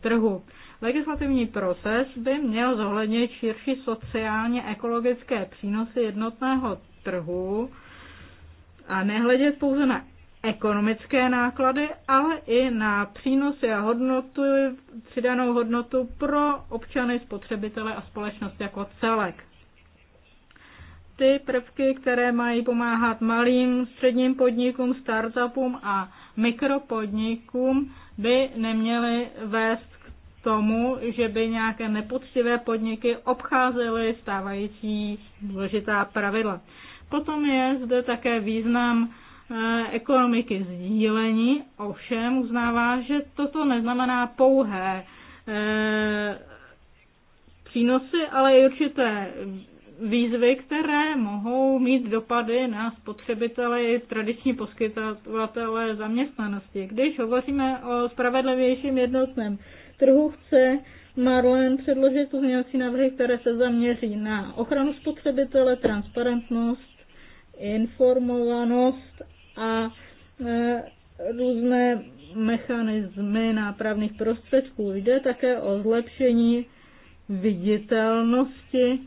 trhu. Legislativní proces by měl zohlednit širší sociálně ekologické přínosy jednotného trhu a nehledět pouze na ekonomické náklady, ale i na přínosy a hodnotu, přidanou hodnotu pro občany, spotřebitele a společnost jako celek. Ty prvky, které mají pomáhat malým, středním podnikům, startupům a mikropodnikům, by neměly vést k tomu, že by nějaké nepoctivé podniky obcházely stávající důležitá pravidla. Potom je zde také význam Eh, ekonomiky sdílení, ovšem uznává, že toto neznamená pouhé eh, přínosy, ale i určité výzvy, které mohou mít dopady na spotřebitele i tradiční poskytovatele zaměstnanosti. Když hovoříme o spravedlivějším jednotném trhu, chce Marlen předložit pozměňovací návrhy, které se zaměří na ochranu spotřebitele, transparentnost, informovanost a e, různé mechanismy nápravných prostředků. Jde také o zlepšení viditelnosti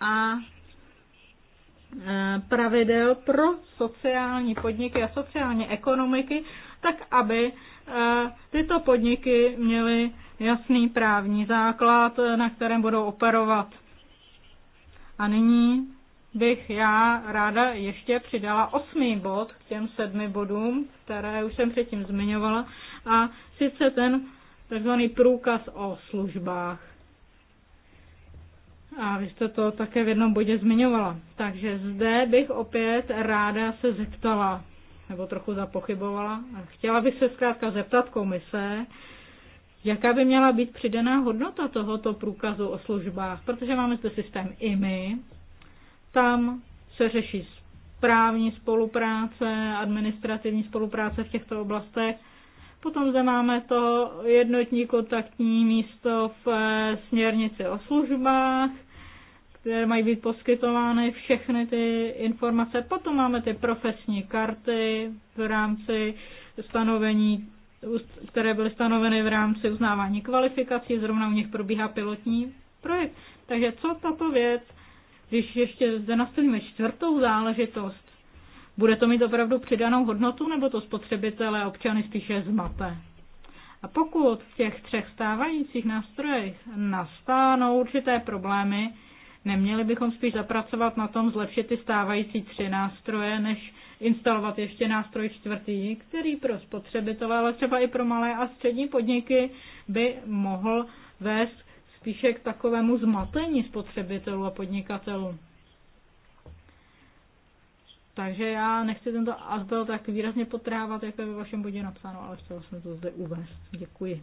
a e, pravidel pro sociální podniky a sociální ekonomiky, tak aby e, tyto podniky měly jasný právní základ, na kterém budou operovat. A nyní bych já ráda ještě přidala osmý bod k těm sedmi bodům, které už jsem předtím zmiňovala, a sice ten takzvaný průkaz o službách. A vy jste to také v jednom bodě zmiňovala. Takže zde bych opět ráda se zeptala, nebo trochu zapochybovala. Chtěla bych se zkrátka zeptat komise, jaká by měla být přidaná hodnota tohoto průkazu o službách, protože máme zde systém IMI, tam se řeší právní spolupráce, administrativní spolupráce v těchto oblastech. Potom zde máme to jednotní kontaktní místo v eh, směrnici o službách, které mají být poskytovány všechny ty informace. Potom máme ty profesní karty v rámci stanovení, které byly stanoveny v rámci uznávání kvalifikací, zrovna u nich probíhá pilotní projekt. Takže co tato věc když ještě zde nastavíme čtvrtou záležitost, bude to mít opravdu přidanou hodnotu, nebo to spotřebitelé a občany spíše zmate? A pokud v těch třech stávajících nástrojech nastanou určité problémy, neměli bychom spíš zapracovat na tom zlepšit ty stávající tři nástroje, než instalovat ještě nástroj čtvrtý, který pro spotřebitele, ale třeba i pro malé a střední podniky by mohl vést spíše k takovému zmatení spotřebitelů a podnikatelů. Takže já nechci tento azbel tak výrazně potrávat, jak je ve vašem bodě napsáno, ale chtěla jsem to zde uvést. Děkuji.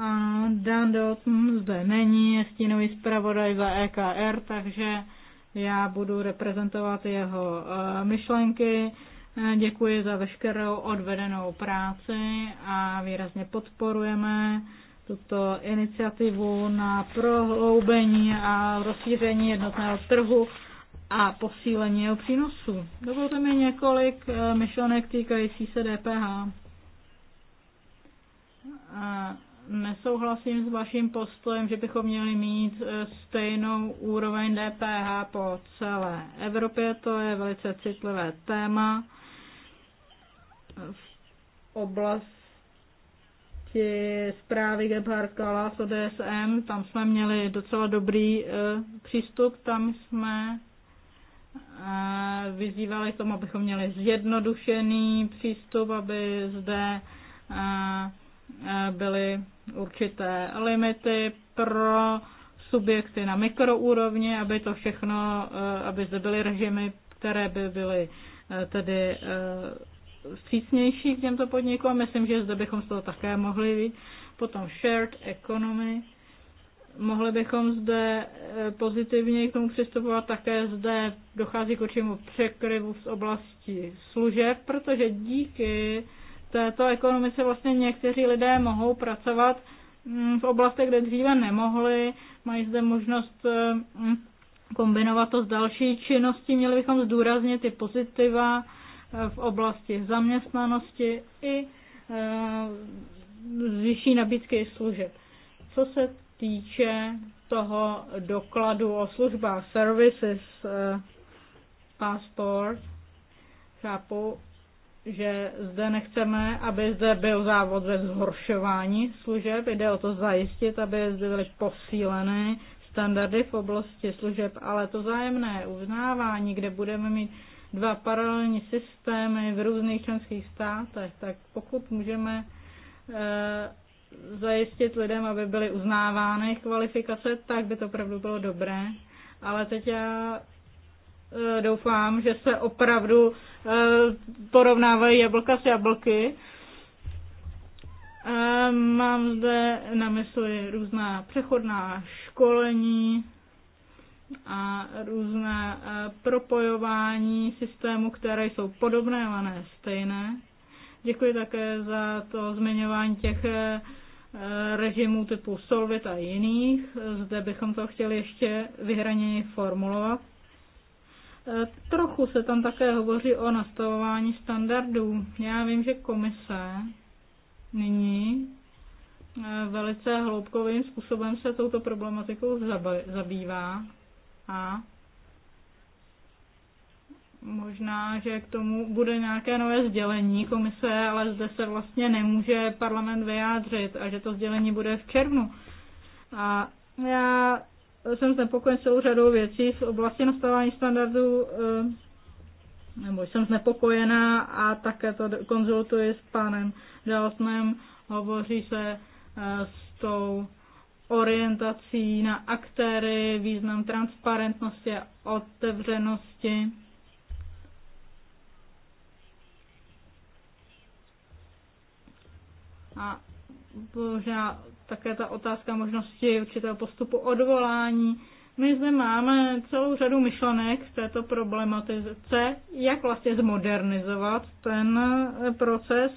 A Dan Dot zde není, je stínový zpravodaj za EKR, takže já budu reprezentovat jeho eh, myšlenky. Děkuji za veškerou odvedenou práci a výrazně podporujeme tuto iniciativu na prohloubení a rozšíření jednotného trhu a posílení jeho přínosu. Dovolte mi několik eh, myšlenek týkající se DPH. Nesouhlasím s vaším postojem, že bychom měli mít eh, stejnou úroveň DPH po celé Evropě. To je velice citlivé téma v oblasti zprávy Gebhard Kalas o DSM, tam jsme měli docela dobrý eh, přístup, tam jsme eh, vyzývali k tomu, abychom měli zjednodušený přístup, aby zde eh, byly určité limity pro subjekty na mikroúrovni, aby to všechno, aby zde byly režimy, které by byly tedy vstřícnější k těmto podnikům. Myslím, že zde bychom z toho také mohli vidět. Potom shared economy. Mohli bychom zde e, pozitivně k tomu přistupovat také zde dochází k určitému překryvu z oblasti služeb, protože díky této ekonomice vlastně někteří lidé mohou pracovat mm, v oblastech, kde dříve nemohli, mají zde možnost e, mm, kombinovat to s další činností. Měli bychom zdůraznit ty pozitiva v oblasti zaměstnanosti i e, zvýší nabídky služeb. Co se týče toho dokladu o službách services e, passport, chápu, že zde nechceme, aby zde byl závod ve zhoršování služeb. Jde o to zajistit, aby zde byly posíleny standardy v oblasti služeb, ale to zájemné uznávání, kde budeme mít dva paralelní systémy v různých členských státech, tak pokud můžeme eh, zajistit lidem, aby byly uznávány kvalifikace, tak by to opravdu bylo dobré. Ale teď já eh, doufám, že se opravdu eh, porovnávají jablka s jablky. Mám zde na mysli různá přechodná školení, a různé e, propojování systémů, které jsou podobné, ale ne stejné. Děkuji také za to zmiňování těch e, režimů typu Solvit a jiných. Zde bychom to chtěli ještě vyhraněji formulovat. E, trochu se tam také hovoří o nastavování standardů. Já vím, že komise nyní velice hloubkovým způsobem se touto problematikou zabývá a možná, že k tomu bude nějaké nové sdělení komise, ale zde se vlastně nemůže parlament vyjádřit a že to sdělení bude v červnu. A já jsem znepokojen celou řadou věcí v oblasti nastavování standardů, eh, nebo jsem znepokojená a také to konzultuji s panem Daltnem, hovoří se eh, s tou orientací na aktéry, význam transparentnosti a otevřenosti. A možná také ta otázka možnosti určitého postupu odvolání. My zde máme celou řadu myšlenek v této problematice, jak vlastně zmodernizovat ten proces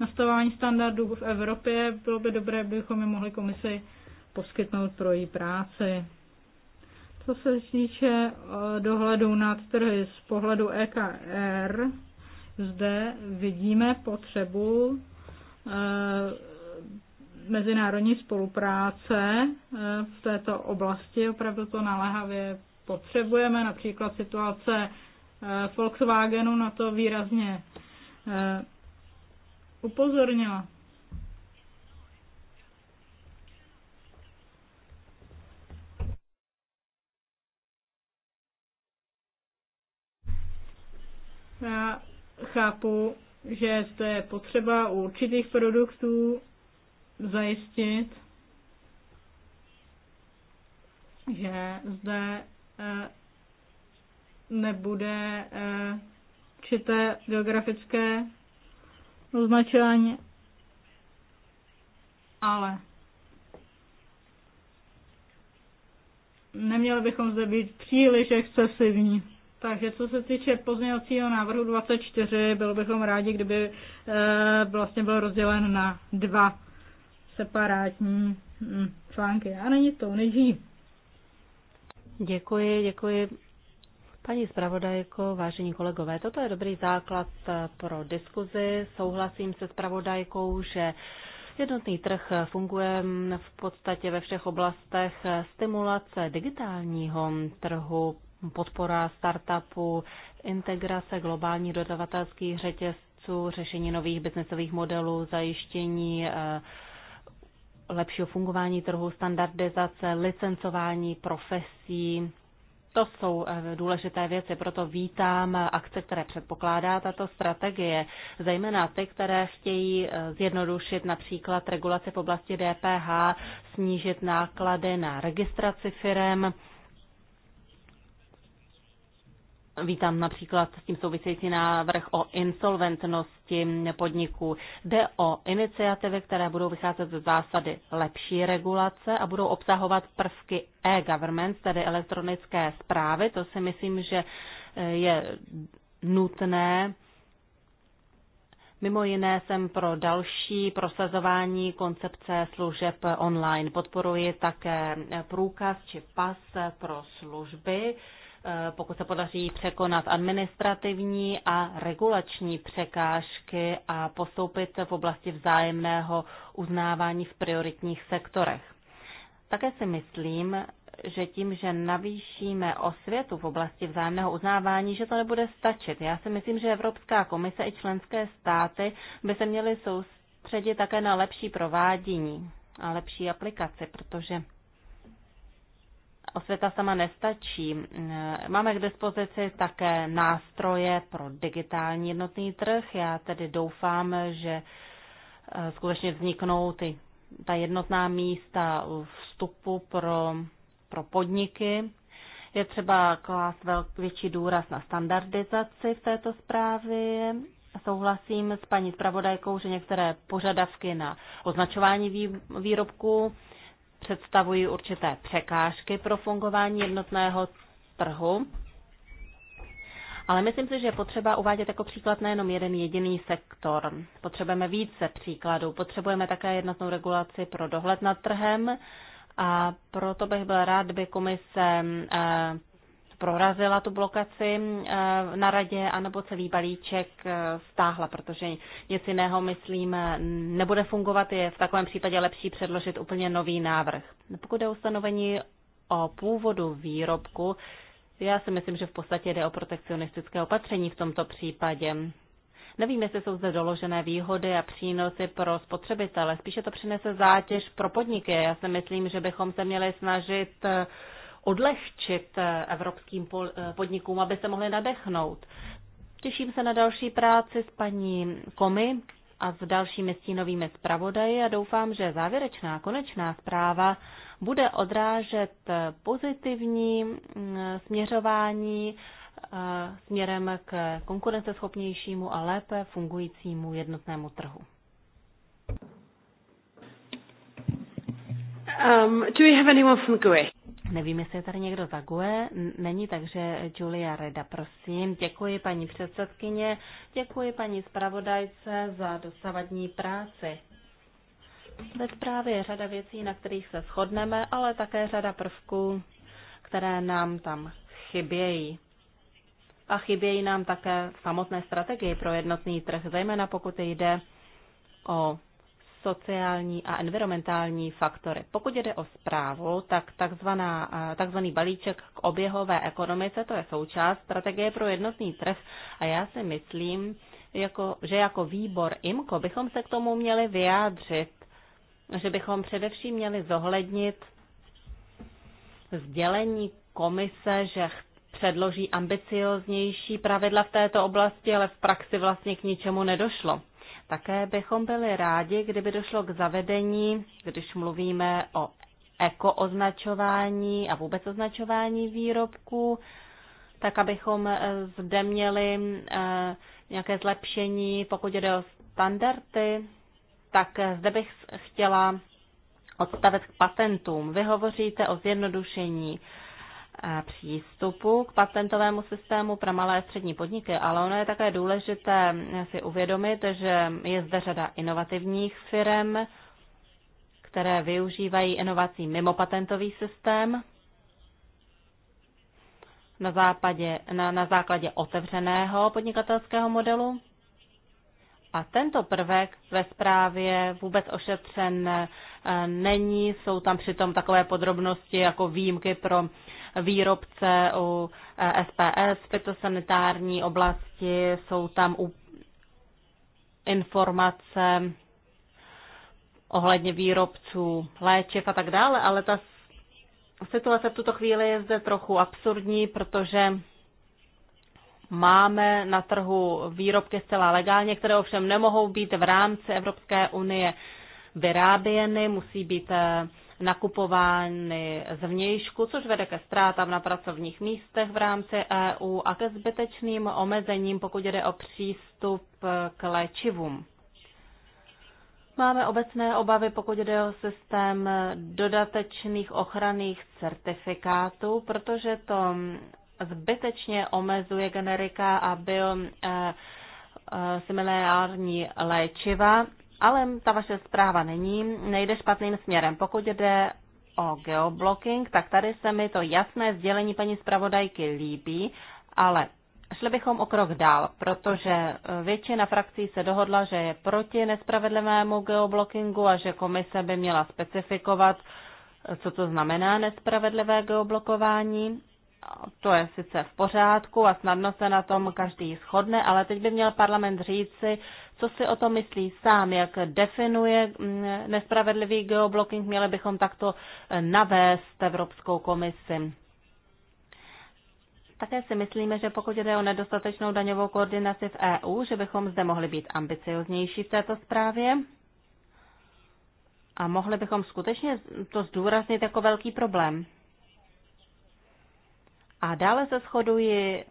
nastavování standardů v Evropě. Bylo by dobré, bychom je mohli komisi poskytnout pro její práci. Co se týče eh, dohledu nad trhy z pohledu EKR, zde vidíme potřebu eh, mezinárodní spolupráce eh, v této oblasti. Opravdu to naléhavě potřebujeme. Například situace Volkswagenu na to výrazně upozornila. Já chápu, že zde je potřeba u určitých produktů zajistit, že zde eh, nebude eh, určité geografické označování, ale neměli bychom zde být příliš excesivní. Takže co se týče pozměňovacího návrhu 24, byl bychom rádi, kdyby eh, vlastně byl rozdělen na dva separátní hm, články. A není to, neží. Děkuji, děkuji. Paní zpravodajko, vážení kolegové, toto je dobrý základ eh, pro diskuzi. Souhlasím se zpravodajkou, že Jednotný trh funguje v podstatě ve všech oblastech eh, stimulace digitálního trhu podpora startupu, integrace globální dodavatelských řetězců, řešení nových biznesových modelů, zajištění eh, lepšího fungování trhu, standardizace, licencování profesí. To jsou eh, důležité věci, proto vítám eh, akce, které předpokládá tato strategie, zejména ty, které chtějí zjednodušit například regulaci v oblasti DPH, snížit náklady na registraci firem, Vítám například s tím související návrh o insolventnosti podniků. Jde o iniciativy, které budou vycházet ze zásady lepší regulace a budou obsahovat prvky e-government, tedy elektronické zprávy. To si myslím, že eh, je nutné. Mimo jiné jsem pro další prosazování koncepce služeb online. Podporuji také průkaz či pas pro služby Eh, pokud se podaří překonat administrativní a regulační překážky a postoupit v oblasti vzájemného uznávání v prioritních sektorech. Také si myslím, že tím, že navýšíme osvětu v oblasti vzájemného uznávání, že to nebude stačit. Já si myslím, že Evropská komise i členské státy by se měly soustředit také na lepší provádění a lepší aplikaci, protože osvěta sama nestačí. Eh, máme k dispozici také nástroje pro digitální jednotný trh. Já tedy doufám, že eh, skutečně vzniknou ty, ta jednotná místa vstupu pro, pro podniky. Je třeba klást větší důraz na standardizaci v této zprávě. Souhlasím s paní zpravodajkou, že některé požadavky na označování výrobků představují určité překážky pro fungování jednotného trhu. Ale myslím si, že je potřeba uvádět jako příklad nejenom jeden jediný sektor. Potřebujeme více příkladů. Potřebujeme také jednotnou regulaci pro dohled nad trhem a proto bych byl rád, kdyby komise eh, prorazila tu blokaci eh, na radě, anebo celý balíček eh, stáhla, protože nic jiného, myslím, nebude fungovat. Je v takovém případě lepší předložit úplně nový návrh. Pokud je ustanovení o původu výrobku, já si myslím, že v podstatě jde o protekcionistické opatření v tomto případě. Nevím, jestli jsou zde doložené výhody a přínosy pro spotřebitele. Spíše to přinese zátěž pro podniky. Já si myslím, že bychom se měli snažit eh, odlehčit eh, evropským eh, podnikům, aby se mohli nadechnout. Těším se na další práci s paní Komy a s dalšími stínovými zpravodaji a doufám, že závěrečná konečná zpráva bude odrážet eh, pozitivní mm, směřování směrem k konkurenceschopnějšímu a lépe fungujícímu jednotnému trhu. Um, do we have anyone from GUE? Nevím, jestli je tady někdo zaguje. Není, takže Julia Reda, prosím. Děkuji paní předsedkyně, děkuji paní zpravodajce za dosavadní práci. Ve zprávě je řada věcí, na kterých se shodneme, ale také řada prvků, které nám tam chybějí. A chybějí nám také samotné strategie pro jednotný trh, zejména pokud jde o sociální a environmentální faktory. Pokud jde o zprávu, tak takzvaná, takzvaný balíček k oběhové ekonomice, to je součást strategie pro jednotný trh a já si myslím, jako, že jako výbor IMKO bychom se k tomu měli vyjádřit, že bychom především měli zohlednit sdělení komise, že předloží ambicioznější pravidla v této oblasti, ale v praxi vlastně k ničemu nedošlo. Také bychom byli rádi, kdyby došlo k zavedení, když mluvíme o ekooznačování a vůbec označování výrobků, tak abychom eh, zde měli eh, nějaké zlepšení, pokud jde o standardy, tak eh, zde bych chtěla odstavit k patentům. Vy hovoříte o zjednodušení. E, přístupu k patentovému systému pro malé a střední podniky, ale ono je také důležité si uvědomit, že je zde řada inovativních firm, které využívají inovací mimo patentový systém na, západě, na, na základě otevřeného podnikatelského modelu. A tento prvek ve zprávě vůbec ošetřen e, není. Jsou tam přitom takové podrobnosti jako výjimky pro výrobce, u SPS, eh, fitosanitární oblasti, jsou tam informace ohledně výrobců léčiv a tak dále, ale ta situace v tuto chvíli je zde trochu absurdní, protože máme na trhu výrobky zcela legálně, které ovšem nemohou být v rámci Evropské unie vyráběny, musí být eh, nakupovány zvnějšku, což vede ke ztrátám na pracovních místech v rámci EU a ke zbytečným omezením, pokud jde o přístup k léčivům. Máme obecné obavy, pokud jde o systém dodatečných ochranných certifikátů, protože to zbytečně omezuje generika a byl eh, eh, similární léčiva ale ta vaše zpráva není, nejde špatným směrem. Pokud jde o geoblocking, tak tady se mi to jasné sdělení paní zpravodajky líbí, ale šli bychom o krok dál, protože e, většina frakcí se dohodla, že je proti nespravedlivému geoblockingu a že komise by měla specifikovat, e, co to znamená nespravedlivé geoblokování to je sice v pořádku a snadno se na tom každý shodne, ale teď by měl parlament říci, co si o tom myslí sám, jak definuje mm, nespravedlivý geoblocking, měli bychom takto eh, navést Evropskou komisi. Také si myslíme, že pokud jde o nedostatečnou daňovou koordinaci v EU, že bychom zde mohli být ambicioznější v této zprávě. A mohli bychom skutečně to zdůraznit jako velký problém. A dále se shoduji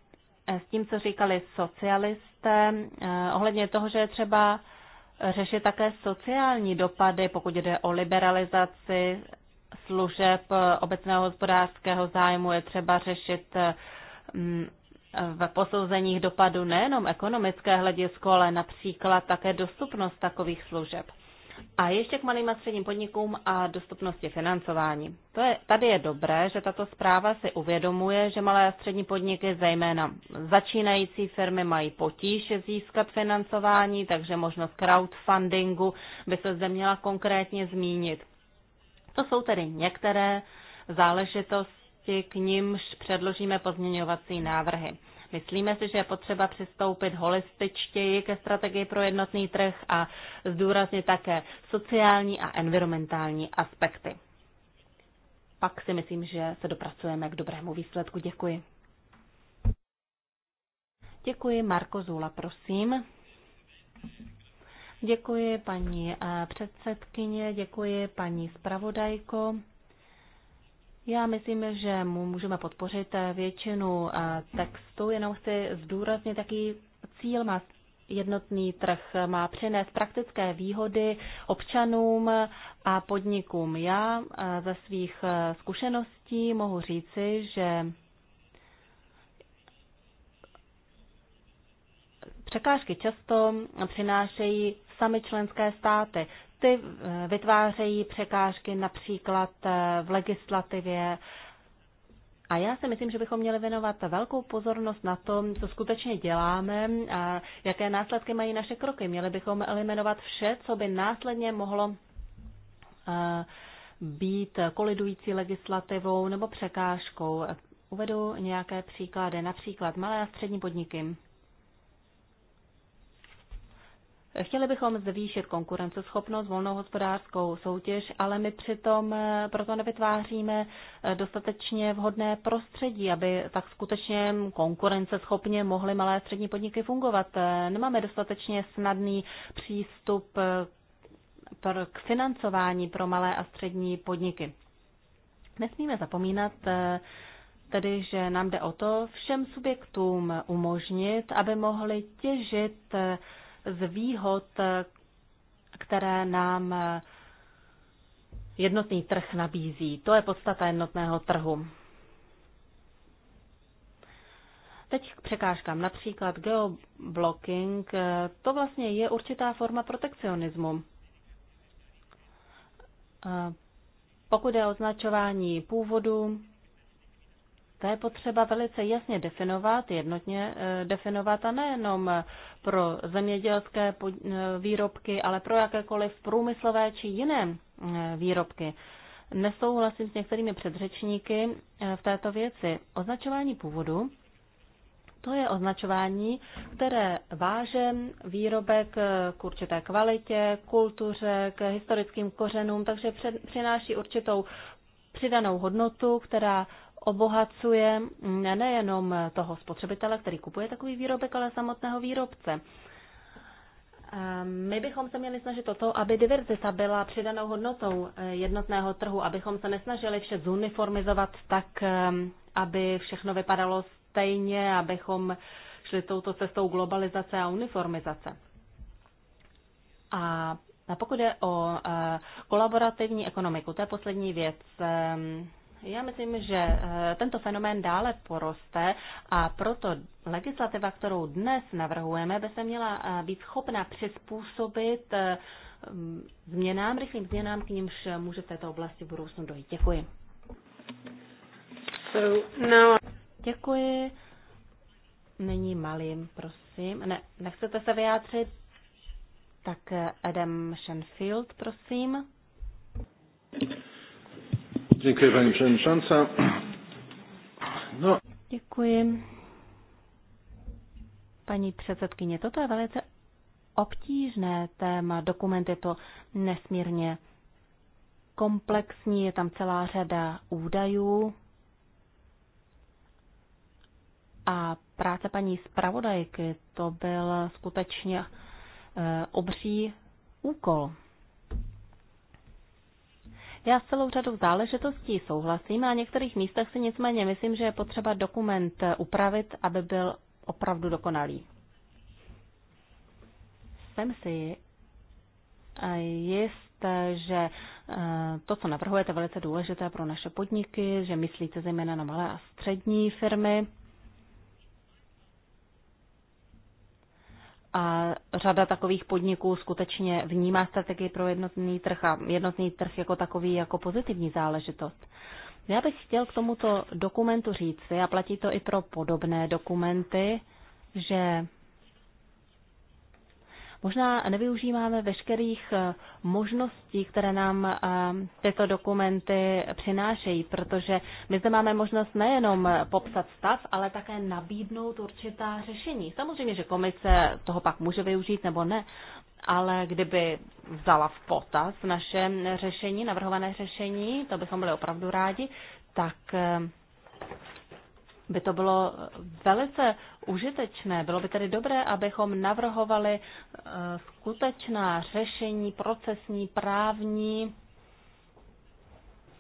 eh, s tím, co říkali socialisté eh, ohledně toho, že je třeba řešit také sociální dopady, pokud jde o liberalizaci služeb eh, obecného hospodářského zájmu, je třeba řešit mm, v posouzeních dopadu nejenom ekonomické hledisko, ale například také dostupnost takových služeb. A ještě k malým a středním podnikům a dostupnosti financování. To je, tady je dobré, že tato zpráva si uvědomuje, že malé a střední podniky, zejména začínající firmy, mají potíž získat financování, takže možnost crowdfundingu by se zde měla konkrétně zmínit. To jsou tedy některé záležitosti, k nimž předložíme pozměňovací návrhy. Myslíme si, že je potřeba přistoupit holističtěji ke strategii pro jednotný trh a zdůraznit také sociální a environmentální aspekty. Pak si myslím, že se dopracujeme k dobrému výsledku. Děkuji. Děkuji, Marko Zula, prosím. Děkuji, paní eh, předsedkyně, děkuji, paní zpravodajko. Já myslím, že mu můžeme podpořit eh, většinu eh, textu, jenom chci zdůraznit, jaký cíl má jednotný trh. Má přinést praktické výhody občanům a podnikům. Já eh, ze svých zkušeností mohu říci, že překážky často přinášejí sami členské státy ty eh, vytvářejí překážky například eh, v legislativě. A já si myslím, že bychom měli věnovat velkou pozornost na tom, co skutečně děláme a jaké následky mají naše kroky. Měli bychom eliminovat vše, co by následně mohlo eh, být kolidující legislativou nebo překážkou. Uvedu nějaké příklady, například malé a střední podniky. Chtěli bychom zvýšit konkurenceschopnost, volnou hospodářskou soutěž, ale my přitom eh, proto nevytváříme eh, dostatečně vhodné prostředí, aby tak skutečně konkurenceschopně mohly malé a střední podniky fungovat. Eh, nemáme dostatečně snadný přístup k financování pro malé a střední podniky. Nesmíme zapomínat tedy, že nám jde o to všem subjektům umožnit, aby mohli těžit z výhod, které nám jednotný trh nabízí. To je podstata jednotného trhu. Teď k překážkám, například geoblocking, to vlastně je určitá forma protekcionismu. Pokud je označování původu, to je potřeba velice jasně definovat, jednotně eh, definovat a nejenom pro zemědělské eh, výrobky, ale pro jakékoliv průmyslové či jiné eh, výrobky. Nesouhlasím s některými předřečníky v této věci. Označování původu to je označování, které váže výrobek k určité kvalitě, kultuře, k historickým kořenům, takže přináší určitou přidanou hodnotu, která obohacuje nejenom toho spotřebitele, který kupuje takový výrobek, ale samotného výrobce. My bychom se měli snažit o to, aby diverzita byla přidanou hodnotou jednotného trhu, abychom se nesnažili vše zuniformizovat tak, um, aby všechno vypadalo stejně, abychom šli touto cestou globalizace a uniformizace. A pokud je o uh, kolaborativní ekonomiku, to je poslední věc, um, já myslím, že eh, tento fenomén dále poroste a proto legislativa, kterou dnes navrhujeme, by se měla eh, být schopna přizpůsobit eh, mm, změnám, rychlým změnám, k nímž může v této oblasti v budoucnu dojít. Děkuji. So now... Děkuji. Není malým, prosím. Ne, nechcete se vyjádřit? Tak Adam Shenfield, prosím. Děkuji, paní předsedající. No. Děkuji. Paní předsedkyně, toto je velice obtížné téma. Dokument je to nesmírně komplexní, je tam celá řada údajů. A práce paní zpravodajky, to byl skutečně eh, obří úkol. Já s celou řadou záležitostí souhlasím, a na některých místech si nicméně myslím, že je potřeba dokument eh, upravit, aby byl opravdu dokonalý. Jsem si eh, jist, že eh, to, co navrhujete, je velice důležité pro naše podniky, že myslíte zejména na malé a střední firmy. a řada takových podniků skutečně vnímá strategii pro jednotný trh a jednotný trh jako takový jako pozitivní záležitost. Já bych chtěl k tomuto dokumentu říct, a platí to i pro podobné dokumenty, že Možná nevyužíváme veškerých eh, možností, které nám eh, tyto dokumenty přinášejí, protože my zde máme možnost nejenom popsat stav, ale také nabídnout určitá řešení. Samozřejmě, že komise toho pak může využít nebo ne, ale kdyby vzala v potaz naše řešení, navrhované řešení, to bychom byli opravdu rádi, tak eh, by to bylo velice užitečné. Bylo by tedy dobré, abychom navrhovali eh, skutečná řešení procesní, právní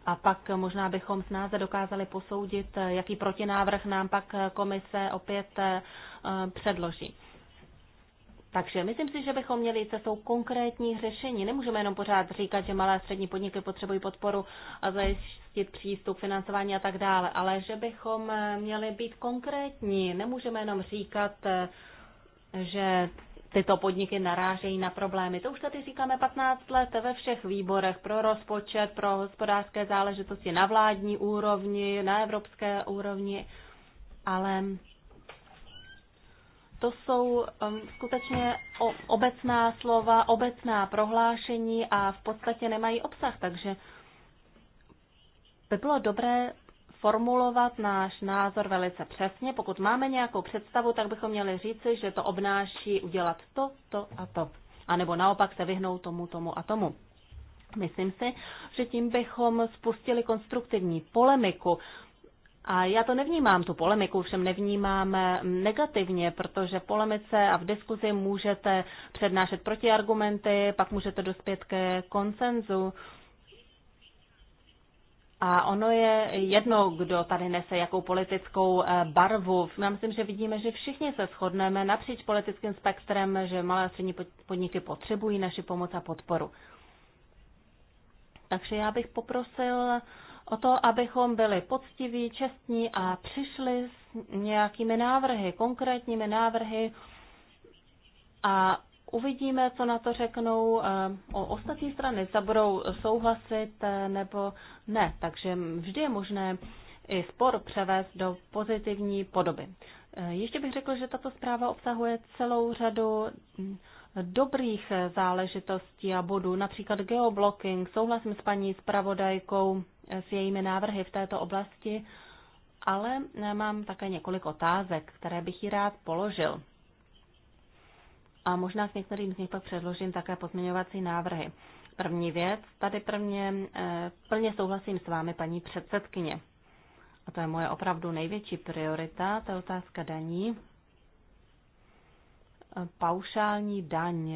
a pak možná bychom snáze dokázali posoudit, eh, jaký protinávrh nám pak eh, komise opět předloží. Takže myslím si, že bychom měli jít cestou konkrétní řešení. Nemůžeme jenom pořád říkat, že malé a střední podniky potřebují podporu a zajistit přístup, financování a tak dále, ale že bychom eh, měli být konkrétní. Nemůžeme jenom říkat, eh, že tyto podniky narážejí na problémy. To už tady říkáme 15 let ve všech výborech pro rozpočet, pro hospodářské záležitosti na vládní úrovni, na evropské úrovni, ale to jsou um, skutečně obecná slova, obecná prohlášení a v podstatě nemají obsah, takže by bylo dobré formulovat náš názor velice přesně. Pokud máme nějakou představu, tak bychom měli říci, že to obnáší udělat to, to a to. A nebo naopak se vyhnout tomu, tomu a tomu. Myslím si, že tím bychom spustili konstruktivní polemiku. A já to nevnímám, tu polemiku všem nevnímám negativně, protože v polemice a v diskuzi můžete přednášet protiargumenty, pak můžete dospět ke konsenzu. A ono je jedno, kdo tady nese jakou politickou eh, barvu. Já myslím, že vidíme, že všichni se shodneme napříč politickým spektrem, že malé a střední podniky potřebují naši pomoc a podporu. Takže já bych poprosil o to, abychom byli poctiví, čestní a přišli s nějakými návrhy, konkrétními návrhy a uvidíme, co na to řeknou eh, o ostatní strany, zda budou souhlasit eh, nebo ne. Takže vždy je možné i spor převést do pozitivní podoby. Eh, ještě bych řekl, že tato zpráva obsahuje celou řadu hm, dobrých záležitostí a bodů, například geoblocking. Souhlasím s paní zpravodajkou s jejími návrhy v této oblasti, ale mám také několik otázek, které bych ji rád položil. A možná s některým z nich pak předložím také pozměňovací návrhy. První věc, tady prvně, eh, plně souhlasím s vámi, paní předsedkyně. A to je moje opravdu největší priorita, to je otázka daní. Paušální daň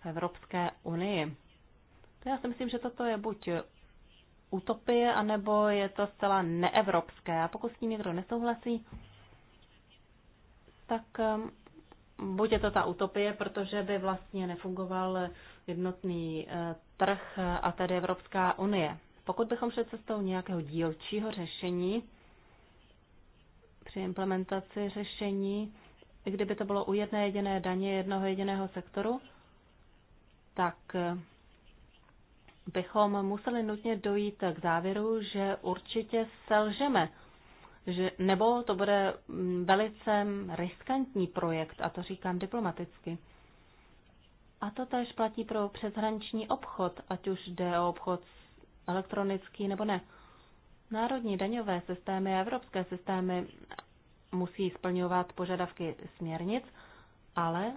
v Evropské unii. To já si myslím, že toto je buď utopie, anebo je to zcela neevropské. A pokud s tím někdo nesouhlasí, tak ehm, buď je to ta utopie, protože by vlastně nefungoval jednotný eh, trh a tedy Evropská unie. Pokud bychom šli cestou nějakého dílčího řešení, při implementaci řešení, kdyby to bylo u jedné jediné daně jednoho jediného sektoru, tak eh, bychom museli nutně dojít k závěru, že určitě selžeme. Že, nebo to bude mm, velice riskantní projekt, a to říkám diplomaticky. A to tež platí pro přeshraniční obchod, ať už jde o obchod elektronický nebo ne. Národní daňové systémy a evropské systémy musí splňovat požadavky směrnic, ale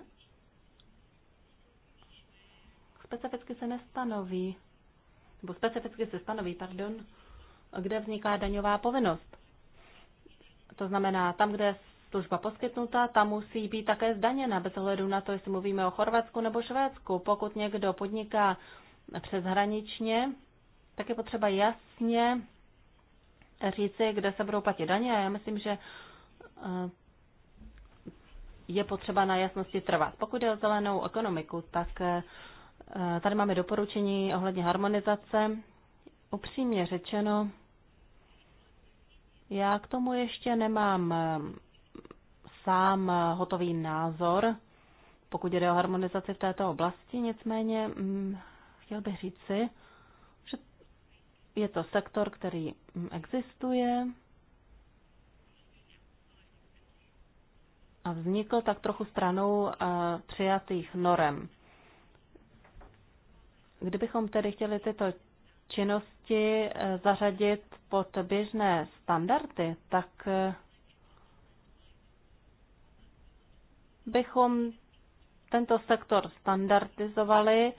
specificky se nestanoví nebo specificky se stanoví, pardon, kde vzniká daňová povinnost. To znamená, tam, kde je služba poskytnuta, tam musí být také zdaněna, bez ohledu na to, jestli mluvíme o Chorvatsku nebo Švédsku. Pokud někdo podniká přeshraničně, tak je potřeba jasně říci, kde se budou platit daně. A já myslím, že eh, je potřeba na jasnosti trvat. Pokud je o zelenou ekonomiku, tak eh, Eh, tady máme doporučení ohledně harmonizace. Upřímně řečeno, já k tomu ještě nemám eh, sám eh, hotový názor, pokud jde o harmonizaci v této oblasti, nicméně mm, chtěl bych říci, že je to sektor, který mm, existuje a vznikl tak trochu stranou přijatých norem. Kdybychom tedy chtěli tyto činnosti eh, zařadit pod běžné standardy, tak eh, bychom tento sektor standardizovali,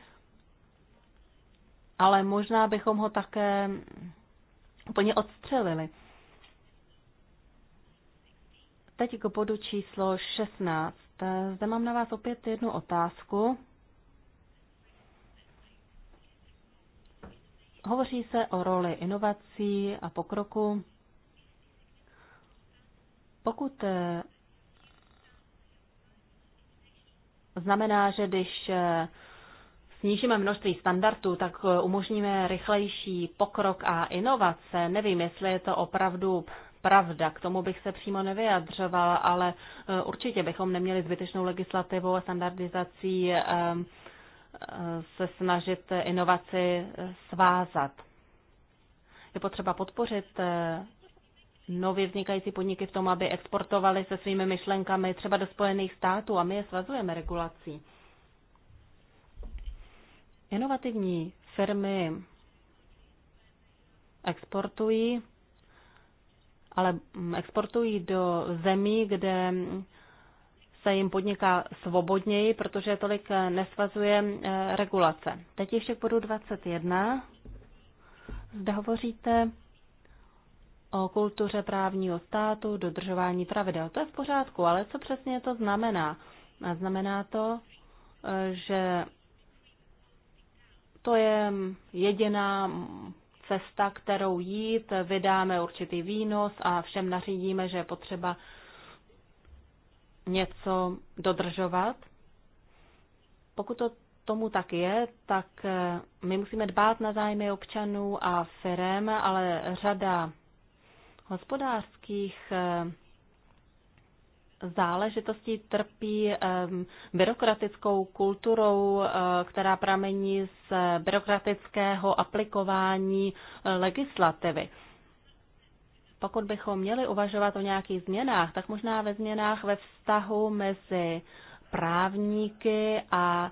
ale možná bychom ho také úplně odstřelili. Teď k bodu číslo 16. Zde mám na vás opět jednu otázku. Hovoří se o roli inovací a pokroku. Pokud eh, znamená, že když eh, snížíme množství standardů, tak eh, umožníme rychlejší pokrok a inovace. Nevím, jestli je to opravdu pravda, k tomu bych se přímo nevyjadřoval, ale určitě bychom neměli zbytečnou legislativu a standardizací se snažit inovaci svázat. Je potřeba podpořit eh, nově vznikající podniky v tom, aby exportovali se svými myšlenkami třeba do Spojených států a my je svazujeme regulací. Inovativní firmy exportují, ale mm, exportují do zemí, kde se jim podniká svobodněji, protože tolik eh, nesvazuje eh, regulace. Teď ještě k bodu 21. Zde hovoříte o kultuře právního státu, dodržování pravidel. To je v pořádku, ale co přesně to znamená? Znamená to, eh, že to je jediná cesta, kterou jít, vydáme určitý výnos a všem nařídíme, že je potřeba něco dodržovat. Pokud to tomu tak je, tak eh, my musíme dbát na zájmy občanů a firem, ale řada hospodářských eh, záležitostí trpí ehm, byrokratickou kulturou, eh, která pramení z byrokratického aplikování legislativy pokud bychom měli uvažovat o nějakých změnách, tak možná ve změnách ve vztahu mezi právníky a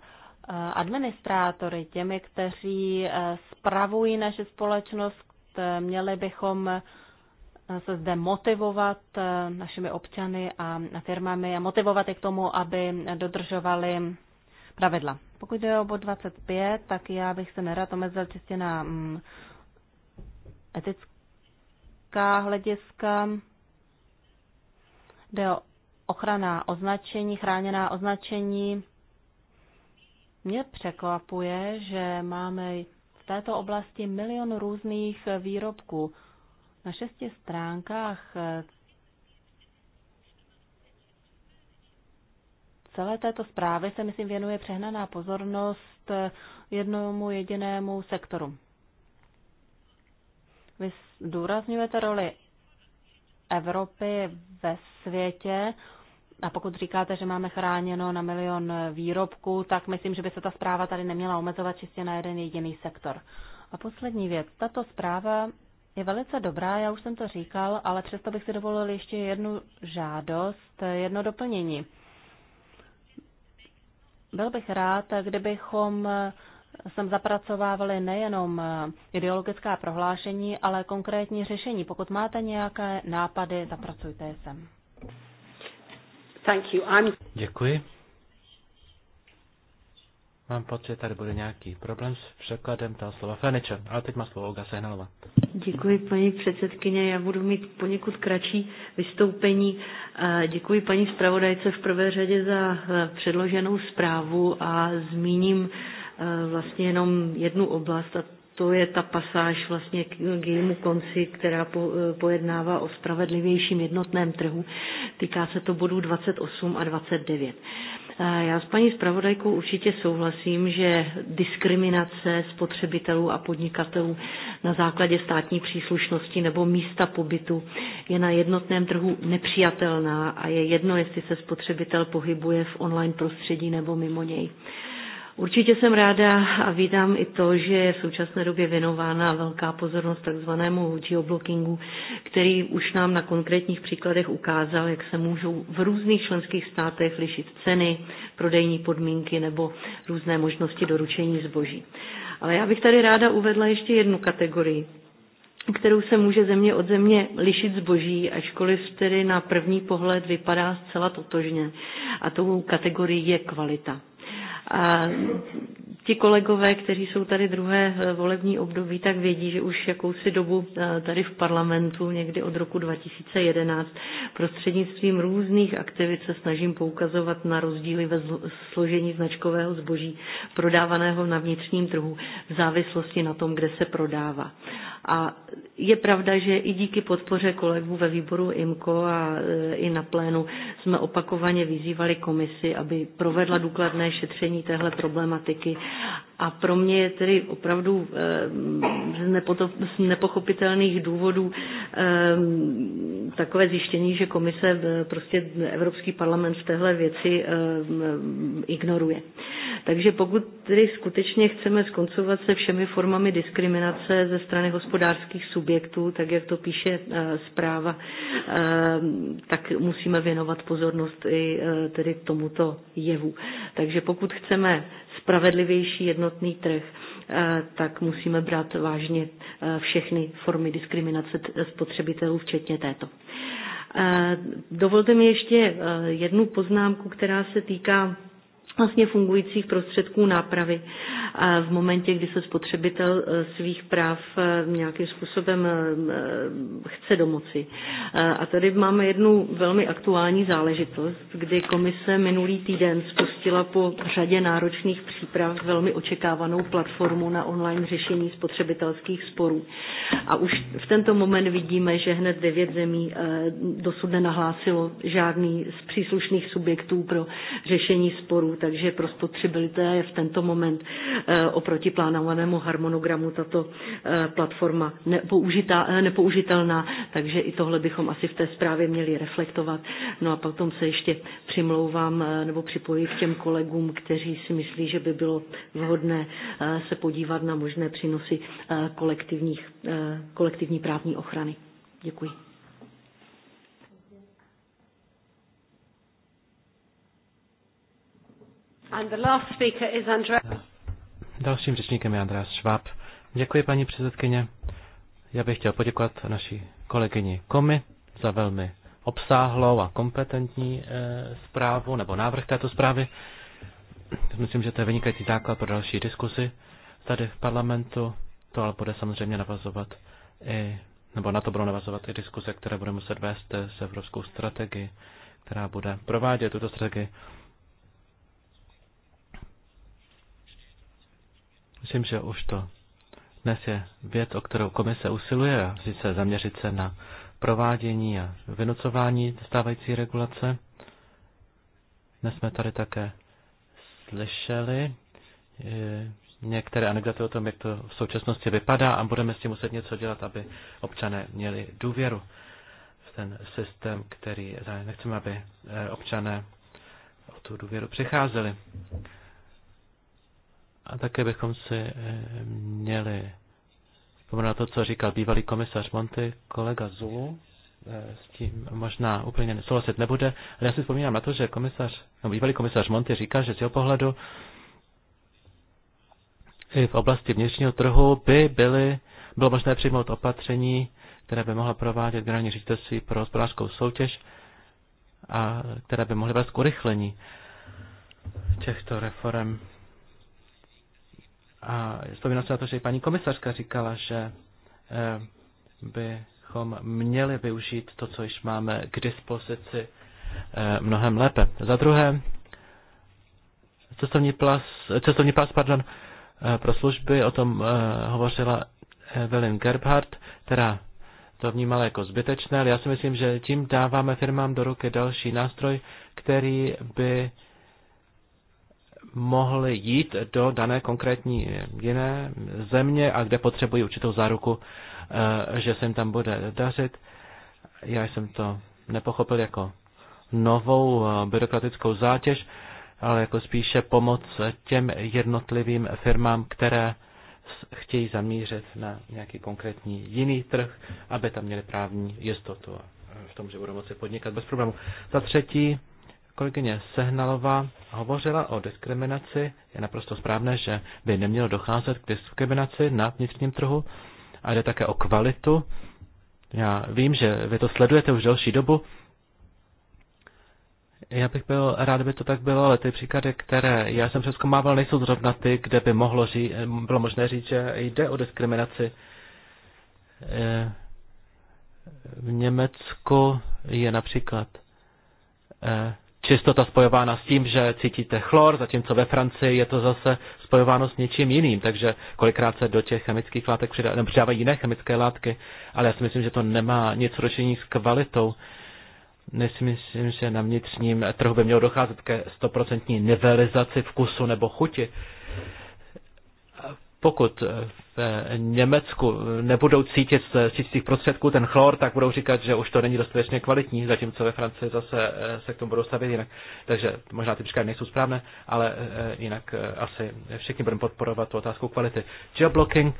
administrátory, těmi, kteří e, spravují naše společnost, e, měli bychom e, se zde motivovat našimi občany a firmami a motivovat je k tomu, aby dodržovali pravidla. Pokud jde o bod 25, tak já bych se nerad omezil čistě na mm, etické technická hlediska. Jde o ochranná označení, chráněná označení. Mě překvapuje, že máme v této oblasti milion různých výrobků. Na šesti stránkách eh, celé této zprávy se, myslím, věnuje přehnaná pozornost eh, jednomu jedinému sektoru. Vy zdůrazňujete roli Evropy ve světě, a pokud říkáte, že máme chráněno na milion výrobků, tak myslím, že by se ta zpráva tady neměla omezovat čistě na jeden jediný sektor. A poslední věc. Tato zpráva je velice dobrá, já už jsem to říkal, ale přesto bych si dovolil ještě jednu žádost, jedno doplnění. Byl bych rád, kdybychom sem zapracovávali nejenom eh, ideologická prohlášení, ale konkrétní řešení. Pokud máte nějaké nápady, zapracujte je sem. Thank you. I'm... Děkuji. Mám pocit, tady bude nějaký problém s překladem toho slova Feniče, ale teď má slovo Olga Sehnalova. Děkuji, paní předsedkyně. Já budu mít poněkud kratší vystoupení. Eh, děkuji paní zpravodajce v prvé řadě za eh, předloženou zprávu a zmíním vlastně jenom jednu oblast a to je ta pasáž vlastně k, k jejímu konci, která po, e, pojednává o spravedlivějším jednotném trhu. Týká se to bodů 28 a 29. Já s paní zpravodajkou určitě souhlasím, že diskriminace spotřebitelů a podnikatelů na základě státní příslušnosti nebo místa pobytu je na jednotném trhu nepřijatelná a je jedno, jestli se spotřebitel pohybuje v online prostředí nebo mimo něj. Určitě jsem ráda a vítám i to, že je v současné době věnována velká pozornost takzvanému geoblockingu, který už nám na konkrétních příkladech ukázal, jak se můžou v různých členských státech lišit ceny, prodejní podmínky nebo různé možnosti doručení zboží. Ale já bych tady ráda uvedla ještě jednu kategorii, kterou se může země od země lišit zboží, ačkoliv tedy na první pohled vypadá zcela totožně. A tou kategorii je kvalita uh, ti kolegové, kteří jsou tady druhé eh, volební období, tak vědí, že už jakousi dobu eh, tady v parlamentu, někdy od roku 2011, prostřednictvím různých aktivit se snažím poukazovat na rozdíly ve složení značkového zboží prodávaného na vnitřním trhu v závislosti na tom, kde se prodává. A je pravda, že i díky podpoře kolegů ve výboru IMCO a eh, i na plénu jsme opakovaně vyzývali komisi, aby provedla důkladné šetření téhle problematiky a pro mě je tedy opravdu eh, z nepochopitelných důvodů eh, takové zjištění, že komise eh, prostě Evropský parlament v téhle věci ignoruje. Takže pokud tedy skutečně chceme skoncovat se všemi formami diskriminace ze strany hospodářských subjektů, tak jak to píše zpráva, tak musíme věnovat pozornost i tedy tomuto jevu. Takže pokud chceme spravedlivější jednotný trh, eh, tak musíme brát vážně eh, všechny formy diskriminace spotřebitelů, včetně této. Eh, dovolte mi ještě jednu poznámku, která se týká vlastně fungujících prostředků nápravy v momentě, kdy se spotřebitel e, svých práv e, nějakým způsobem e, chce domoci. A tady máme jednu velmi aktuální záležitost, kdy komise minulý týden spustila po řadě náročných příprav velmi očekávanou platformu na online řešení spotřebitelských sporů. A už v tento moment vidíme, že hned devět zemí dosud nenahlásilo žádný z příslušných subjektů pro řešení sporů takže pro spotřebitele v tento moment eh, oproti plánovanému harmonogramu tato eh, platforma eh, nepoužitelná, takže i tohle bychom asi v té zprávě měli reflektovat. No a potom se ještě přimlouvám nebo připojím k těm kolegům, kteří si myslí, že by bylo vhodné se podívat na možné přínosy kolektivních, kolektivní právní ochrany. Děkuji. Dalším řečníkem je Andreas Schwab. Děkuji, paní předsedkyně. Já bych chtěl poděkovat naší kolegyni Komi za velmi obsáhlou a kompetentní eh, zprávu nebo návrh této zprávy. Myslím, že to je vynikající základ pro další diskusy tady v parlamentu. To ale bude samozřejmě navazovat i, nebo na to budou navazovat i diskuse, které budeme muset vést s evropskou strategii, která bude provádět tuto strategii. Myslím, že už to dnes je věc, o kterou komise usiluje, a sice zaměřit se na provádění a vynucování stávající regulace. Dnes jsme tady také slyšeli eh, některé anekdoty o tom, jak to v současnosti vypadá a budeme s tím muset něco dělat, aby občané měli důvěru v ten systém, který eh, nechceme, aby eh, občané o tu důvěru přicházeli. A také bychom si eh, měli vzpomenout to, co říkal bývalý komisař Monty, kolega Zulu, eh, s tím možná úplně nesouhlasit nebude, ale já si vzpomínám na to, že komisař, no, bývalý komisař Monty říká, že z jeho pohledu i v oblasti vnitřního trhu by byly, bylo možné přijmout opatření, které by mohla provádět generální ředitelství pro hospodářskou soutěž a které by mohly vést k urychlení těchto reform. A vzpomínám se na to, že i paní komisařka říkala, že eh, bychom měli využít to, co již máme k dispozici eh, mnohem lépe. Za druhé, cestovní, pas, cestovní pas pardon, eh, pro služby, o tom hovořila Evelyn Gerbhardt, která to vnímala jako zbytečné, ale já si myslím, že tím dáváme firmám do ruky další nástroj, který by mohli jít do dané konkrétní jiné země a kde potřebují určitou záruku, eh, že se jim tam bude dařit. Já jsem to nepochopil jako novou eh, byrokratickou zátěž, ale jako spíše pomoc těm jednotlivým firmám, které chtějí zamířit na nějaký konkrétní jiný trh, aby tam měli právní jistotu v tom, že budou moci podnikat bez problémů. Za třetí, kolegyně Sehnalová hovořila o diskriminaci, je naprosto správné, že by nemělo docházet k diskriminaci na vnitřním trhu a jde také o kvalitu. Já vím, že vy to sledujete už delší dobu. Já bych byl rád, by to tak bylo, ale ty příklady, které já jsem přeskomával, nejsou zrovna ty, kde by mohlo ří, bylo možné říct, že jde o diskriminaci. Eh, v Německu je například eh, čistota spojována s tím, že cítíte chlor, zatímco ve Francii je to zase spojováno s něčím jiným, takže kolikrát se do těch chemických látek přidá, nebo přidávají jiné chemické látky, ale já si myslím, že to nemá nic ročení s kvalitou. Myslím, že na vnitřním trhu by mělo docházet ke stoprocentní nivelizaci vkusu nebo chuti pokud eh, v eh, Německu nebudou cítit z čistých prostředků ten chlor, tak budou říkat, že už to není dostatečně kvalitní, zatímco ve Francii zase eh, se k tomu budou stavět jinak. Takže možná ty příklady nejsou správné, ale jinak asi všichni budeme podporovat tu otázku kvality. Geoblocking,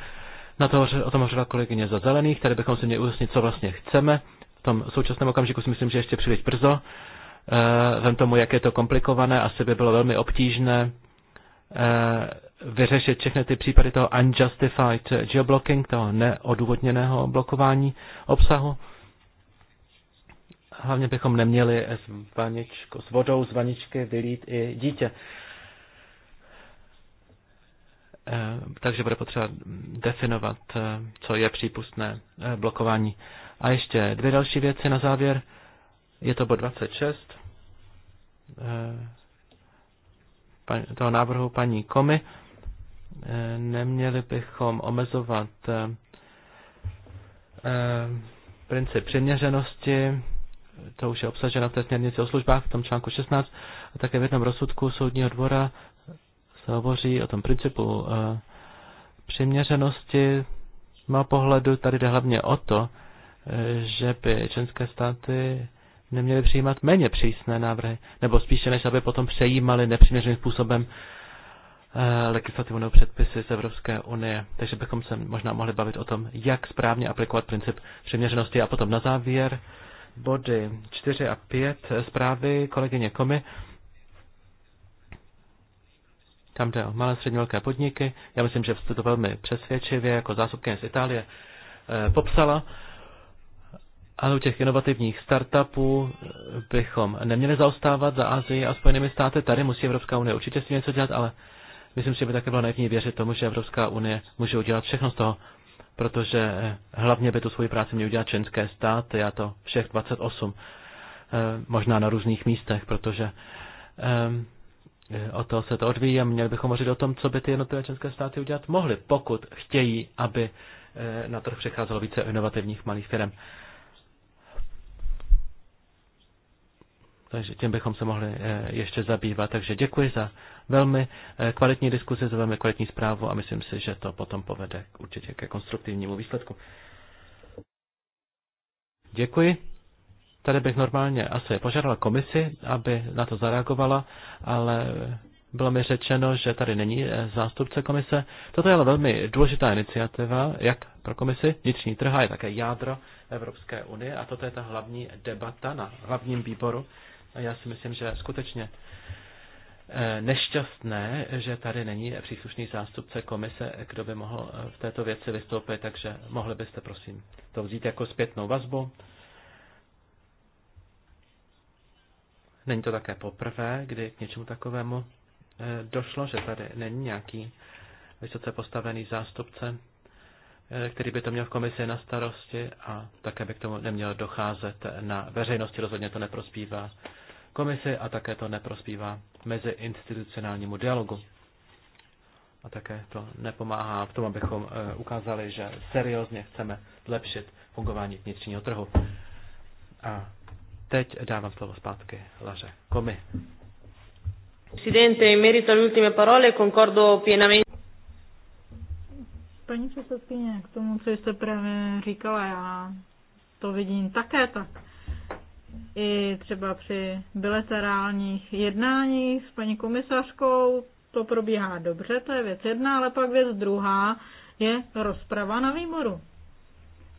na to, o tom hovořila kolegyně za zelených, tady bychom si měli ujasnit, co vlastně chceme. V tom současném okamžiku si myslím, že ještě příliš brzo. Vem tomu, jak je to komplikované, asi by bylo velmi obtížné vyřešit všechny ty případy toho unjustified geoblocking, toho neodůvodněného blokování obsahu. Hlavně bychom neměli s, vaničko, s vodou z vaničky vylít i dítě. Eh, takže bude potřeba definovat, eh, co je přípustné eh, blokování. A ještě dvě další věci na závěr. Je to bod 26 toho návrhu paní Komy neměli bychom omezovat eh, eh, princip přiměřenosti, to už je obsaženo v té směrnici o službách v tom článku 16, a také v jednom rozsudku soudního dvora se hovoří o tom principu eh, přiměřenosti. Z mého pohledu tady jde hlavně o to, že by členské státy neměly přijímat méně přísné návrhy, nebo spíše než aby potom přejímali nepřiměřeným způsobem Eh, legislativou předpisy z Evropské unie. Takže bychom se možná mohli bavit o tom, jak správně aplikovat princip přiměřenosti. A potom na závěr body 4 a 5 eh, zprávy kolegyně Komy. Tam jde o malé středně velké podniky. Já myslím, že jste to velmi přesvědčivě jako zásobkyně z Itálie eh, popsala. Ale u těch inovativních startupů bychom neměli zaostávat za Asii a Spojenými státy. Tady musí Evropská unie určitě s tím něco dělat, ale Myslím, že by také bylo naivní věřit tomu, že Evropská unie může udělat všechno z toho, protože eh, hlavně by tu svoji práci měly udělat členské státy a to všech 28, eh, možná na různých místech, protože eh, o to se to odvíjí a měli bychom hovořit o tom, co by ty jednotlivé členské státy udělat mohly, pokud chtějí, aby na trh přecházelo více inovativních malých firm. Takže tím bychom se mohli eh, ještě zabývat. Takže děkuji za velmi eh, kvalitní diskuzi, za velmi kvalitní zprávu a myslím si, že to potom povede určitě ke konstruktivnímu výsledku. Děkuji. Tady bych normálně asi požádala komisi, aby na to zareagovala, ale bylo mi řečeno, že tady není eh, zástupce komise. Toto je ale velmi důležitá iniciativa, jak pro komisi. Vnitřní trh je také jádro Evropské unie a toto je ta hlavní debata na hlavním výboru a já si myslím, že skutečně eh, nešťastné, že tady není příslušný zástupce komise, kdo by mohl eh, v této věci vystoupit, takže mohli byste, prosím, to vzít jako zpětnou vazbu. Není to také poprvé, kdy k něčemu takovému eh, došlo, že tady není nějaký vysoce postavený zástupce Eh, který by to měl v komisi na starosti a také by k tomu neměl docházet na veřejnosti. Rozhodně to neprospívá komisi a také to neprospívá mezi institucionálnímu dialogu. A také to nepomáhá v tom, abychom eh, ukázali, že seriózně chceme zlepšit fungování vnitřního trhu. A teď dávám slovo zpátky Laře Komi. Presidente, in merito alle ultime parole concordo pienamente paní předsedkyně, k tomu, co jste právě říkala, já to vidím také tak. I třeba při bilaterálních jednáních s paní komisařkou to probíhá dobře, to je věc jedna, ale pak věc druhá je rozprava na výboru.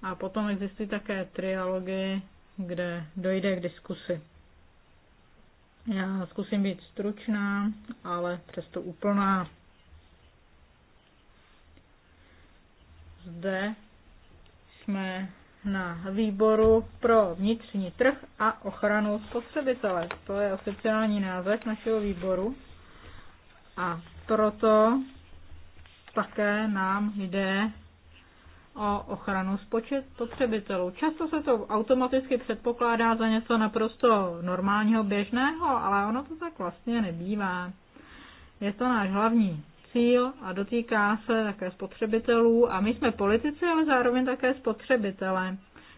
A potom existují také trialogy, kde dojde k diskusi. Já zkusím být stručná, ale přesto úplná. Zde jsme na výboru pro vnitřní trh a ochranu spotřebitele. To je oficiální název našeho výboru a proto také nám jde o ochranu spotřebitelů. Často se to automaticky předpokládá za něco naprosto normálního, běžného, ale ono to tak vlastně nebývá. Je to náš hlavní cíl a dotýká se také spotřebitelů a my jsme politici, ale zároveň také spotřebitelé.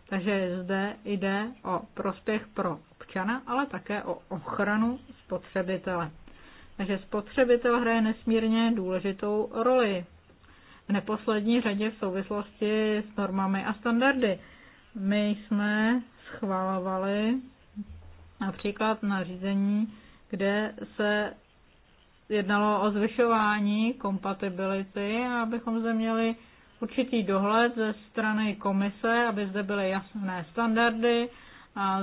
Takže zde jde o prospěch pro občana, ale také o ochranu spotřebitele. Takže spotřebitel hraje nesmírně důležitou roli. V neposlední řadě v souvislosti s normami a standardy. My jsme schvalovali například nařízení, kde se jednalo o zvyšování kompatibility a abychom zde měli určitý dohled ze strany komise, aby zde byly jasné standardy a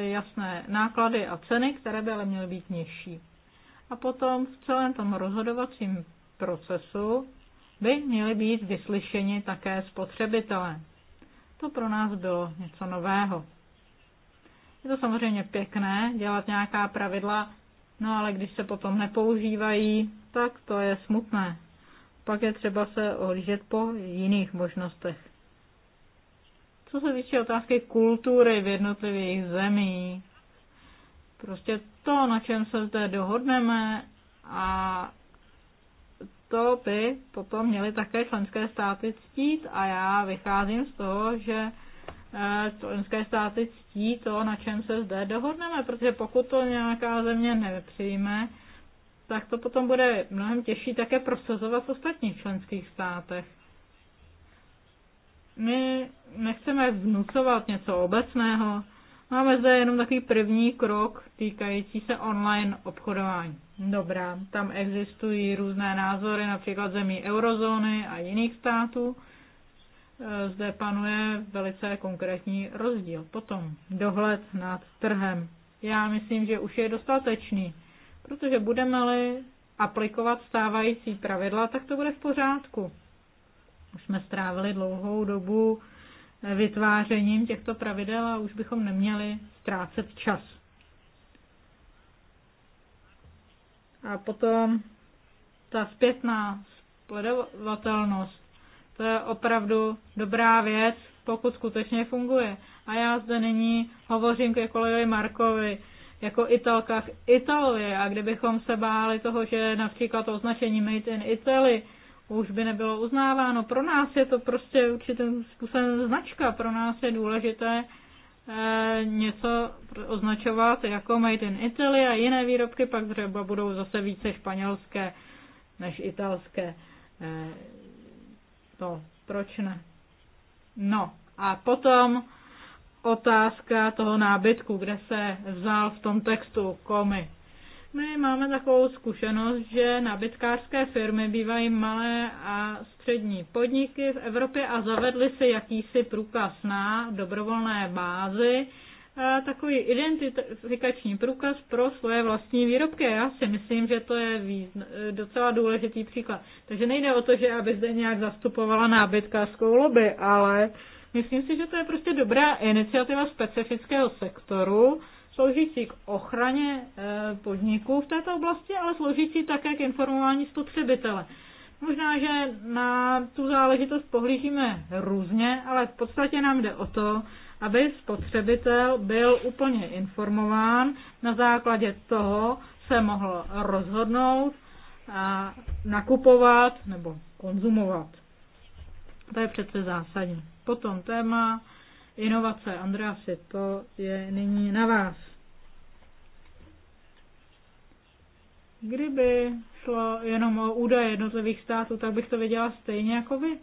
jasné náklady a ceny, které by ale měly být nižší. A potom v celém tom rozhodovacím procesu by měly být vyslyšeni také spotřebitelé. To pro nás bylo něco nového. Je to samozřejmě pěkné dělat nějaká pravidla No ale když se potom nepoužívají, tak to je smutné. Pak je třeba se ohlížet po jiných možnostech. Co se týče otázky kultury v jednotlivých zemích, prostě to, na čem se zde dohodneme a to by potom měly také členské státy ctít a já vycházím z toho, že Eh, členské státy ctí to, na čem se zde dohodneme, protože pokud to nějaká země nepřijme, tak to potom bude mnohem těžší také prosazovat v ostatních členských státech. My nechceme vnucovat něco obecného, máme zde jenom takový první krok týkající se online obchodování. Dobrá, tam existují různé názory, například zemí eurozóny a jiných států, Eh, zde panuje velice konkrétní rozdíl. Potom dohled nad trhem. Já myslím, že už je dostatečný, protože budeme-li aplikovat stávající pravidla, tak to bude v pořádku. Už jsme strávili dlouhou dobu eh, vytvářením těchto pravidel a už bychom neměli ztrácet čas. A potom ta zpětná sledovatelnost to je opravdu dobrá věc, pokud skutečně funguje. A já zde nyní hovořím ke kolegovi Markovi jako Italka v Italii a kdybychom se báli toho, že například to označení Made in Italy už by nebylo uznáváno. Pro nás je to prostě určitým způsobem značka, pro nás je důležité eh, něco označovat jako Made in Italy a jiné výrobky pak třeba budou zase více španělské než italské. Eh, to, proč ne? No a potom otázka toho nábytku, kde se vzal v tom textu komy. My máme takovou zkušenost, že nabytkářské firmy bývají malé a střední podniky v Evropě a zavedly si jakýsi průkaz na dobrovolné bázi, takový identifikační průkaz pro svoje vlastní výrobky. Já si myslím, že to je docela důležitý příklad. Takže nejde o to, že aby zde nějak zastupovala nábytkářskou lobby, ale myslím si, že to je prostě dobrá iniciativa specifického sektoru, sloužící k ochraně e, podniků v této oblasti, ale sloužící také k informování spotřebitele. Možná, že na tu záležitost pohlížíme různě, ale v podstatě nám jde o to, aby spotřebitel byl úplně informován. Na základě toho se mohl rozhodnout a nakupovat nebo konzumovat. To je přece zásadní. Potom téma inovace. Andreasi, to je nyní na vás. Kdyby šlo jenom o údaje jednotlivých států, tak bych to věděla stejně jako vy.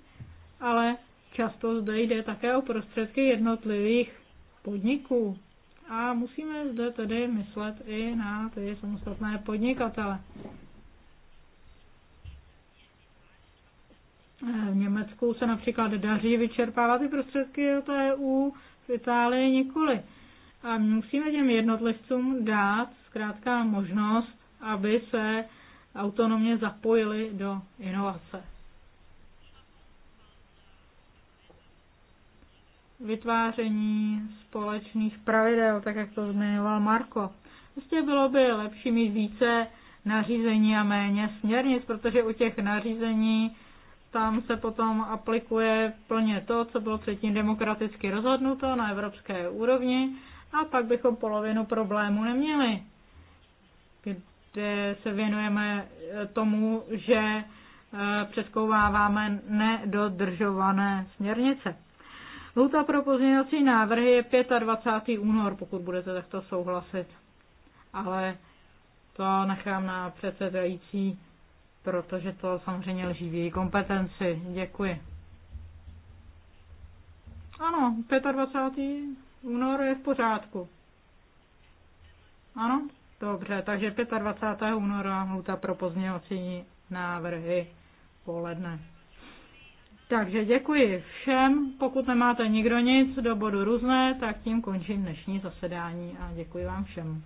Ale Často zde jde také o prostředky jednotlivých podniků. A musíme zde tedy myslet i na ty samostatné podnikatele. V Německu se například daří vyčerpávat ty prostředky od EU, v Itálii nikoli. A musíme těm jednotlivcům dát zkrátka možnost, aby se autonomně zapojili do inovace. vytváření společných pravidel, tak jak to zmiňoval Marko. Vlastně bylo by lepší mít více nařízení a méně směrnic, protože u těch nařízení tam se potom aplikuje plně to, co bylo předtím demokraticky rozhodnuto na evropské úrovni a pak bychom polovinu problému neměli, kde se věnujeme eh, tomu, že eh, přeskouváváme nedodržované směrnice. Lhuta pro pozměňovací návrhy je 25. únor, pokud budete takto souhlasit. Ale to nechám na předsedající, protože to samozřejmě leží v její kompetenci. Děkuji. Ano, 25. únor je v pořádku. Ano, dobře, takže 25. února lhuta pro pozměňovací návrhy poledne. Takže děkuji všem. Pokud nemáte nikdo nic do bodu různé, tak tím končím dnešní zasedání a děkuji vám všem.